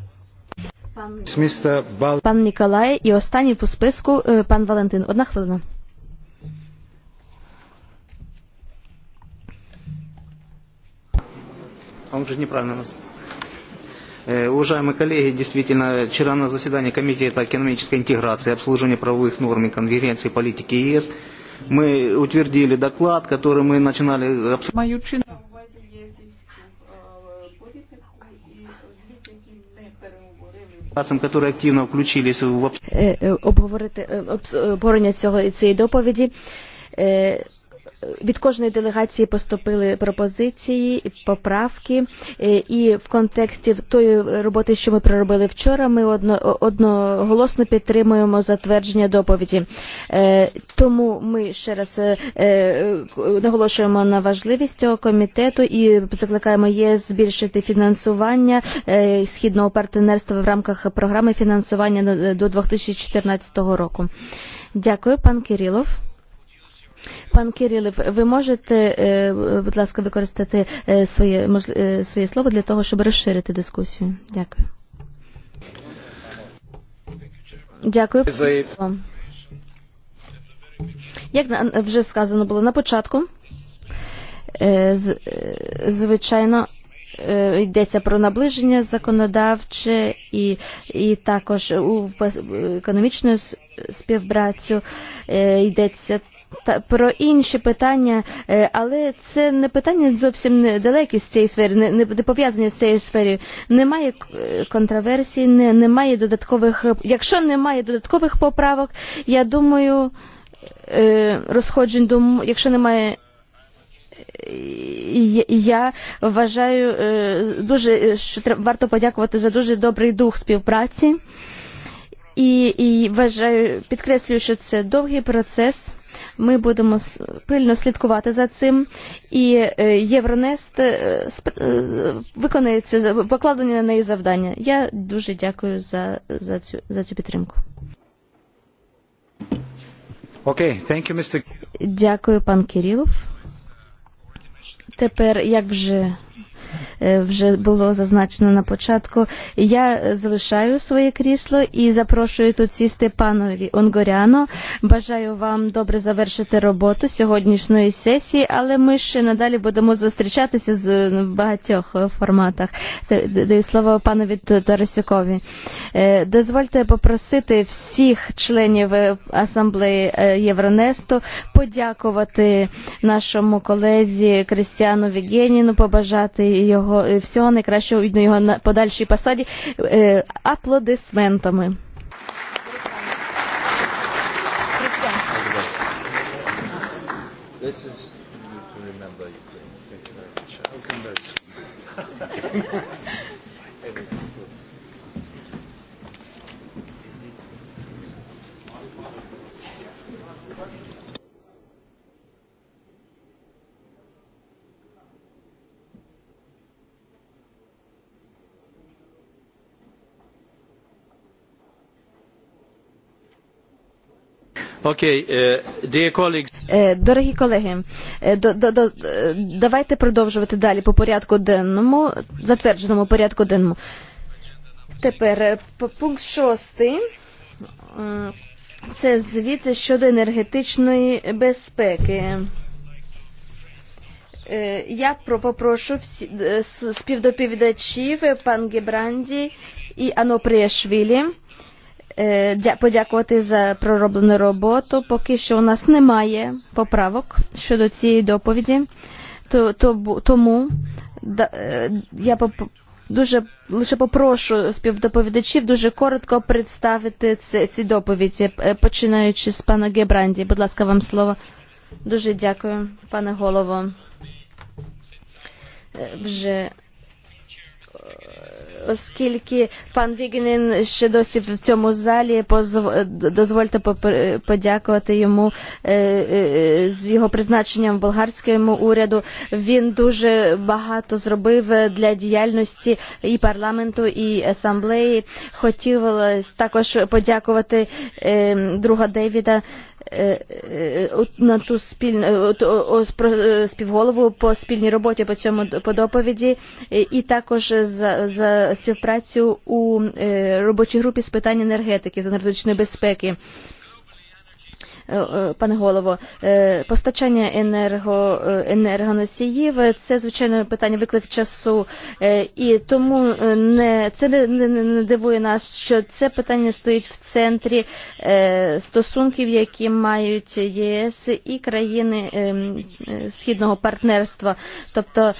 Пан, Ніколай і останній по списку пан Валентин. Одна хвилина. Он же неправильно назвал. Уважаемые коллеги, действительно, вчера на заседании Комитета экономической интеграции, обслуживания правовых норм и конференции политики ЕС мы утвердили доклад, который мы начинали обсуждать. Которые активно включились в обговорення цього цієї доповіді від кожної делегації поступили пропозиції, поправки, і в контексті тої роботи, що ми проробили вчора, ми одно, одноголосно підтримуємо затвердження доповіді. Тому ми ще раз наголошуємо на важливість цього комітету і закликаємо ЄС збільшити фінансування східного партнерства в рамках програми фінансування до 2014 року. Дякую, пан Кирилов. Пан Кирилів, ви можете, будь ласка, використати своє, своє слово для того, щоб розширити дискусію? Дякую. Дякую. Як вже сказано було на початку, звичайно, йдеться про наближення законодавче і, і також у економічну співпрацю йдеться та про інші питання, але це не питання зовсім далекі з цієї сфери, не, не пов'язані з цією сферою. Немає контроверсій, не, немає додаткових. Якщо немає додаткових поправок, я думаю, розходжень дум, якщо немає я вважаю дуже, що треба, варто подякувати за дуже добрий дух співпраці. І, і вважаю, підкреслюю, що це довгий процес Ми будемо пильно слідкувати за цим, і Євронест виконається ці покладені на неї завдання. Я дуже дякую за, за, цю, за цю підтримку. Okay, thank you, Mr. Дякую, пан Кирилов. Тепер, як вже вже було зазначено на початку. Я залишаю своє крісло і запрошую тут сісти панові Онгоряно. Бажаю вам добре завершити роботу сьогоднішньої сесії, але ми ще надалі будемо зустрічатися з багатьох форматах. Даю слово панові Тарасюкові. Дозвольте попросити всіх членів асамблеї Євронесту подякувати нашому колезі Кристіану Вігеніну, побажати його всього найкращого на його подальшій посаді аплодисментами. This is to remember Ukraine. Thank you very much. I'll come back. Дорогі колеги, давайте продовжувати далі по порядку денному, затвердженому порядку денному. Тепер пункт шостий. Це звіт щодо енергетичної безпеки. Я попрошу співдоповідачів пан Гебранді і Ано Пріяшвілі подякувати за пророблену роботу. Поки що у нас немає поправок щодо цієї доповіді, тому я дуже лише попрошу співдоповідачів дуже коротко представити ці доповіді, починаючи з пана Гебранді. Будь ласка, вам слово. Дуже дякую, пане голово. Вже Оскільки пан Вігнін ще досі в цьому залі, дозвольте подякувати йому з його призначенням болгарському уряду. Він дуже багато зробив для діяльності і парламенту, і асамблеї. Хотіла також подякувати друга Девіда на ту спільну співголову по спільній роботі по цьому по доповіді і також за, за співпрацю у робочій групі з питань енергетики з енергетичної безпеки пане голово. Постачання енерго, енергоносіїв це звичайно питання виклик часу, і тому не це не, не, не дивує нас, що це питання стоїть в центрі стосунків, які мають ЄС і країни східного партнерства, тобто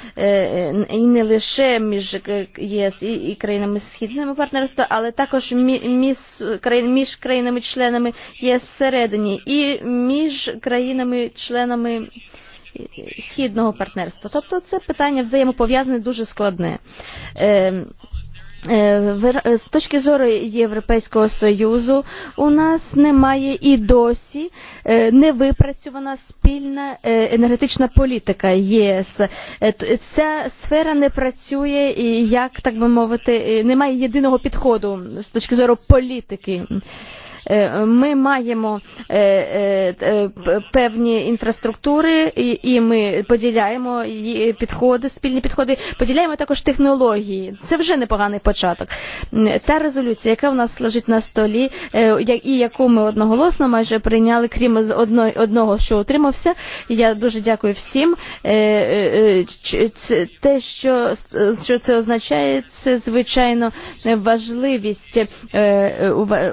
і не лише між ЄС і країнами східного партнерства, але також між країнами-членами ЄС всередині. І і між країнами-членами східного партнерства. Тобто це питання взаємопов'язане дуже складне. З точки зору Європейського Союзу у нас немає і досі невипрацьована спільна енергетична політика ЄС. Ця сфера не працює і, як так би мовити, немає єдиного підходу з точки зору політики. Ми маємо певні інфраструктури, і ми поділяємо підходи, спільні підходи, поділяємо також технології. Це вже непоганий початок. Та резолюція, яка в нас лежить на столі, і яку ми одноголосно майже прийняли, крім одного, що утримався. Я дуже дякую всім. Те, що, що це означає, це звичайно важливість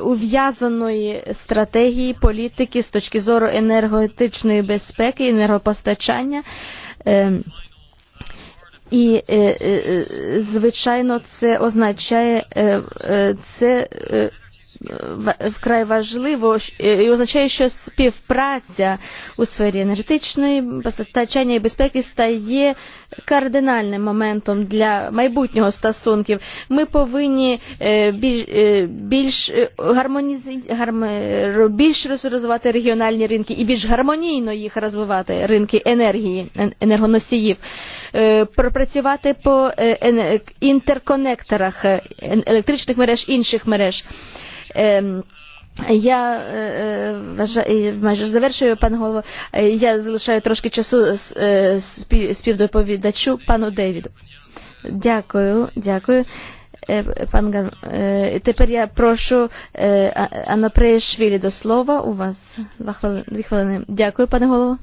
ув'язану певної стратегії політики з точки зору енергетичної безпеки, енергопостачання. І, звичайно, це означає це вкрай важливо і означає, що співпраця у сфері енергетичної постачання і безпеки стає кардинальним моментом для майбутнього стосунків. Ми повинні більш, більш, гармонізі... більш розвивати регіональні ринки і більш гармонійно їх розвивати ринки енергії, енергоносіїв, пропрацювати по інтерконекторах електричних мереж, інших мереж. Я майже завершую, пане голово. Я залишаю трошки часу співдоповідачу пану Девіду. Дякую, дякую. Пан Гар... тепер я прошу Анна до слова. У вас два хвилини. дві хвилини. Дякую, пане голово.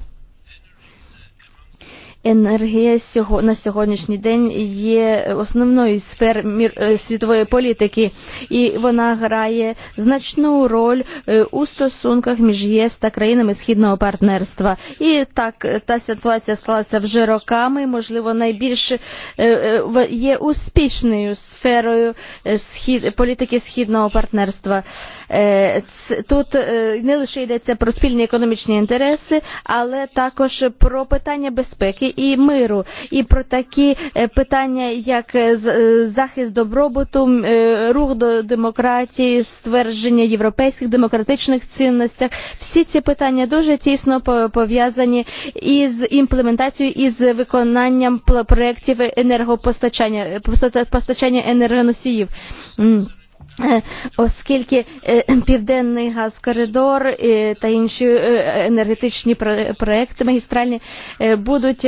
Енергія на сьогоднішній день є основною сферою світової політики, і вона грає значну роль у стосунках між ЄС та країнами східного партнерства. І так та ситуація склалася вже роками. Можливо, найбільше є успішною сферою політики східного партнерства. Тут не лише йдеться про спільні економічні інтереси, але також про питання безпеки і миру, і про такі питання, як захист добробуту, рух до демократії, ствердження європейських демократичних цінностях. Всі ці питання дуже тісно пов'язані із імплементацією і з виконанням проєктів енергопостачання постачання енергоносіїв. Mm. Оскільки Південний газ коридор та інші енергетичні проекти магістральні будуть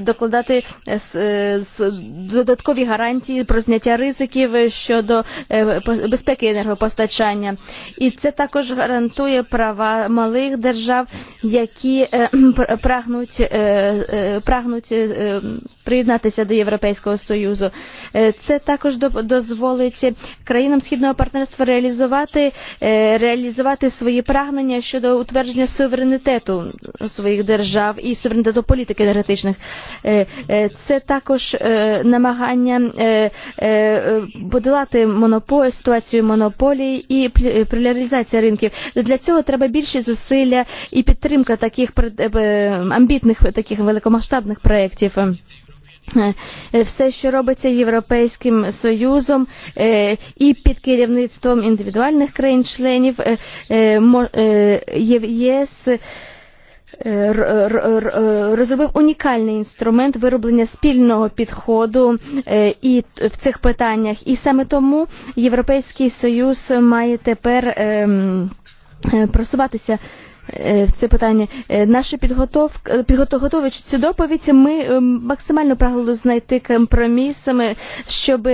докладати додаткові гарантії про зняття ризиків щодо безпеки енергопостачання. І це також гарантує права малих держав, які прагнуть, прагнуть приєднатися до Європейського Союзу. Це також дозволить країнам східного партнерства реалізувати, реалізувати свої прагнення щодо утвердження суверенітету своїх держав і суверенітету політик енергетичних. Це також намагання подолати монополь, ситуацію монополії і плюралізація ринків. Для цього треба більше зусилля і підтримка таких амбітних таких великомасштабних проєктів все, що робиться Європейським Союзом і під керівництвом індивідуальних країн-членів ЄС розробив унікальний інструмент вироблення спільного підходу і в цих питаннях. І саме тому Європейський Союз має тепер просуватися Це питання. Наша підготовка підготовуючи цю доповідь, ми максимально прагнули знайти компромісами, щоб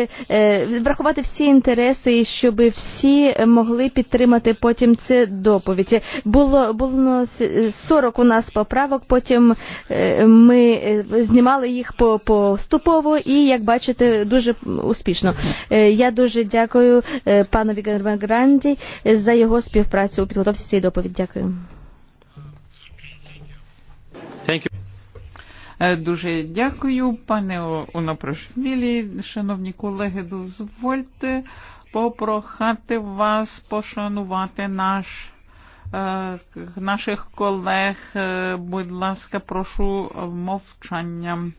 врахувати всі інтереси і щоб всі могли підтримати потім це доповідь. Було було 40 у нас поправок, потім ми знімали їх поступово і, як бачите, дуже успішно. Я дуже дякую панові Герман за його співпрацю у підготовці цієї доповіді. Дякую. Дуже дякую, пане Унопрошвілі. Шановні колеги, дозвольте попрохати вас пошанувати наш наших колег. Будь ласка, прошу мовчання.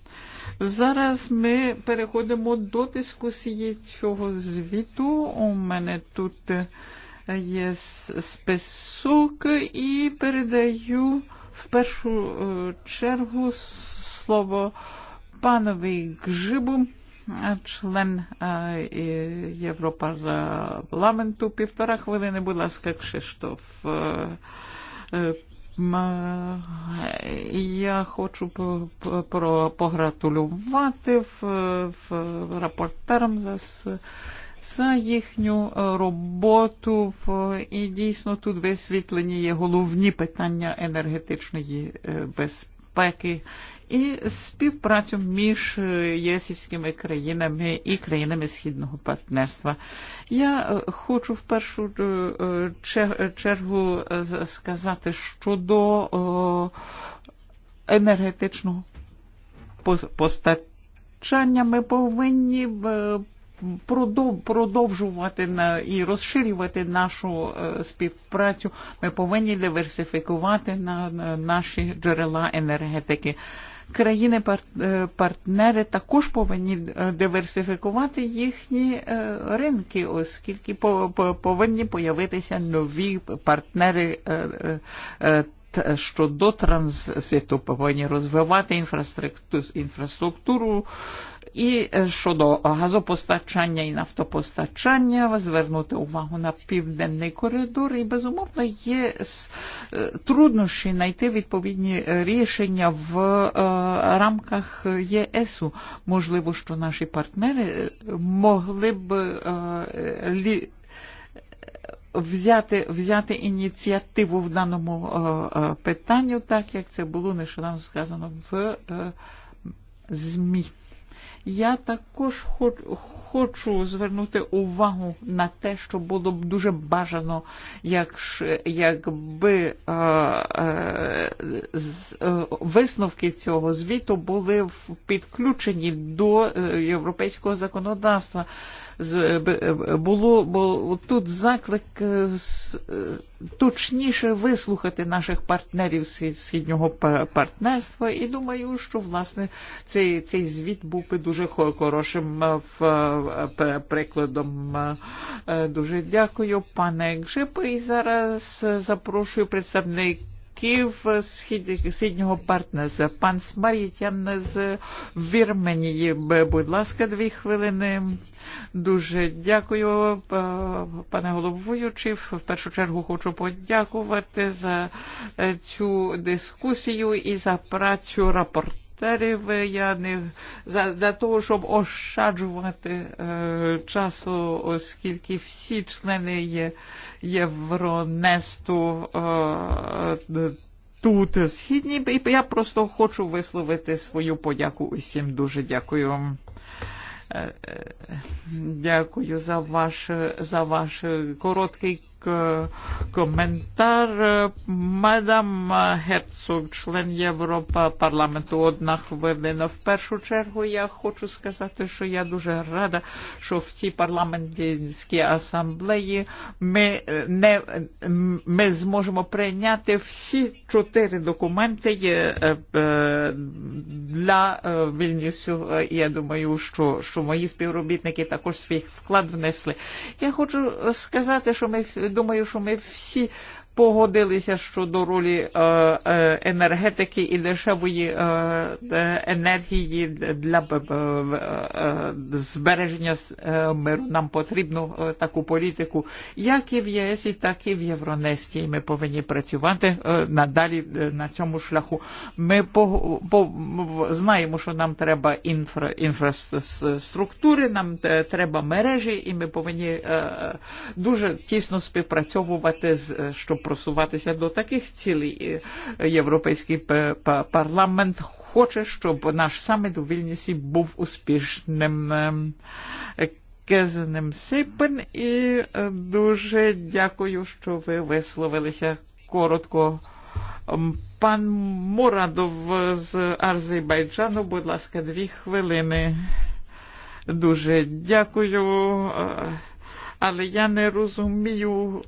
Зараз ми переходимо до дискусії цього звіту. У мене тут є список і передаю В першу чергу слово панові Гжибу, член Європарламенту. Півтора хвилини, будь ласка, Кшиштоф. Я хочу погратулювати в, в рапортерам за за їхню роботу. І дійсно тут висвітлені є головні питання енергетичної безпеки і співпрацю між єсівськими країнами і країнами Східного партнерства. Я хочу в першу чергу сказати щодо енергетичного постачання. Ми повинні продовжувати і розширювати нашу співпрацю. Ми повинні диверсифікувати на наші джерела енергетики. Країни-партнери також повинні диверсифікувати їхні ринки, оскільки повинні появитися нові партнери що до транзиту повинні розвивати інфраструктуру і щодо газопостачання і нафтопостачання, звернути увагу на південний коридор. І, безумовно, є труднощі знайти відповідні рішення в рамках ЄСу. Можливо, що наші партнери могли б взяти, взяти ініціативу в даному е, е, питанню, так як це було нещодавно сказано в е, ЗМІ. Я також хоч, хочу звернути увагу на те, що було б дуже бажано, як, якби е, е, висновки цього звіту були підключені до європейського законодавства. Е, було, було тут заклик точніше вислухати наших партнерів східнього партнерства, і думаю, що власне цей, цей звіт був би дуже хорошим прикладом. Дуже дякую, пане Гжип. І зараз запрошую представник представників східнього партнерства. Пан Смар'їтян з Вірменії, будь ласка, дві хвилини. Дуже дякую, пане головуючий. В першу чергу хочу подякувати за цю дискусію і за працю рапорту за для того, щоб ощаджувати часу, оскільки всі члени є Євронесту тут східні. І я просто хочу висловити свою подяку усім. Дуже дякую. Дякую за ваш, за ваш короткий коментар. Мадам Герцог, член Європа парламенту, одна хвилина. В першу чергу я хочу сказати, що я дуже рада, що в цій парламентській асамблеї ми, не, ми зможемо прийняти всі чотири документи для Вільнісу. Я думаю, що, що мої співробітники також свій вклад внесли. Я хочу сказати, що ми думаю, що ми всі погодилися щодо ролі енергетики і дешевої енергії для збереження миру. Нам потрібно таку політику, як і в ЄС, і так і в Євронесті. І ми повинні працювати надалі на цьому шляху. Ми по, по, знаємо, що нам треба інфра, інфраструктури, нам треба мережі, і ми повинні дуже тісно співпрацьовувати з щоб просуватися до таких цілей. Європейський п- п- парламент хоче, щоб наш саміт у Вільнісі був успішним. Кезенем Сипен і дуже дякую, що ви висловилися коротко. Пан Мурадов з Азербайджану, будь ласка, дві хвилини. Дуже дякую. Але я не розумію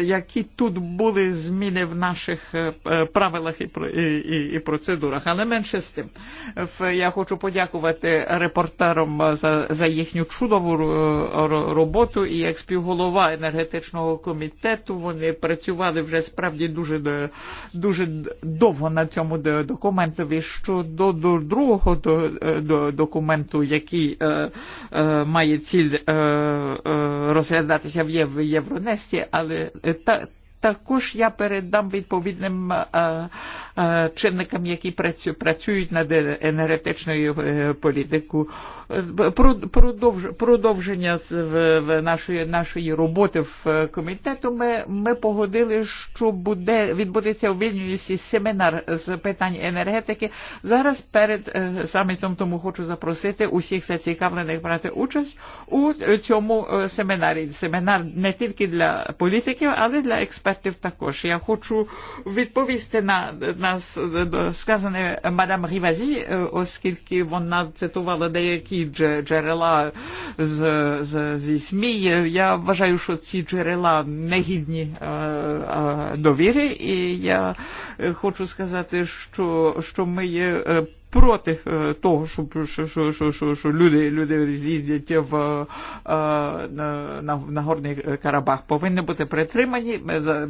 які тут були зміни в наших правилах і, і, і процедурах. Але менше з тим, я хочу подякувати репортерам за, за їхню чудову роботу і як співголова енергетичного комітету вони працювали вже справді дуже, дуже довго на цьому документові. Щодо до другого до, до документу, який е, е, має ціль е, е, розглядатися в Євронесті, але ta, також я передам відповідним чинникам, які працюють над енергетичною політикою. Продовження нашої, нашої роботи в комітету ми, ми погодили, що буде, відбудеться у Вільнюсі семінар з питань енергетики. Зараз перед самітом тому хочу запросити усіх зацікавлених брати участь у цьому семінарі. Семінар не тільки для політиків, але для експертів експертів також. Я хочу відповісти на, на сказане мадам Рівазі, оскільки вона цитувала деякі джерела з, з, зі СМІ. Я вважаю, що ці джерела негідні довіри, і я хочу сказати, що, що ми є проти того, что, что, что, что, что, что люди, люди з'їздять в на, на на Горний Карабах, повинні бути притримані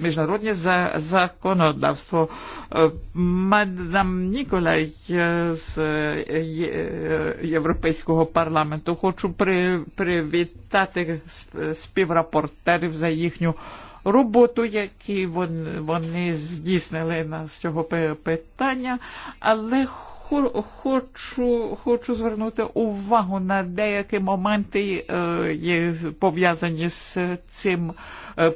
міжнародні за законодавство. Мадам Ніколай з Європейського парламенту хочу при, привітати співрапортерів за їхню роботу, які вони здійснили на з цього питання, але хочу, хочу звернути увагу на деякі моменти, пов'язані з цим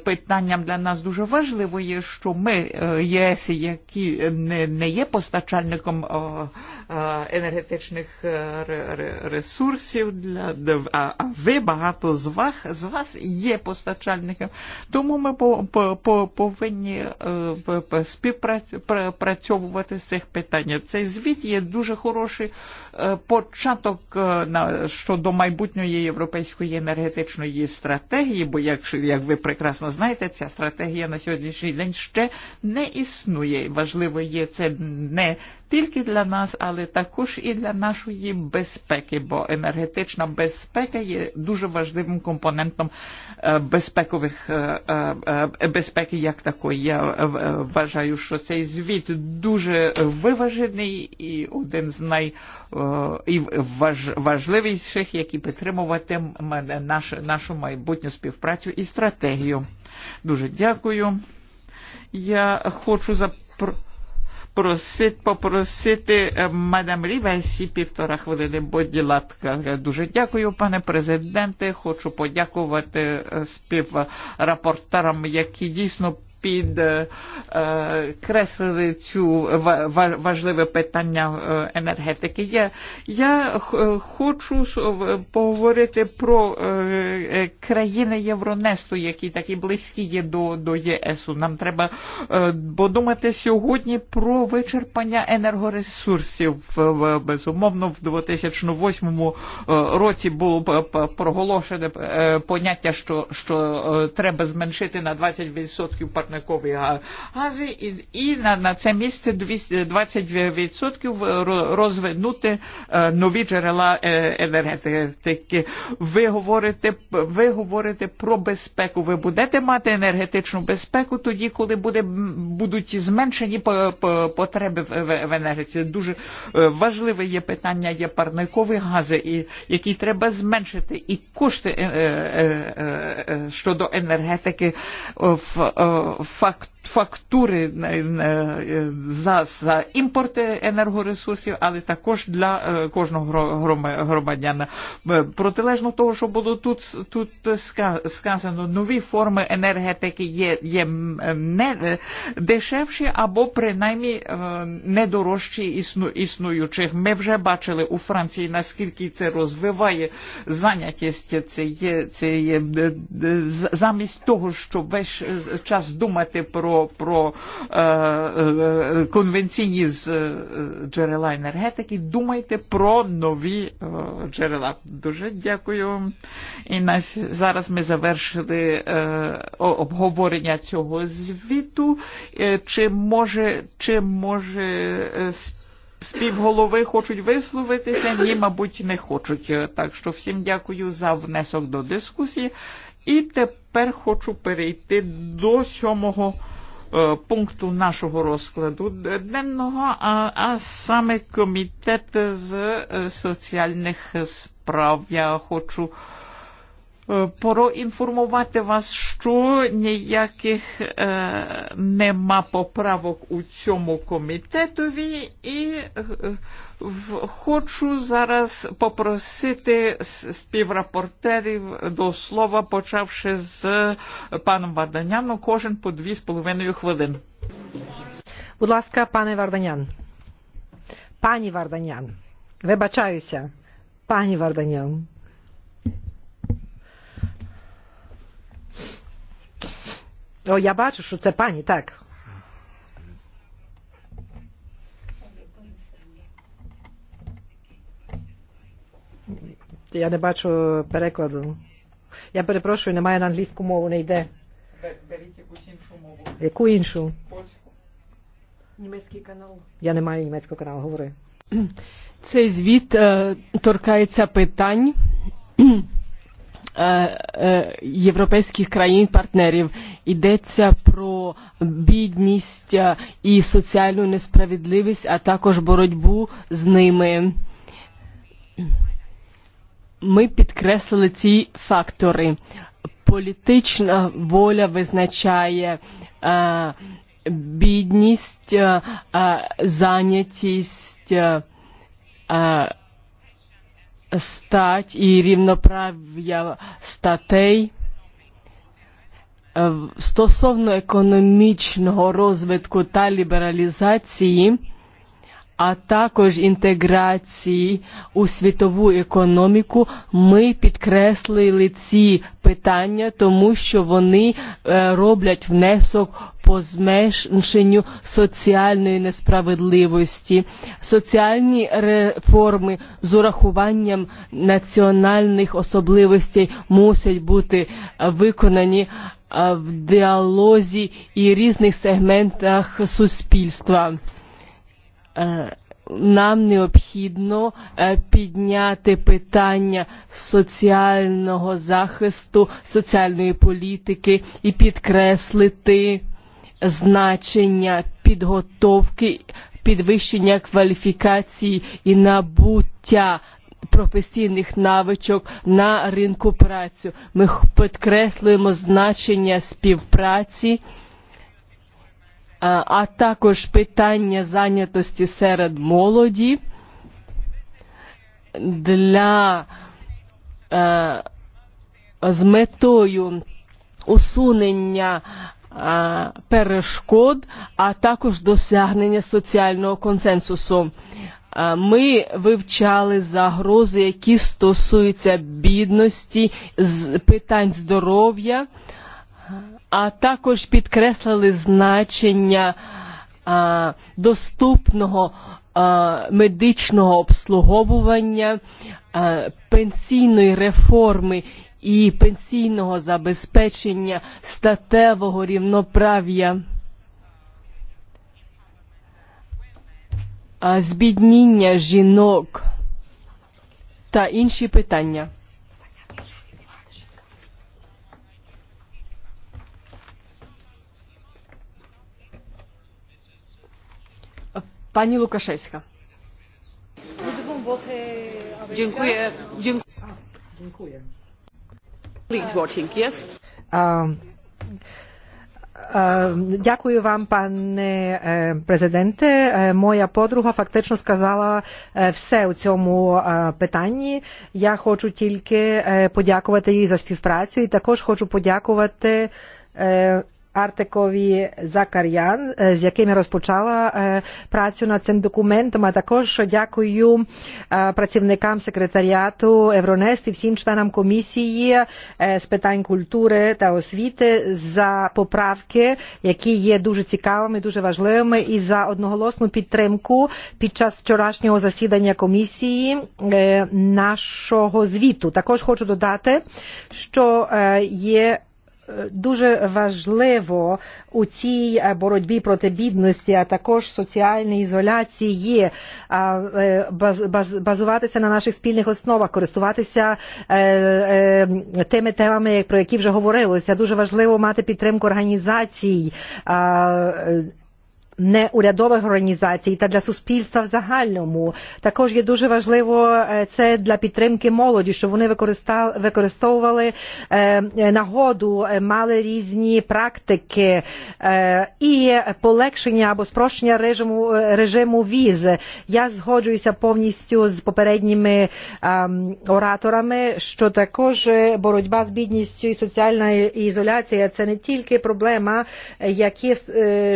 питанням. Для нас дуже важливо є, що ми, ЄС, які не, не є постачальником енергетичних ресурсів, для, а ви, багато з вас, з вас є постачальником. Тому ми по, по, по, повинні співпрацьовувати з цих питань. Цей звіт є дуже хороший початок щодо майбутньої європейської енергетичної стратегії, бо як, як ви прекрасно знаєте, ця стратегія на сьогоднішній день ще не існує. Важливо є це не тільки для нас, але також і для нашої безпеки, бо енергетична безпека є дуже важливим компонентом безпекових безпеки як такої. Я вважаю, що цей звіт дуже виважений і один з най і важ, важливіших, які підтримуватимуть наш, нашу майбутню співпрацю і стратегію. Дуже дякую. Я хочу запросити, попросити мадам Рівесі півтора хвилини, будь ласка. Дуже дякую, пане президенте. Хочу подякувати співрапортерам, які дійсно під креслили цю важливе питання енергетики. Я, я хочу поговорити про країни Євронесту, які такі близькі є до, до ЄСу. Нам треба подумати сьогодні про вичерпання енергоресурсів. Безумовно, в 2008 році було проголошене поняття, що, що треба зменшити на 20% Парникові гази і і на на це місце 20% розвинути нові джерела енергетики. Ви говорите, ви говорите про безпеку. Ви будете мати енергетичну безпеку тоді, коли буде, будуть зменшені потреби в енергетиці. Дуже важливе є питання є парникові гази, які треба зменшити. І кошти щодо енергетики в Fakt фактури за, за імпорти енергоресурсів, але також для кожного громадяна. Протилежно того, що було тут, тут сказано, нові форми енергетики є, є не дешевші або принаймні не дорожчі існу, існуючих. Ми вже бачили у Франції, наскільки це розвиває занятість. Це є, це є замість того, щоб весь час думати про про е, е, конвенційні з, е, джерела енергетики. Думайте про нові е, джерела. Дуже дякую. І на, зараз ми завершили е, обговорення цього звіту. Е, Чи може, чи може е, співголови хочуть висловитися? Ні, мабуть, не хочуть. Так що всім дякую за внесок до дискусії. І тепер хочу перейти до сьомого пункту нашого розкладу денного, а, а саме комітет з соціальних справ. Я хочу проінформувати вас, що ніяких е, нема поправок у цьому комітетові і в, хочу зараз попросити співрапортерів до слова, почавши з паном Варданяну, кожен по дві з половиною хвилин. Будь ласка, пане Варданян. Пані Варданян. Вибачаюся. Пані Варданян. O, ja bачу, що це пані, так. Я не бачу перекладу. Я перепрошую, немає на англійську мову, не йде. Беріть якусь іншу мову. Яку іншу? Польську. Німецький канал. Я не маю німецького каналу, говори. Цей звіт е, торкається питань європейських країн-партнерів. Йдеться про бідність і соціальну несправедливість, а також боротьбу з ними. Ми підкреслили ці фактори. Політична воля визначає е, бідність, е, зайнятість, е, stať i rovnoprávia statej stosovno ekonomičnego rozvitku ta liberalizácii а також інтеграції у світову економіку, ми підкреслили ці питання, тому що вони роблять внесок по зменшенню соціальної несправедливості, соціальні реформи з урахуванням національних особливостей мусять бути виконані в діалозі і різних сегментах суспільства. Нам необхідно підняти питання соціального захисту, соціальної політики і підкреслити значення підготовки, підвищення кваліфікації і набуття професійних навичок на ринку праці. Ми підкреслюємо значення співпраці а також питання зайнятості серед молоді для з метою усунення перешкод, а також досягнення соціального консенсусу. Ми вивчали загрози, які стосуються бідності, питань здоров'я, а також підкреслили значення а, доступного а, медичного обслуговування, а, пенсійної реформи і пенсійного забезпечення статевого рівноправ'я. збідніння жінок та інші питання. Pani Lukaszewska. Dziękuję. Dziękuję. Please watching, yes? Um, Дякую вам, пане президенте. Моя подруга фактично сказала все у цьому питанні. Я хочу тільки подякувати їй за співпрацю і також хочу подякувати Артекові Закар'ян, з яким я розпочала працю над цим документом. А також дякую працівникам секретаріату Евронест і всім членам комісії з питань культури та освіти за поправки, які є дуже цікавими, дуже важливими, і за одноголосну підтримку під час вчорашнього засідання комісії нашого звіту. Також хочу додати, що є дуже важливо у цій боротьбі проти бідності, а також соціальної ізоляції, базуватися на наших спільних основах, користуватися тими темами, про які вже говорилося. Дуже важливо мати підтримку організацій неурядових організацій та для суспільства в загальному. Також є дуже важливо це для підтримки молоді, щоб вони використовували нагоду, мали різні практики і полегшення або спрощення режиму, режиму віз. Я згоджуюся повністю з попередніми ораторами, що також боротьба з бідністю і соціальна ізоляція це не тільки проблема, які,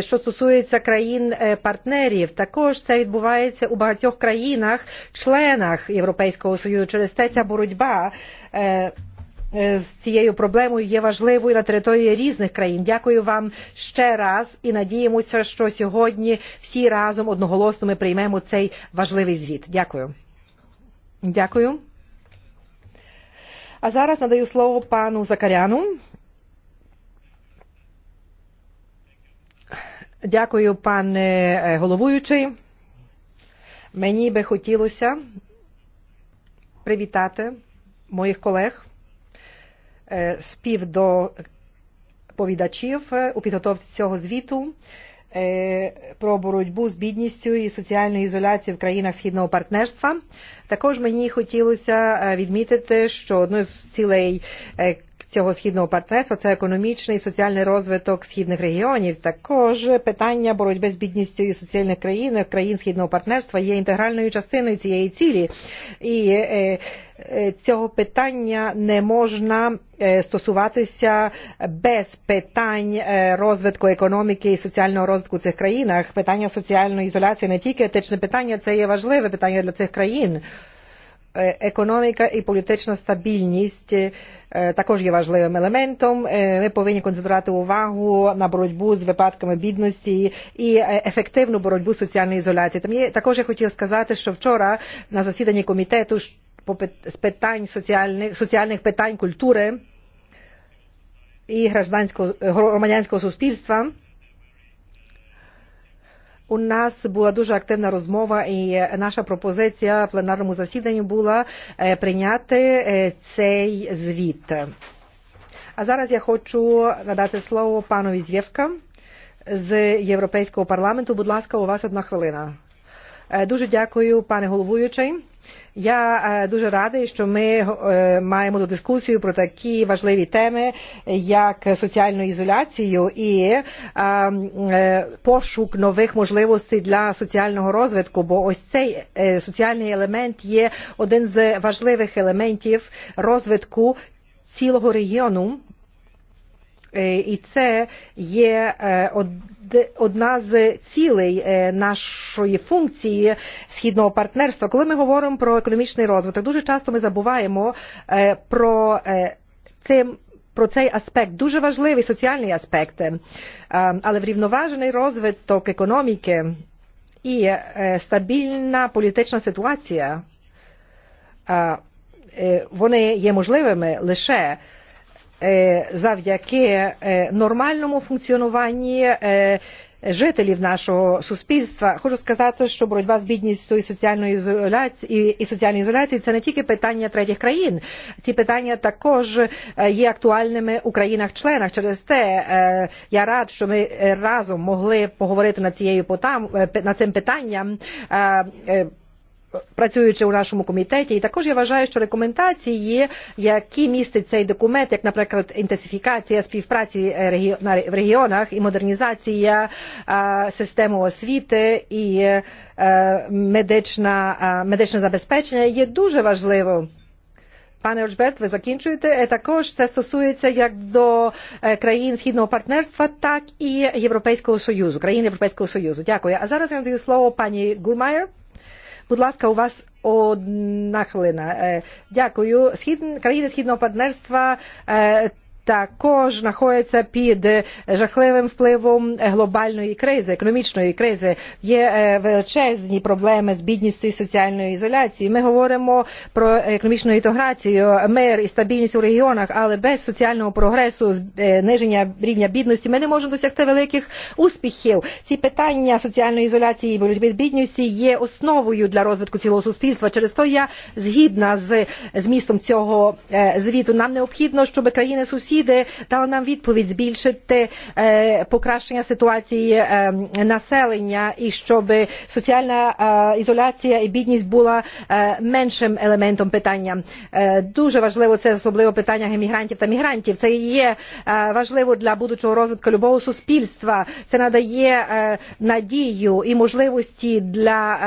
що стосується країн-партнерів. Також це відбувається у багатьох країнах-членах Європейського Союзу. Через те ця боротьба з цією проблемою є важливою на території різних країн. Дякую вам ще раз і надіємося, що сьогодні всі разом одноголосно ми приймемо цей важливий звіт. Дякую. Дякую. А зараз надаю слово пану Закаряну. Дякую, пане головуючий. Мені би хотілося привітати моїх колег спів до повідачів у підготовці цього звіту про боротьбу з бідністю і соціальною ізоляцією в країнах східного партнерства. Також мені хотілося відмітити, що одною з цілей цього східного партнерства, це економічний і соціальний розвиток східних регіонів. Також питання боротьби з бідністю і соціальних країн, країн східного партнерства є інтегральною частиною цієї цілі. І цього питання не можна стосуватися без питань розвитку економіки і соціального розвитку в цих країнах. Питання соціальної ізоляції не тільки етичне питання, це є важливе питання для цих країн. Economică і політична стабільність також є важливим елементом. Ми повинні концентрувати увагу на боротьбу з випадками бідності і ефективну боротьбу з соціальною ізоляцією. Там є також я хотів сказати, що вчора на засіданні комітету з питань соціальних, соціальних питань культури і громадянського суспільства У нас була дуже активна розмова, і наша пропозиція в пленарному засіданні була прийняти цей звіт. А зараз я хочу надати слово пану Візєвка з Європейського парламенту. Будь ласка, у вас одна хвилина. Дуже дякую, пане головуючий. Я дуже радий, що ми маємо тут дискусію про такі важливі теми, як соціальну ізоляцію і пошук нових можливостей для соціального розвитку, бо ось цей соціальний елемент є один з важливих елементів розвитку цілого регіону І це є одна з цілей нашої функції східного партнерства. Коли ми говоримо про економічний розвиток, дуже часто ми забуваємо про цим про цей аспект дуже важливий соціальний аспект, але врівноважений розвиток економіки і стабільна політична ситуація вони є можливими лише завдяки нормальному функціонуванні жителів нашого суспільства хочу сказати що боротьба з бідністю і соціальною ізоляцією і соціальною ізоляцією це не тільки питання третіх країн ці питання також є актуальними у країнах членах через те я рад що ми разом могли поговорити над цією на цим питанням працюючи у нашому комітеті. І також я вважаю, що рекомендації, які містить цей документ, як, наприклад, інтенсифікація співпраці в регіонах і модернізація системи освіти і медична, медичне забезпечення, є дуже важливим. Пане Ольжберт, ви закінчуєте. Також це стосується як до країн Східного партнерства, так і Європейського Союзу, країн Європейського Союзу. Дякую. А зараз я надаю слово пані Гурмайер. Будь ласка, у вас одна хвилина. Дякую. Схід... Країни Східного партнерства також знаходяться під жахливим впливом глобальної кризи, економічної кризи. Є величезні проблеми з бідністю і соціальною ізоляцією. Ми говоримо про економічну інтеграцію, мир і стабільність у регіонах, але без соціального прогресу, зниження рівня бідності ми не можемо досягти великих успіхів. Ці питання соціальної ізоляції і боротьби з бідністю є основою для розвитку цілого суспільства. Через то я згідна з змістом цього звіту. Нам необхідно, щоб країни сусідні сусіди дали нам відповідь збільшити покращення ситуації населення і щоб соціальна ізоляція і бідність була меншим елементом питання. Дуже важливо це особливо питання емігрантів та мігрантів. Це є важливо для будучого розвитку любого суспільства. Це надає надію і можливості для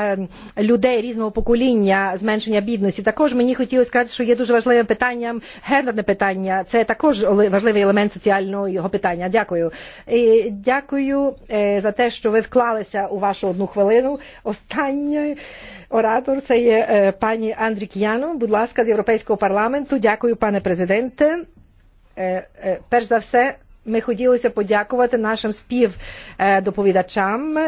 людей різного покоління зменшення бідності. Також мені хотілося сказати, що є дуже важливим питанням гендерне питання. Це також важливий елемент соціального його питання. Дякую. І дякую за те, що ви вклалися у вашу одну хвилину. Останній оратор це є пані Андрік'яно, будь ласка, з Європейського парламенту. Дякую, пане президенте. Перш за все, ми хотілося подякувати нашим співдоповідачам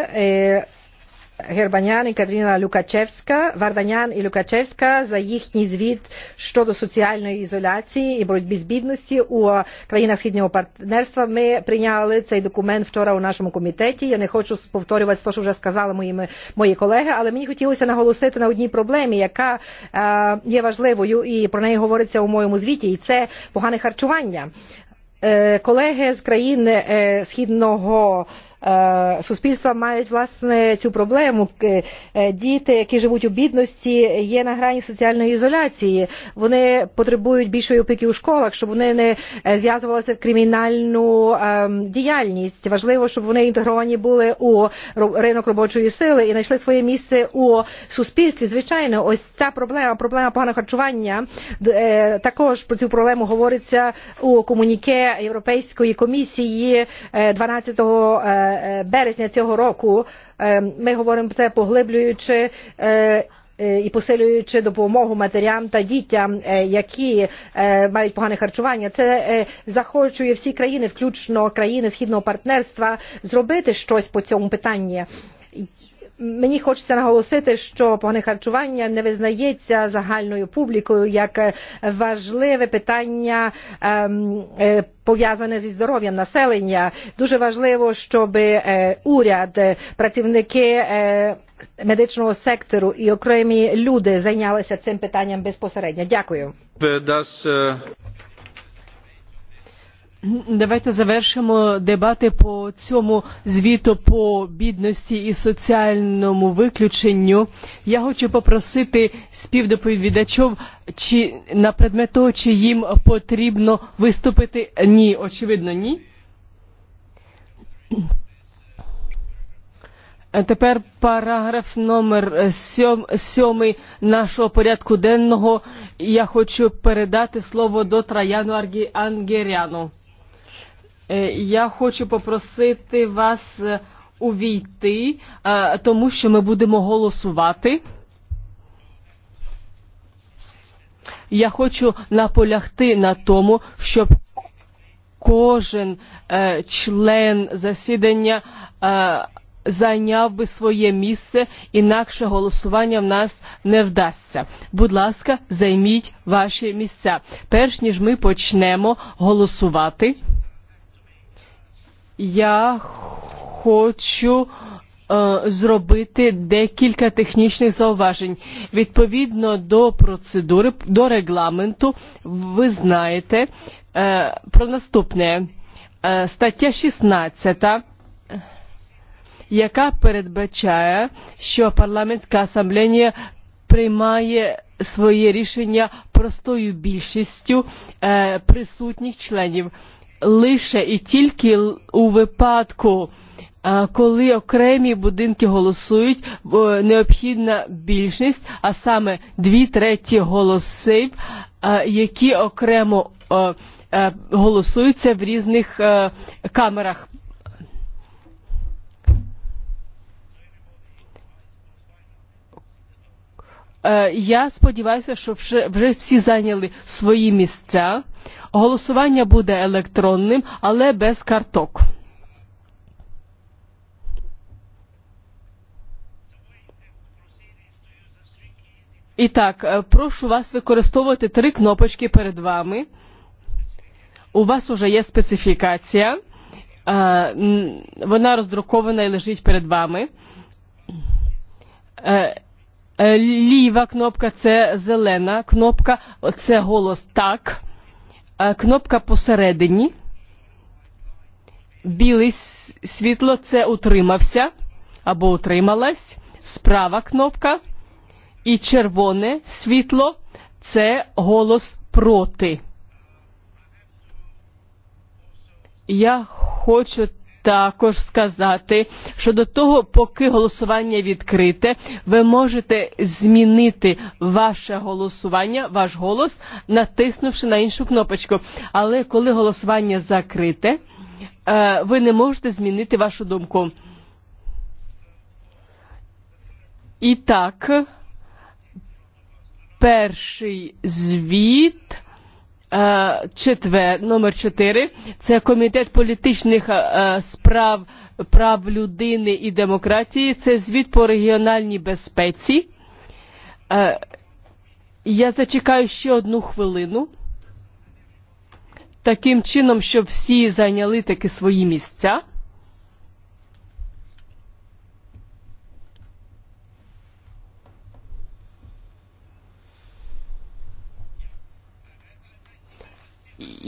Хербанян и Катрина Лукачевска, Варданян и Лукачевска за їхній звіт щодо соціальної ізоляції і боротьби з бідності у країнах східного партнерства. Ми прийняли цей документ вчора у нашому комітеті. Я не хочу повторювати те, що вже сказали мої, мої колеги, але мені хотілося наголосити на одній проблемі, яка е, є важливою і про неї говориться у моєму звіті, і це погане харчування. Е, колеги з країн е, східного партнерства суспільства мають власне цю проблему. Діти, які живуть у бідності, є на грані соціальної ізоляції. Вони потребують більшої опіки у школах, щоб вони не зв'язувалися в кримінальну діяльність. Важливо, щоб вони інтегровані були у ринок робочої сили і знайшли своє місце у суспільстві. Звичайно, ось ця проблема, проблема поганого харчування. Також про цю проблему говориться у комуніке Європейської комісії 12 березня цього року ми говоримо це поглиблюючи і посилюючи допомогу матерям та дітям, які мають погане харчування, це захочує всі країни, включно країни східного партнерства, зробити щось по цьому питанні. Мені хочеться наголосити, що погане харчування не визнається загальною публікою як важливе питання пов'язане зі здоров'ям населення. Дуже важливо, щоб уряд, працівники медичного сектору і окремі люди зайнялися цим питанням безпосередньо. Дякую. Давайте завершимо дебати по цьому звіту по бідності і соціальному виключенню. Я хочу попросити співдоповідачів чи на предмет того, чи їм потрібно виступити. Ні, очевидно, ні. Тепер параграф номер 7 сьом, нашого порядку денного. Я хочу передати слово до Траяну Ангеряну. Я хочу попросити вас увійти, тому що ми будемо голосувати. Я хочу наполягти на тому, щоб кожен е, член засідання е, зайняв би своє місце, інакше голосування в нас не вдасться. Будь ласка, займіть ваші місця. Перш ніж ми почнемо голосувати я хочу зробити декілька технічних зауважень. Відповідно до процедури, до регламенту, ви знаєте про наступне. Стаття 16, яка передбачає, що парламентська асамблея приймає своє рішення простою більшістю присутніх членів лише і тільки у випадку, коли окремі будинки голосують, необхідна більшість, а саме дві треті голосів, які окремо голосуються в різних камерах Я сподіваюся, що вже, вже всі зайняли свої місця. Голосування буде електронним, але без карток. І так, прошу вас використовувати три кнопочки перед вами. У вас вже є специфікація. Вона роздрукована і лежить перед вами ліва кнопка це зелена кнопка, це голос так. Кнопка посередині. Біле світло це утримався або утрималась. Справа кнопка. І червоне світло це голос проти. Я хочу також сказати, що до того, поки голосування відкрите, ви можете змінити ваше голосування, ваш голос, натиснувши на іншу кнопочку. Але коли голосування закрите, ви не можете змінити вашу думку. І так, перший звіт Четве номер 4 це комітет політичних справ прав людини і демократії. Це звіт по регіональній безпеці. Я зачекаю ще одну хвилину. Таким чином, щоб всі зайняли таки свої місця.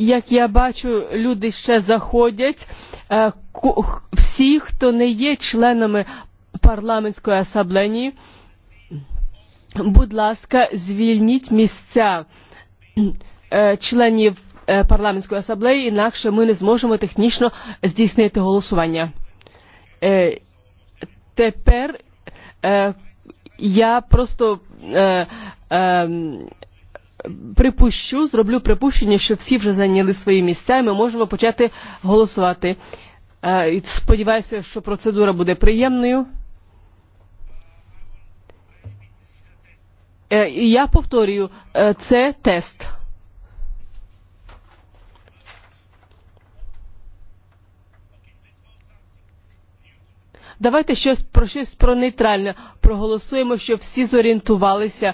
як я бачу, люди ще заходять. Всі, хто не є членами парламентської асамблеї, будь ласка, звільніть місця членів парламентської асамблеї, інакше ми не зможемо технічно здійснити голосування. Тепер я просто припущу, зроблю припущення, що всі вже зайняли свої місця, і ми можемо почати голосувати. І сподіваюся, що процедура буде приємною. я повторюю, це тест. Давайте щось про щось про нейтральне проголосуємо, щоб всі зорієнтувалися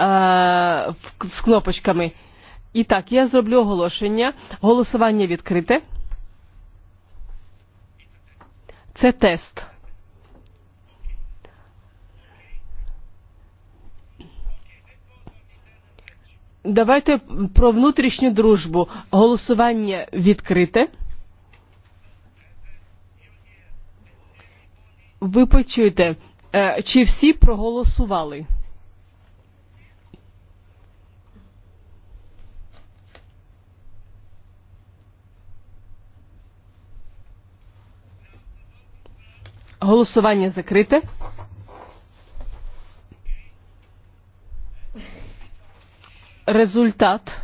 е, з кнопочками. І так, я зроблю оголошення. Голосування відкрите. Це тест. Давайте про внутрішню дружбу. Голосування відкрите. ви почуєте, чи всі проголосували? Голосування закрите. Результат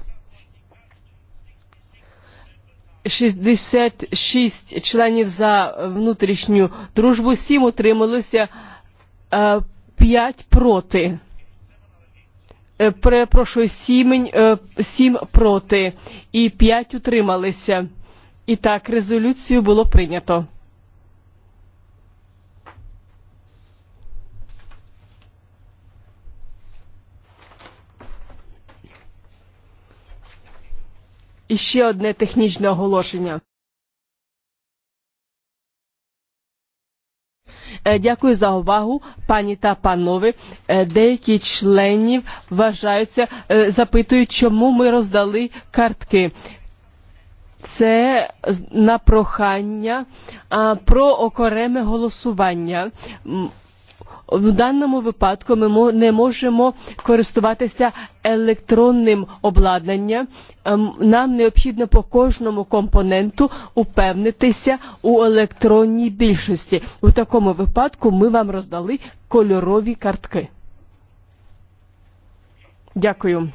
66 членів за внутрішню дружбу, 7 утрималося, 5 проти. Перепрошую, 7, 7 проти і 5 утрималися. І так, резолюцію було прийнято. І ще одне технічне оголошення. Дякую за увагу, пані та панове. Деякі членів вважаються, запитують, чому ми роздали картки. Це на прохання про окреме голосування в даному випадку ми не можемо користуватися електронним обладнанням. Нам необхідно по кожному компоненту упевнитися у електронній більшості. У такому випадку ми вам роздали кольорові картки. Дякую.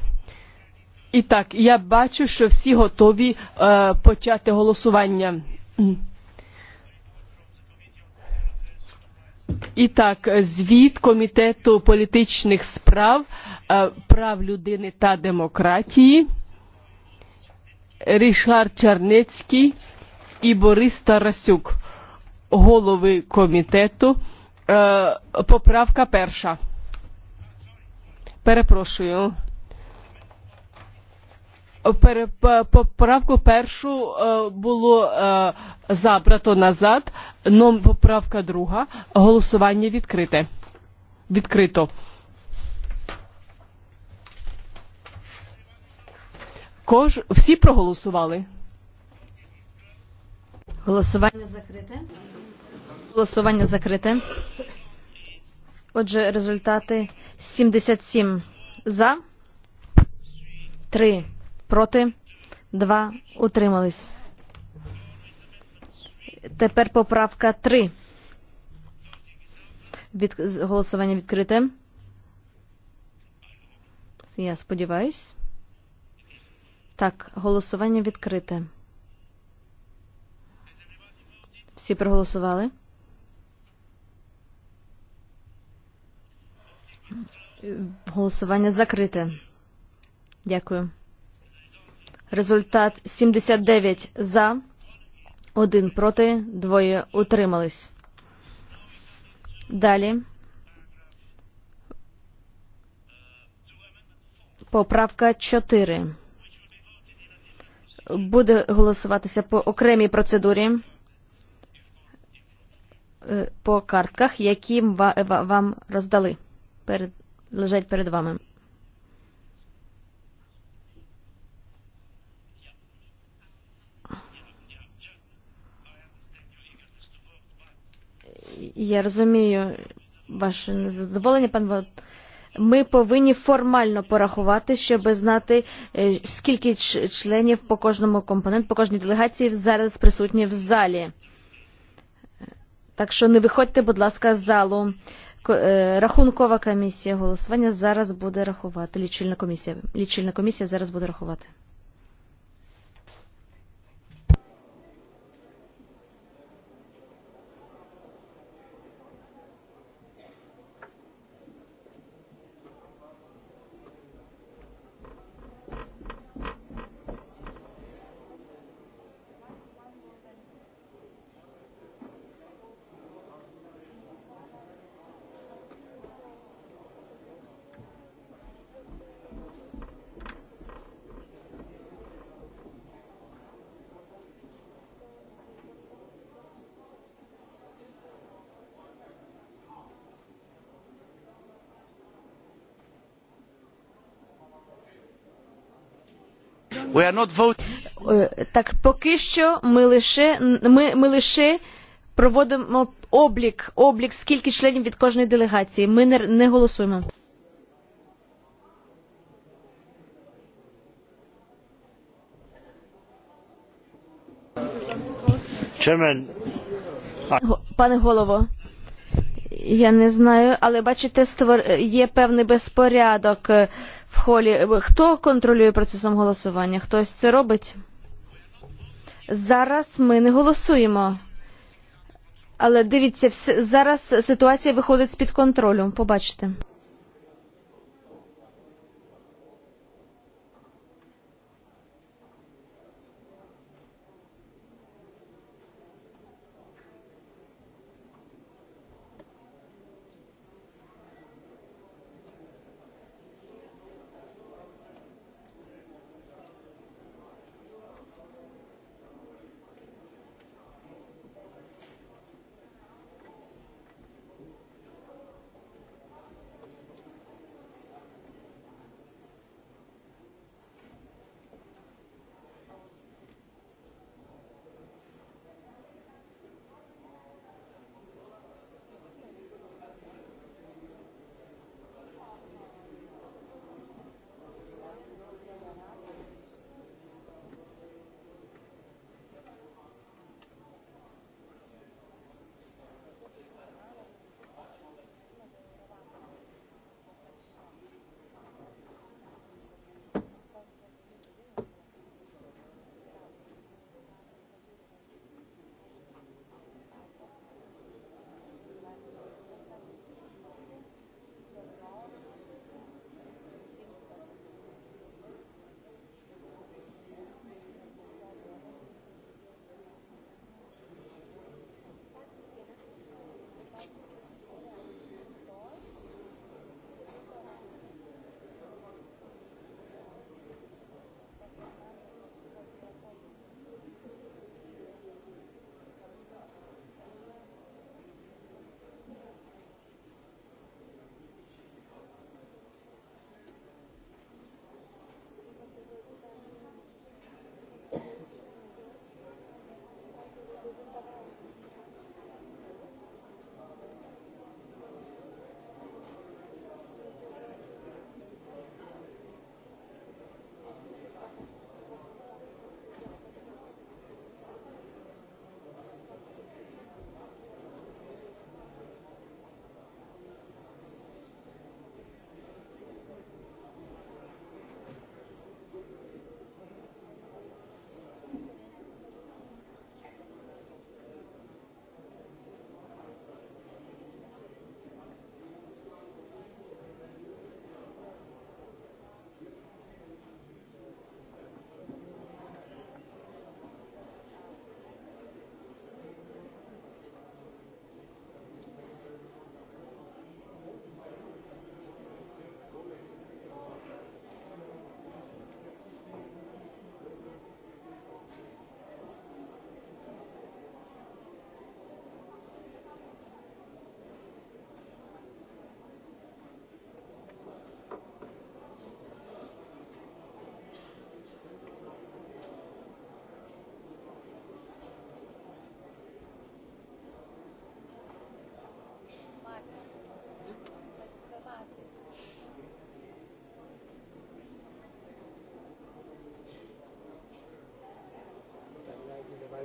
І так, я бачу, що всі готові е, почати голосування. І так, звіт Комітету політичних справ, прав людини та демократії, Рішар Чарнецький і Борис Тарасюк, голови комітету. Поправка перша. Перепрошую поправку першу було забрато назад, но поправка друга, голосування відкрите. Відкрито. Кож... Всі проголосували? Голосування закрите. Голосування закрите. Отже, результати 77 за, 3 проти, 2 утримались. Тепер поправка 3. Від... Голосування відкрите. Я сподіваюсь. Так, голосування відкрите. Всі проголосували? Голосування закрите. Дякую. Результат 79 за, 1 проти, двоє утримались. Далі. Поправка 4. Буде голосуватися по окремій процедурі по картках, які вам роздали. Перед, лежать перед вами. Я розумію ваше незадоволення, пан ми повинні формально порахувати, щоб знати, скільки членів по кожному компоненту, по кожній делегації зараз присутні в залі. Так що не виходьте, будь ласка, з залу. Рахункова комісія голосування зараз буде рахувати. Лічильна комісія. Лічильна комісія зараз буде рахувати. Так поки що ми лише ми, ми лише проводимо облік, облік скільки членів від кожної делегації. Ми не, не голосуємо. Пане голово, я не знаю, але бачите, є певний безпорядок в холі. Хто контролює процесом голосування? Хтось це робить? Зараз ми не голосуємо. Але дивіться, зараз ситуація виходить з-під контролю. Побачите.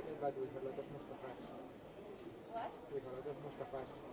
that we have a lot of Mustafas.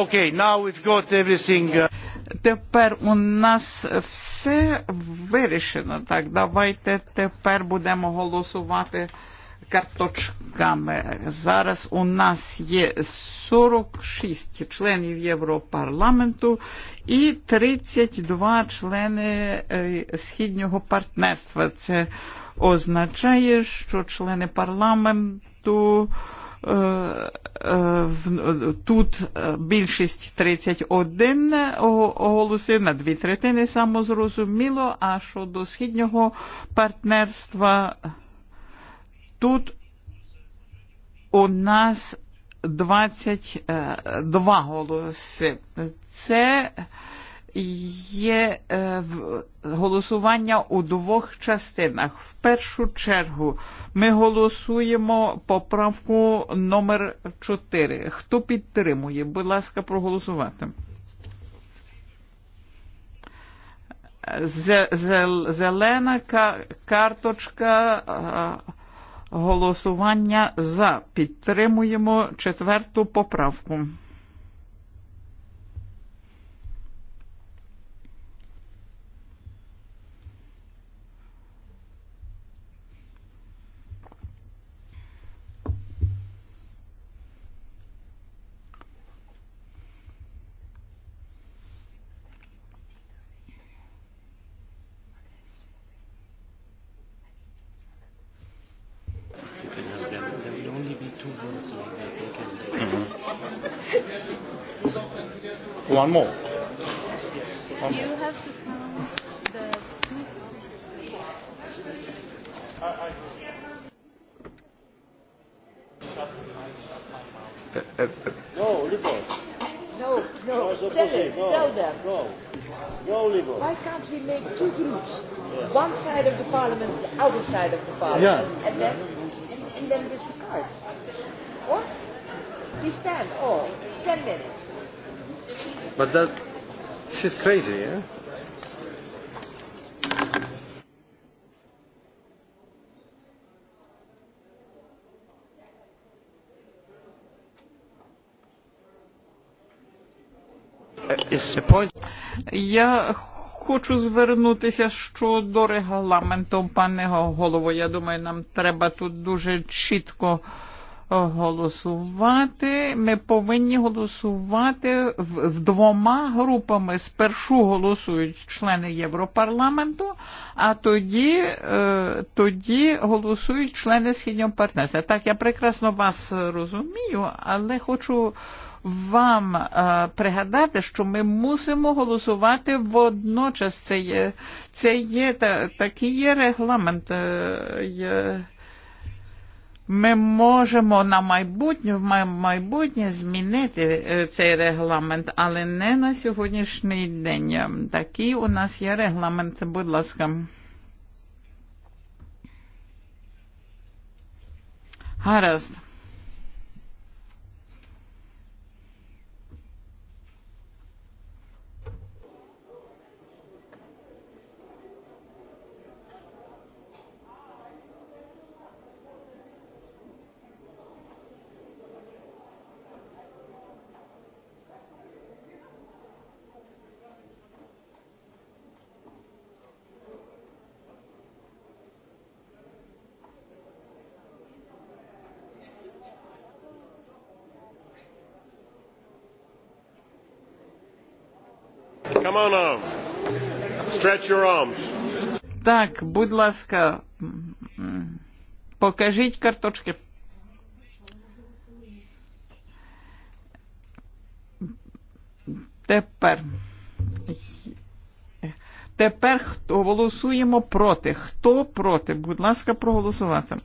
Okay, now we've got everything. Тепер у нас все вирішено. Так, давайте тепер будемо голосувати карточками. Зараз у нас є 46 членів Європарламенту і 32 члени Східнього партнерства. Це означає, що члени парламенту Тут більшість 31 голосів на дві третини самозрозуміло, а щодо східнього партнерства тут у нас 22 голоси. Це є голосування у двох частинах. В першу чергу ми голосуємо поправку номер 4. Хто підтримує? Будь ласка, проголосувати. Зелена карточка голосування за. Підтримуємо четверту поправку. One more. One more. have to count the. No, Libor. No, no. no tell them. no. Tell them. No, no, Libor. Why can't we make two groups? Yes. One side of the parliament, the other side of the parliament, yeah. and then and, and then with the cards. What? We stand all oh, ten minutes. But that, this is crazy, yeah? Я хочу звернутися щодо регламенту, пане голово. Я думаю, нам треба тут дуже чітко голосувати. Ми повинні голосувати в в двома групами. Спершу голосують члени Європарламенту, а тоді, тоді голосують члени Східнього партнерства. Так, я прекрасно вас розумію, але хочу вам е, пригадати, що ми мусимо голосувати водночас. Це є, це є та, такий є регламент. Е, є, ми можемо на майбутнє, в майбутнє змінити цей регламент, але не на сьогоднішній день. Такий у нас є регламент, будь ласка. Гаразд. on now. Stretch your arms. Так, будь ласка, покажіть карточки. Тепер. Тепер голосуємо проти. Хто проти? Будь ласка, проголосувати.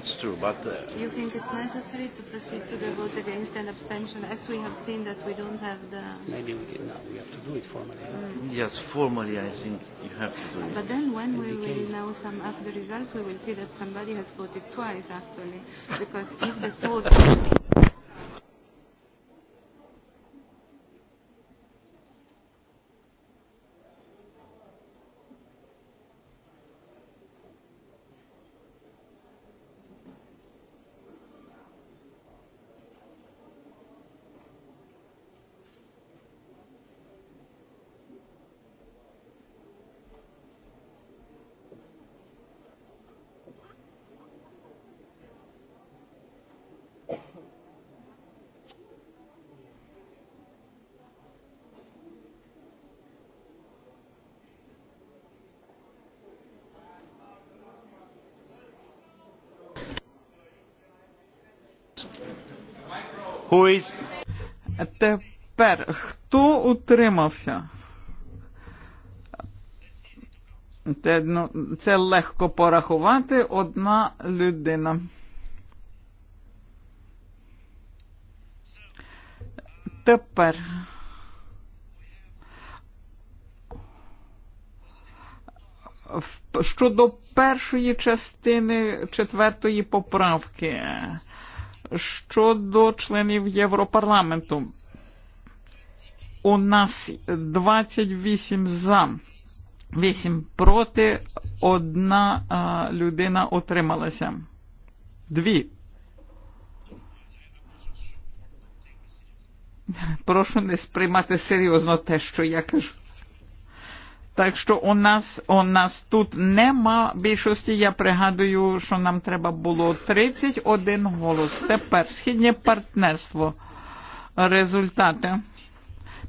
that's true, but... Uh, you think it's necessary to proceed to the vote against an abstention, as we have seen that we don't have the... Maybe we, can, no, we have to do it formally. Mm. Yes, formally I think you have to do it. But then when we will case... some of the results, we will see that somebody has voted twice, actually, because if the total... Who is... Тепер хто утримався? Це, ну, це легко порахувати одна людина. Тепер. Щодо першої частини четвертої поправки, щодо членів Європарламенту. У нас 28 за, 8 проти, одна а, людина отрималася. Дві. Прошу не сприймати серйозно те, що я кажу. Так що у нас, у нас тут нема більшості. Я пригадую, що нам треба було 31 голос. Тепер східнє партнерство. Результати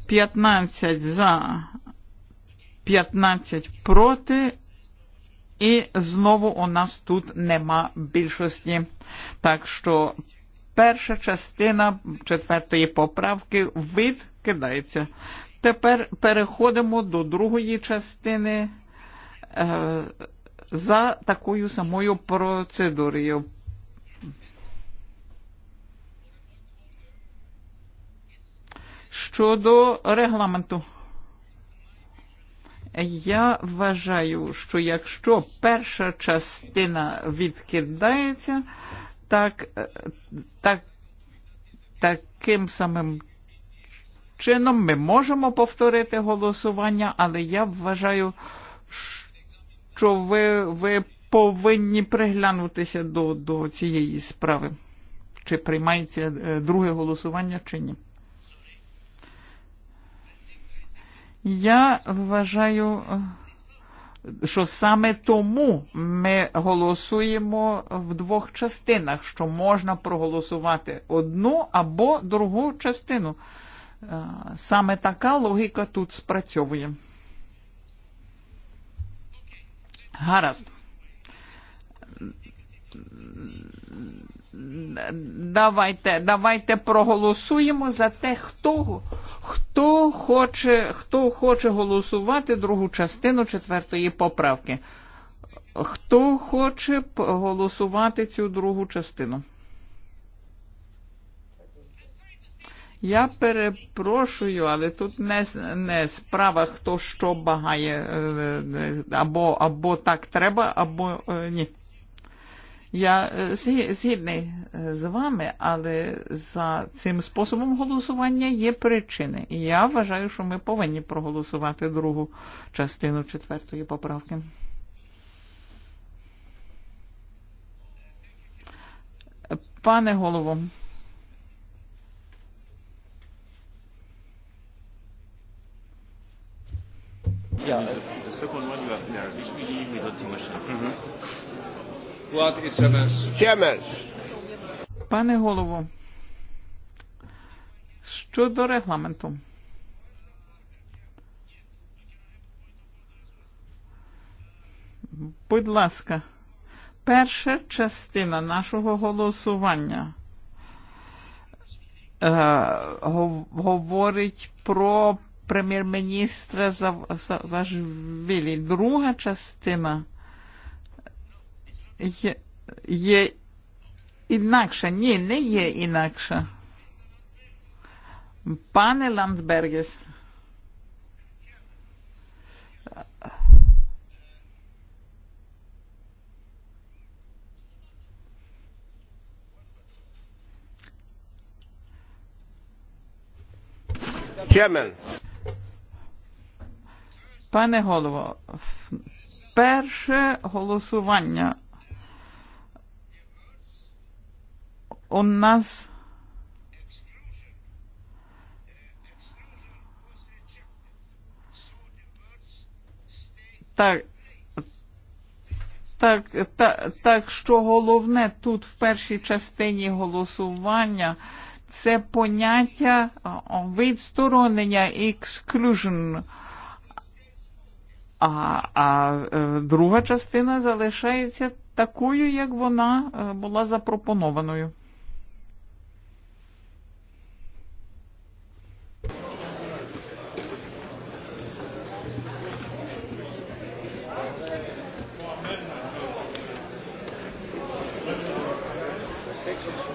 15 за, 15 проти. І знову у нас тут нема більшості. Так що перша частина четвертої поправки відкидається. Тепер переходимо до другої частини за такою самою процедурою. Щодо регламенту. Я вважаю, що якщо перша частина відкидається, так, так, таким самим чином ми можемо повторити голосування, але я вважаю, що ви, ви повинні приглянутися до, до цієї справи. Чи приймається друге голосування, чи ні. Я вважаю, що саме тому ми голосуємо в двох частинах, що можна проголосувати одну або другу частину. Саме така логіка тут спрацьовує. Гаразд. Давайте, давайте проголосуємо за те, хто, хто, хоче, хто хоче голосувати другу частину четвертої поправки. Хто хоче голосувати цю другу частину? Я перепрошую, але тут не, не справа, хто що багає, або, або так треба, або ні. Я згідний з вами, але за цим способом голосування є причини. І я вважаю, що ми повинні проголосувати другу частину четвертої поправки. Пане голово. Yeah. The second one you have in Arabic. We leave without emotion. Mm-hmm. What is a mess? Chairman. Пане Будь ласка, перша частина нашого голосування е, говорить про прем'єр-міністра Саакашвілі. Друга частина є, є інакша. Ні, не є інакша. Пане Ландбергес. chairman Пане голово, перше голосування у нас так, так, так, так що головне тут в першій частині голосування це поняття відсторонення exclusion а а друга частина залишається такою, як вона була запропонованою.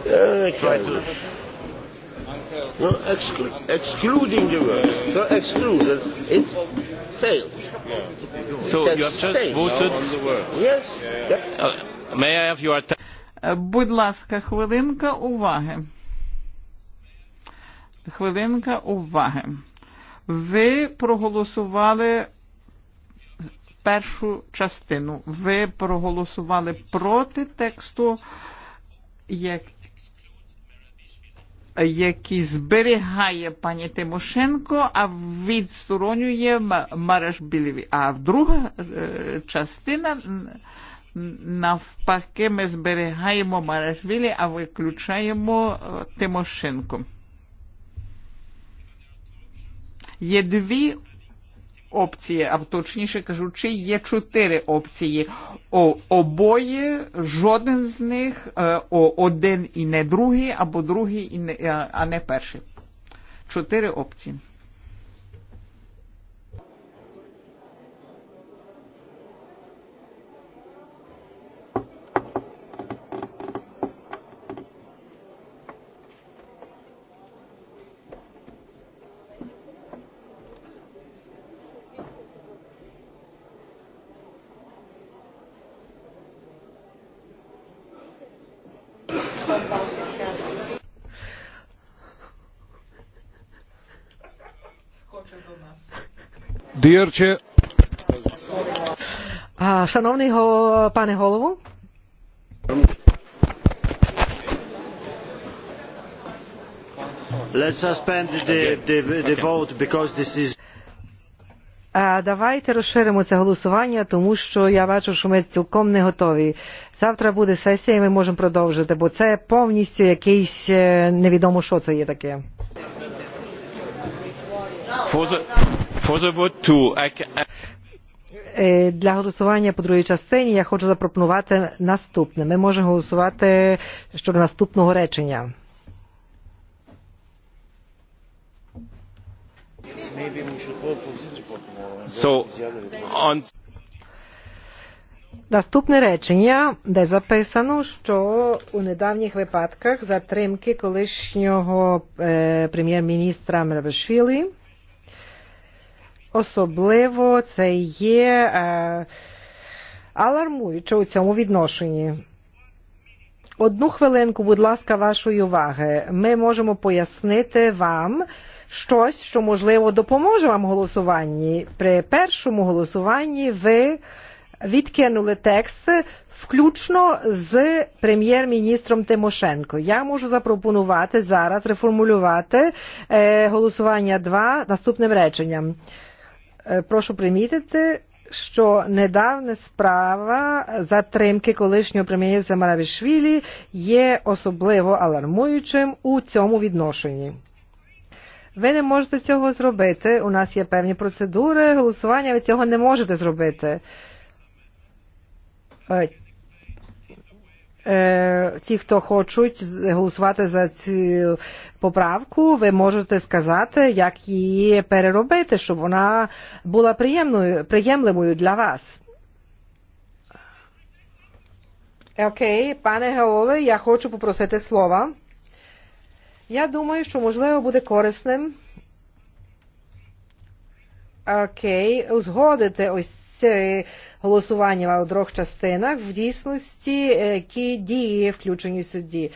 Yeah, try to Yeah. No, exclu excluding the word. So excluded, it failed. Yeah. So you have just stayed. voted. on the word. Yes. Yeah. yeah. Uh, may I have your attention? Будь ласка, хвилинка уваги. Хвилинка уваги. Ви проголосували першу частину. Ви проголосували проти тексту, як які зберігає пані Тимошенко, а відсторонює Мараш Білєві. А друга частина навпаки ми зберігаємо Марашвілі, а виключаємо Тимошенко. Є дві опції, а точніше кажучи, є чотири опції. О, обоє, жоден з них, о, один і не другий, або другий, і не, а не перший. Чотири опції. Дирче. А, шановний го, пане голову. Let's suspend the, the, the vote because this is а давайте розширимо це голосування, тому що я бачу, що ми цілком не готові. Завтра буде сесія, і ми можемо продовжити, бо це повністю якийсь невідомо, що це є таке. Для голосування по другій частині я хочу запропонувати наступне. Ми можемо голосувати щодо наступного речення. So, on... Наступне речення, де записано, що у недавніх випадках затримки колишнього е, прем'єр-міністра Мерабешвілі особливо це є е, алармуюче у цьому відношенні. Одну хвилинку, будь ласка, вашої уваги. Ми можемо пояснити вам щось, що, можливо, допоможе вам голосуванні. При першому голосуванні ви відкинули текст, включно з прем'єр-міністром Тимошенко. Я можу запропонувати зараз реформулювати голосування 2 наступним реченням. Прошу примітити, що недавня справа затримки колишнього прем'єра Маравішвілі є особливо алармуючим у цьому відношенні. Ви не можете цього зробити. У нас є певні процедури голосування, ви цього не можете зробити. Ті, хто хочуть голосувати за цю поправку, ви можете сказати, як її переробити, щоб вона була приємною, приємливою для вас. Окей, пане голове, я хочу попросити слова. Я думаю, що можливо буде корисним окей, узгодити ось це голосування в трьох частинах в дійсності, які дії включені судді.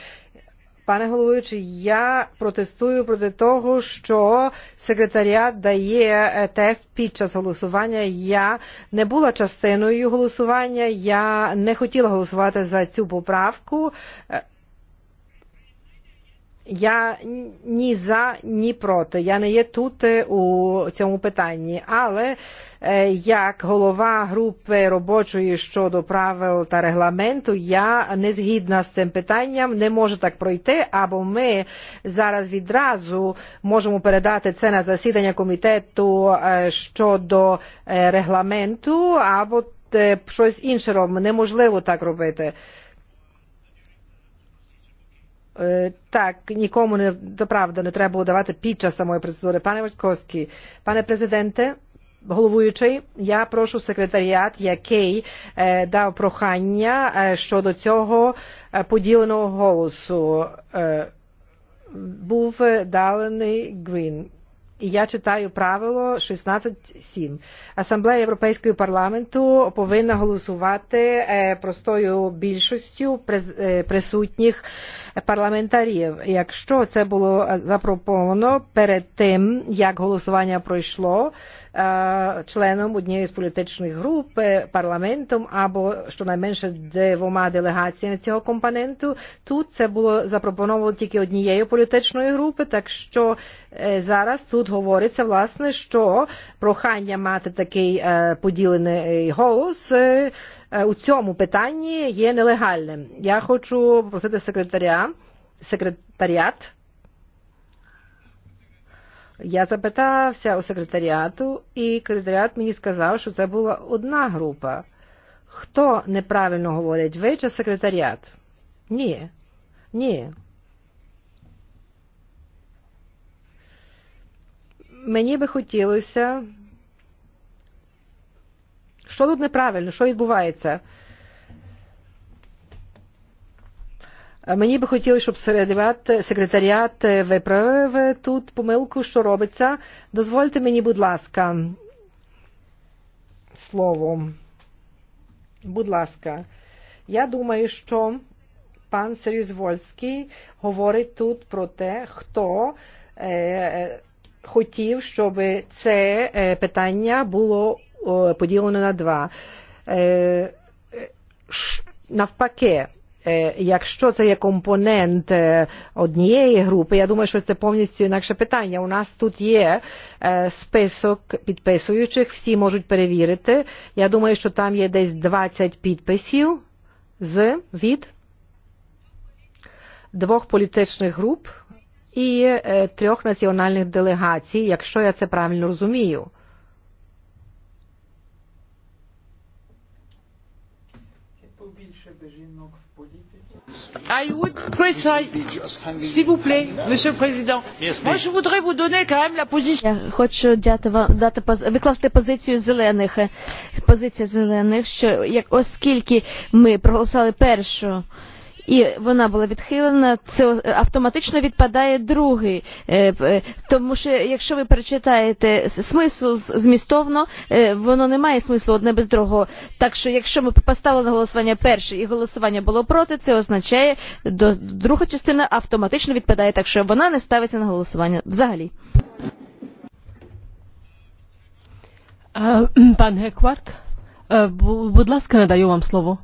Пане головуючи, я протестую проти того, що секретаріат дає тест під час голосування. Я не була частиною голосування, я не хотіла голосувати за цю поправку. Я ні за, ні проти. Я не є тут у цьому питанні, але як голова групи робочої щодо правил та регламенту, я не згідна з цим питанням, не може так пройти, або ми зараз відразу можемо передати це на засідання комітету щодо регламенту, або щось інше робимо. Неможливо так робити. Так, нікому не до правди не треба було давати під час самої процедури. Пане Ватьковський, пане президенте, головуючий, я прошу секретаріат, який е, дав прохання е, щодо цього е, поділеного голосу. Е, був далений Грін. І я читаю правило 16.7. Асамблея Європейського парламенту повинна голосувати е, простою більшістю присутніх е, парламентарів, якщо це було запропоновано перед тим, як голосування пройшло членом однієї з політичних груп, парламентом або щонайменше двома делегаціями цього компоненту. Тут це було запропоновано тільки однією політичної групи, так що зараз тут говориться власне, що прохання мати такий поділений голос у цьому питанні є нелегальним. Я хочу попросити секретаря, секретаріат. Я запитався у секретаріату, і секретаріат мені сказав, що це була одна група. Хто неправильно говорить, ви чи секретаріат? Ні. Ні. Мені би хотілося Що тут неправильно? Що відбувається? Мені би хотілося, щоб секретаріат виправив тут помилку, що робиться. Дозвольте мені, будь ласка, слово. Будь ласка. Я думаю, що пан Серюзвольський говорить тут про те, хто хотів, щоб це питання було поділено на два. Навпаки, Якщо це є компонент однієї групи, я думаю, що це повністю інакше питання. У нас тут є список підписуючих, всі можуть перевірити. Я думаю, що там є десь 20 підписів з від двох політичних груп і трьох національних делегацій, якщо я це правильно розумію. I would precise, s'il vous plaît, Monsieur le Président. Moi, je voudrais vous donner quand même la position. Я хочу дати вам дати викласти позицію зелених. Позиція зелених, що як оскільки ми проголосували першу і вона була відхилена, це автоматично відпадає другий. Тому що якщо ви перечитаєте смисл змістовно, воно не має смислу одне без другого. Так що якщо ми поставили на голосування перше і голосування було проти, це означає, до друга частина автоматично відпадає, так що вона не ставиться на голосування взагалі. Пан Гекварк, будь ласка, надаю вам слово.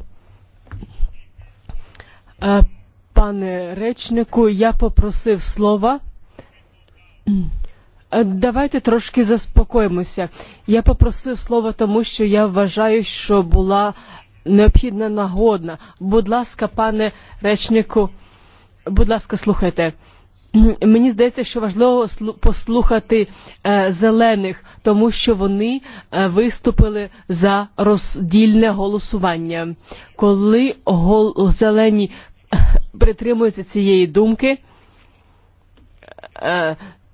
Пане речнику, я попросив слова. Давайте трошки заспокоїмося. Я попросив слово, тому що я вважаю, що була необхідна нагодна. Будь ласка, пане речнику, будь ласка, слухайте. Мені здається, що важливо послухати зелених, тому що вони виступили за роздільне голосування. Коли зелені притримуються цієї думки,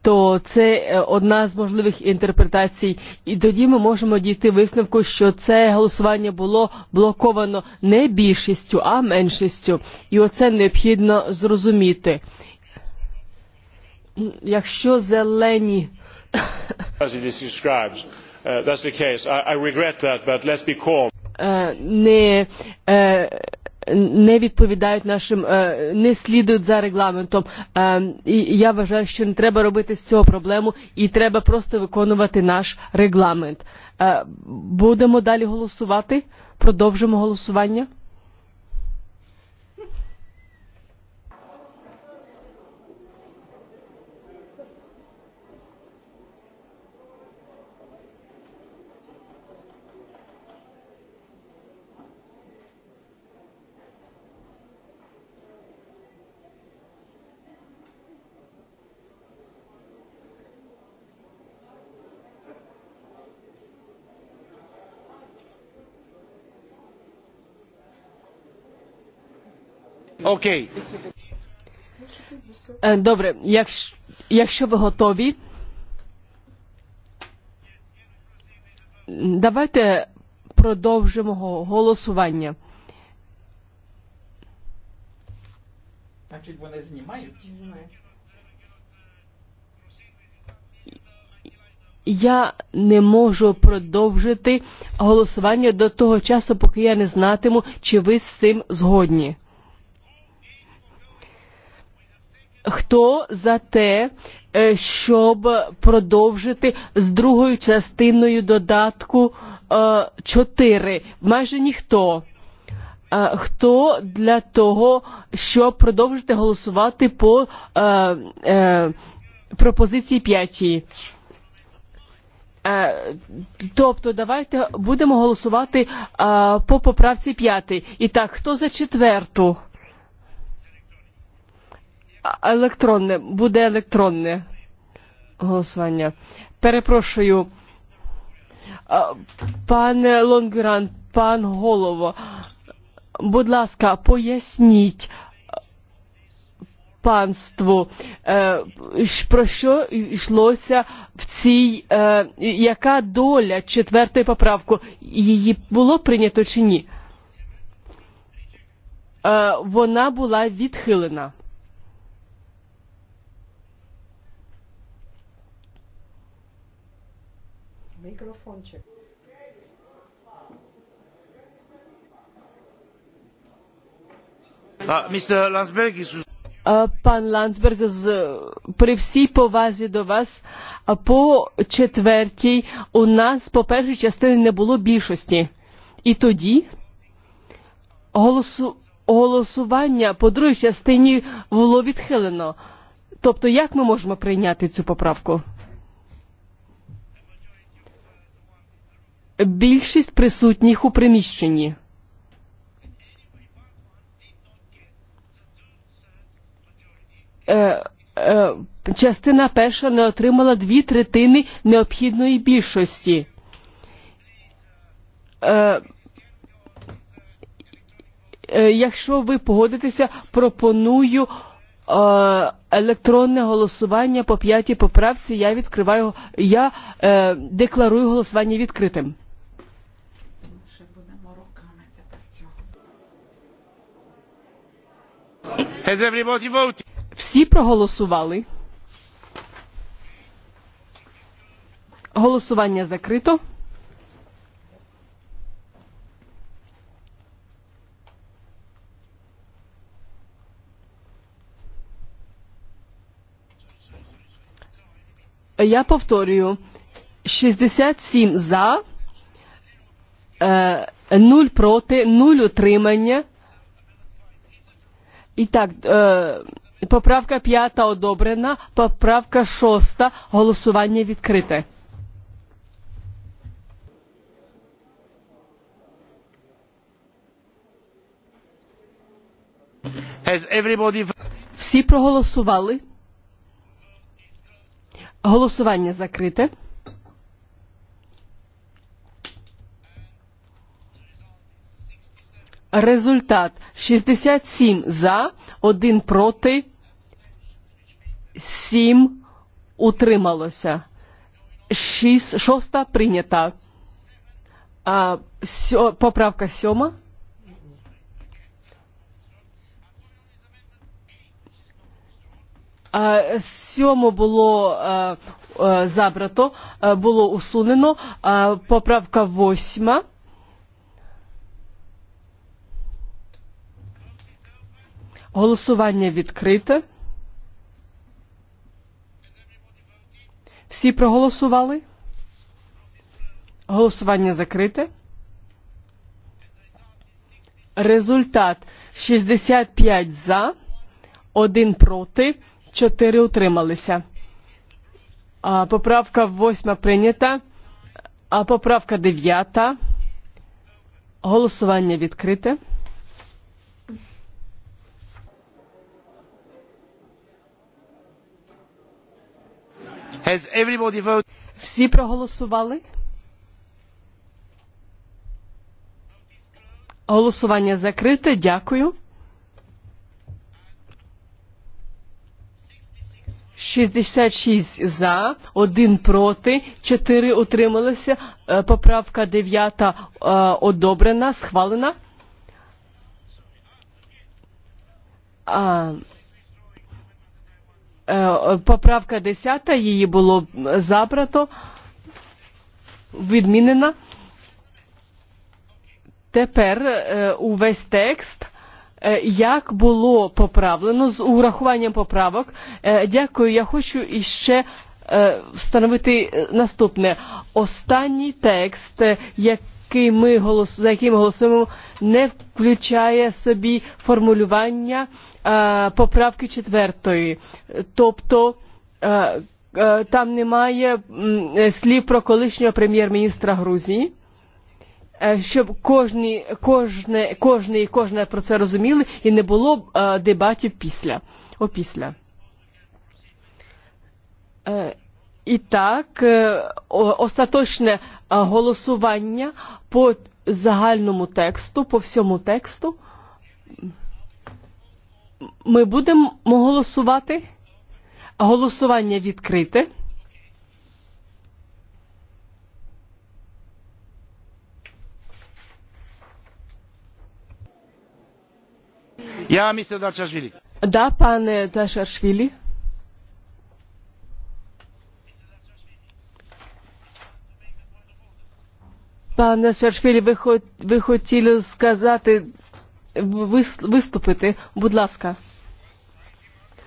то це одна з можливих інтерпретацій. І тоді ми можемо дійти висновку, що це голосування було блоковано не більшістю, а меншістю. І оце необхідно зрозуміти якщо зелені не не відповідають нашим не слідують за регламентом і я вважаю що не треба робити з цього проблему і треба просто виконувати наш регламент будемо далі голосувати продовжимо голосування Окей. Добре, якщо, якщо ви готові, давайте продовжимо голосування. Значить, вони знімають? Я не можу продовжити голосування до того часу, поки я не знатиму, чи ви з цим згодні. хто за те, щоб продовжити з другою частиною додатку 4? Майже ніхто. Хто для того, щоб продовжити голосувати по пропозиції 5? Тобто давайте будемо голосувати по поправці 5. І так, хто за четверту? електронне, буде електронне голосування. Перепрошую, пане Лонгеран, пан голово, будь ласка, поясніть панству, про що йшлося в цій, яка доля четвертої поправки, її було прийнято чи ні? Вона була відхилена. Mikrofonček. Uh, Mr. Landsbergis pan Landsberg, pri vsій повазі до вас, по четвертій у нас по першій частині не було більшості. І тоді голосу, голосування по другій частині було відхилено. Тобто, як ми можемо прийняти цю поправку? більшість присутніх у приміщенні. Частина перша не отримала дві третини необхідної більшості. Якщо ви погодитеся, пропоную електронне голосування по п'ятій поправці. Я відкриваю, я декларую голосування відкритим. Всі проголосували. Голосування закрито. Я повторюю, 67 за, 0 проти, 0 утримання, Итак, э, поправка пятая одобрена, поправка шестая, голосование открыто. Has everybody... Все проголосовали. Голосование закрыто. результат 67 за, 1 проти, 7 утрималося. 6, 6 прийнята. А, сьо, поправка сьома. А, Сьому було а, забрато, було усунено. А, поправка восьма Голосування відкрите. Всі проголосували? Голосування закрите. Результат 65 за, 1 проти, 4 утрималися. А, поправка 8 прийнята. А поправка 9. Голосування відкрите. Has everybody voted? Всі проголосували? Голосування закрите. Дякую. 66 за, 1 проти, 4 утрималися. Поправка 9 одобрена, схвалена. А, Поправка 10, її було забрато, відмінена. Тепер увесь текст, як було поправлено з урахуванням поправок. Дякую, я хочу іще встановити наступне. Останній текст, який який ми голос, за яким ми голосуємо, не включає в собі формулювання е, поправки четвертої. Тобто е, е, там немає е, слів про колишнього прем'єр-міністра Грузії щоб кожні, кожне, кожне і кожне про це розуміли і не було е, дебатів після, опісля. І так, остаточне голосування по загальному тексту, по всьому тексту. Ми будемо голосувати. Голосування відкрите. Я місце Дарчашвілі. Да, пане Дарчашвілі. Пане Шершвілі, ви, хот, ви хотіли сказати, виступити, будь ласка.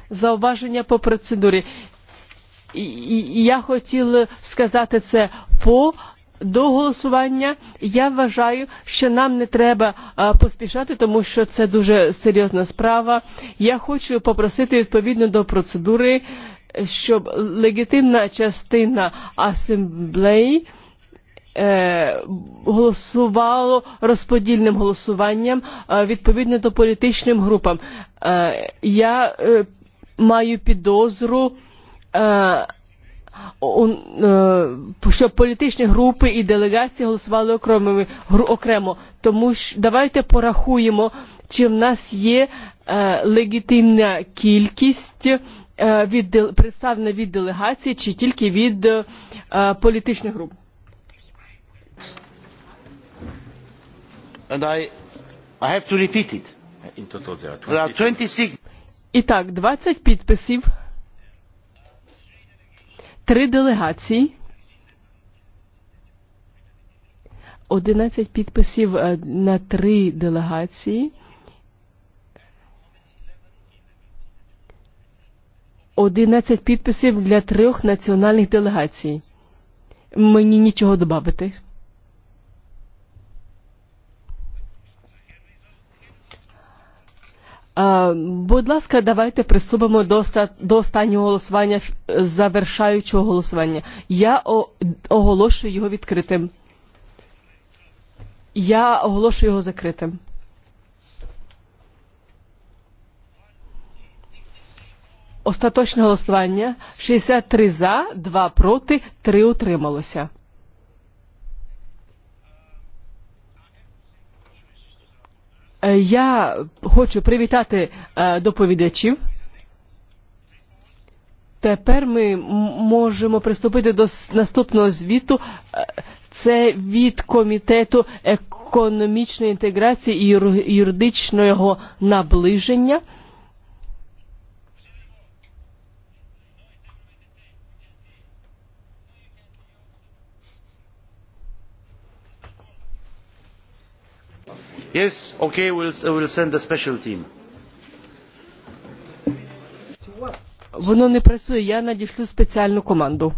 Зауваження по процедурі. Я хотіла сказати це по до голосування. Я вважаю, що нам не треба поспішати, тому що це дуже серйозна справа. Я хочу попросити відповідно до процедури, щоб легітимна частина асамблеї голосувало розподільним голосуванням відповідно до політичним групам. Я маю підозру, що політичні групи і делегації голосували окремо. Тому що давайте порахуємо, чи в нас є легітимна кількість представлена від делегації чи тільки від політичних груп. Итак, 20 підписів, три делегації, 11 підписів на три делегації, 11 підписів для трьох національних делегацій. Мені нічого додати. Будь ласка, давайте приступимо до останнього голосування, завершаючого голосування. Я оголошую його відкритим. Я оголошую його закритим. Остаточне голосування, 63 за, 2 проти, 3 утрималося. Я хочу привітати доповідачів. Тепер ми можемо приступити до наступного звіту. Це від комітету економічної інтеграції і юридичного наближення. Воно не працює. Я надішлю спеціальну команду.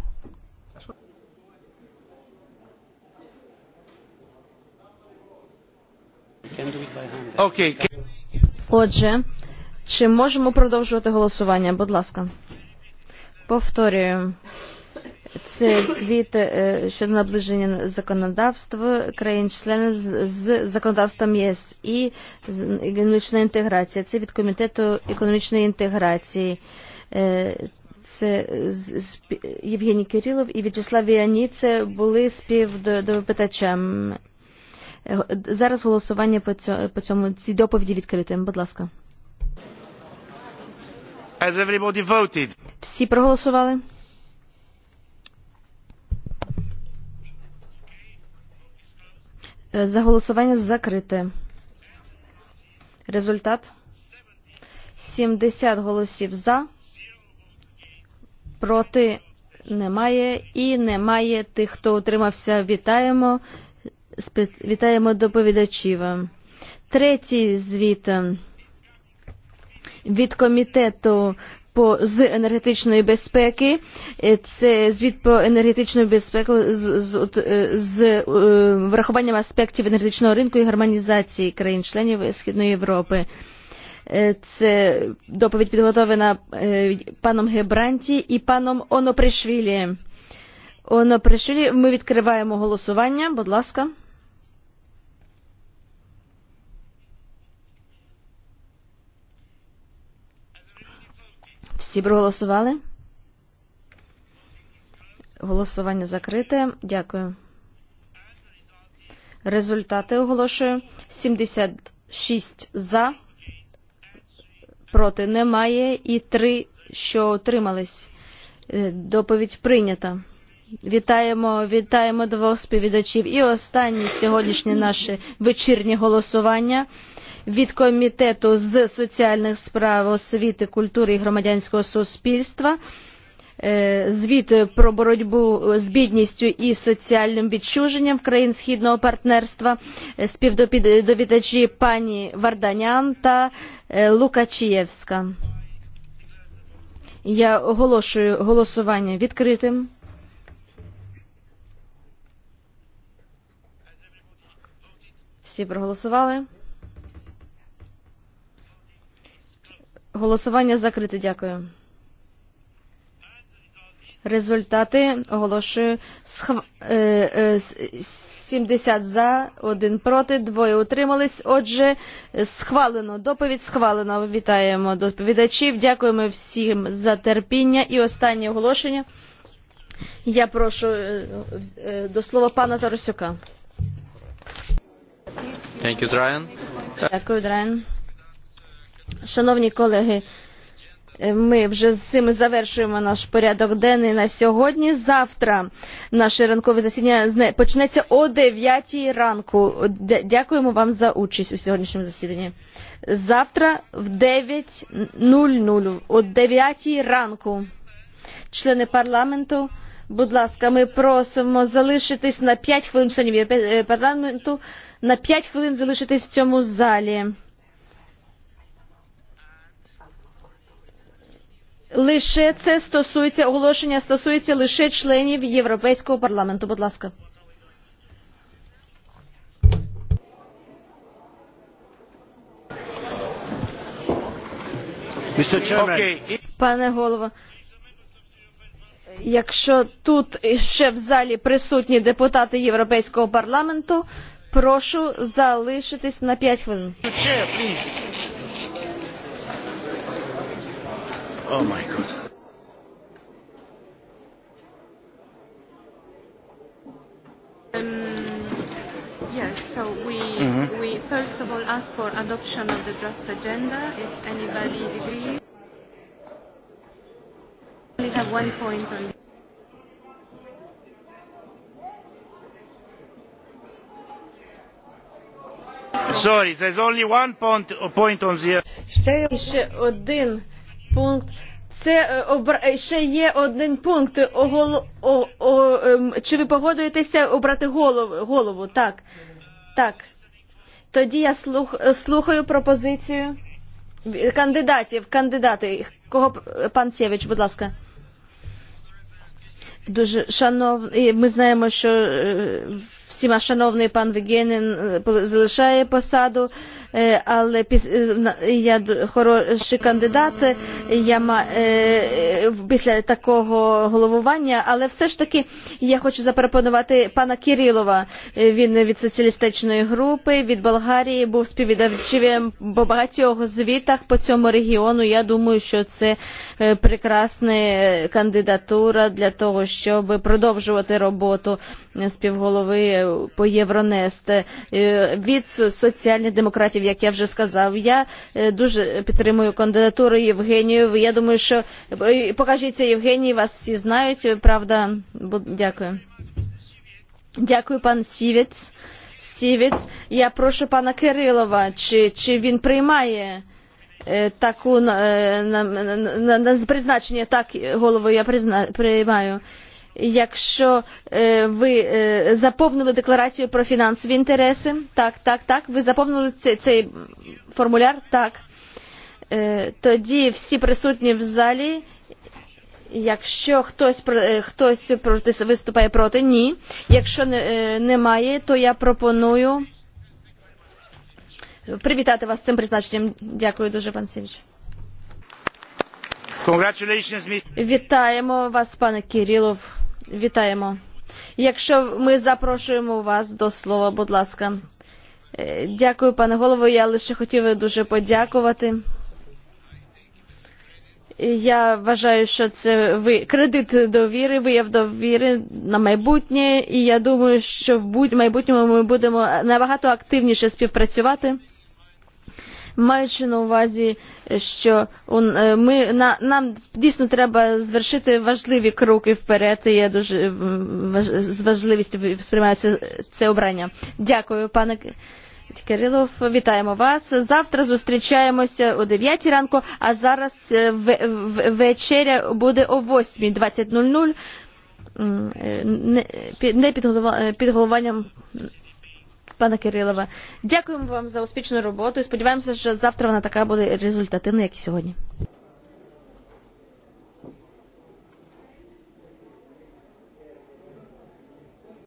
Отже, чи можемо продовжувати голосування? Будь ласка. Повторюю. Це звіт щодо наближення законодавства країн-членів з законодавством ЄС і економічна інтеграція. Це від комітету економічної інтеграції. Це Євгеній Кирилов і В'ячеслав Іані. Це були співдовипитачами. Зараз голосування по цьому, по цьому цій доповіді відкрите. Будь ласка. Has everybody voted? Всі проголосували? За голосування закрите. Результат 70 голосів за, проти немає і немає тих, хто утримався. Вітаємо. Вітаємо доповідачів. Третій звіт від комітету по з енергетичної безпеки. Це звіт по енергетичну безпеку з, з, з врахуванням аспектів енергетичного ринку і гармонізації країн-членів Східної Європи. Це доповідь підготовлена паном Гебранті і паном Онопришвілі. Онопришвілі, ми відкриваємо голосування, будь ласка. Всі проголосували? Голосування закрите. Дякую. Результати оголошую. 76 за, проти немає і 3, що отримались. Доповідь прийнята. Вітаємо, вітаємо двох співвідачів. І останнє сьогоднішнє наше вечірнє голосування від комітету з соціальних справ, освіти, культури і громадянського суспільства звіт про боротьбу з бідністю і соціальним відчуженням в країн східного партнерства співдовідачі пані варданян та лукачієвська. Я оголошую голосування відкритим. Всі проголосували? Голосування закрите. Дякую. Результати оголошую. Схва... 70 за, 1 проти, двоє утримались. Отже, схвалено. Доповідь схвалено. Вітаємо доповідачів. Дякуємо всім за терпіння. І останнє оголошення. Я прошу е, е, до слова пана Тарасюка. Дякую, Драйан. Дякую, Драйан. Шановні колеги, ми вже з цим завершуємо наш порядок денний на сьогодні. Завтра наше ранкове засідання почнеться о 9 ранку. Дякуємо вам за участь у сьогоднішньому засіданні. Завтра в 9.00, о 9 ранку. Члени парламенту, будь ласка, ми просимо залишитись на 5 хвилин членів парламенту, на 5 хвилин залишитись в цьому залі. лише це стосується оголошення стосується лише членів Європейського парламенту. Будь ласка. Пане голово, якщо тут ще в залі присутні депутати Європейського парламенту, прошу залишитись на 5 хвилин. Oh my god. Um, yes, so we, mm-hmm. we first of all ask for adoption of the draft agenda. If anybody agrees, we have one point on. Sorry, there's only one point, point on the. Ще є ще один пункт. Це ще є один пункт. Огол... О, о, Чи ви погодуєтеся обрати голову? голову? Так. Так. Тоді я слух... слухаю пропозицію кандидатів, кандидати. Кого пан Сєвич, будь ласка. Дуже шановний, ми знаємо, що всіма шановний пан Вігенін залишає посаду, але я хороший кандидат. Я після такого головування, але все ж таки я хочу запропонувати пана Кирилова. Він від соціалістичної групи, від Болгарії був співвідавчим по багатьох звітах по цьому регіону. Я думаю, що це прекрасна кандидатура для того, щоб продовжувати роботу співголови по Євронест. Від соціальних демократів, як я вже сказав, я дуже підтримую кандидатуру Євгенію. Я думаю, що покажіться Євгенії, вас всі знають. Правда, дякую. Дякую, пан Сівець. Сівець. Я прошу пана Кирилова, чи, чи він приймає таку призначення, так голову я приймаю. Якщо ви заповнили декларацію про фінансові інтереси, так, так, так, ви заповнили цей, цей формуляр, так. Тоді всі присутні в залі Якщо хтось хтось проти виступає проти, ні. Якщо не, немає, то я пропоную привітати вас з цим призначенням. Дякую дуже, пан Сівіч. Вітаємо вас, пане Кирилов. Вітаємо. Якщо ми запрошуємо вас до слова, будь ласка. Дякую, пане голово. Я лише хотів дуже подякувати. Я вважаю, що це ви кредит довіри, вияв довіри на майбутнє, і я думаю, що в майбутньому ми будемо набагато активніше співпрацювати маючи на увазі, що ми, на, нам дійсно треба звершити важливі кроки вперед, і я дуже з важливістю сприймаю це, це обрання. Дякую, пане. Кирилов, вітаємо вас. Завтра зустрічаємося о 9 ранку, а зараз в, в, вечеря буде о 8.20.00 не не під, під головуванням пана Кирилова. Дякуємо вам за успішну роботу і сподіваємося, що завтра вона така буде результативна, як і сьогодні.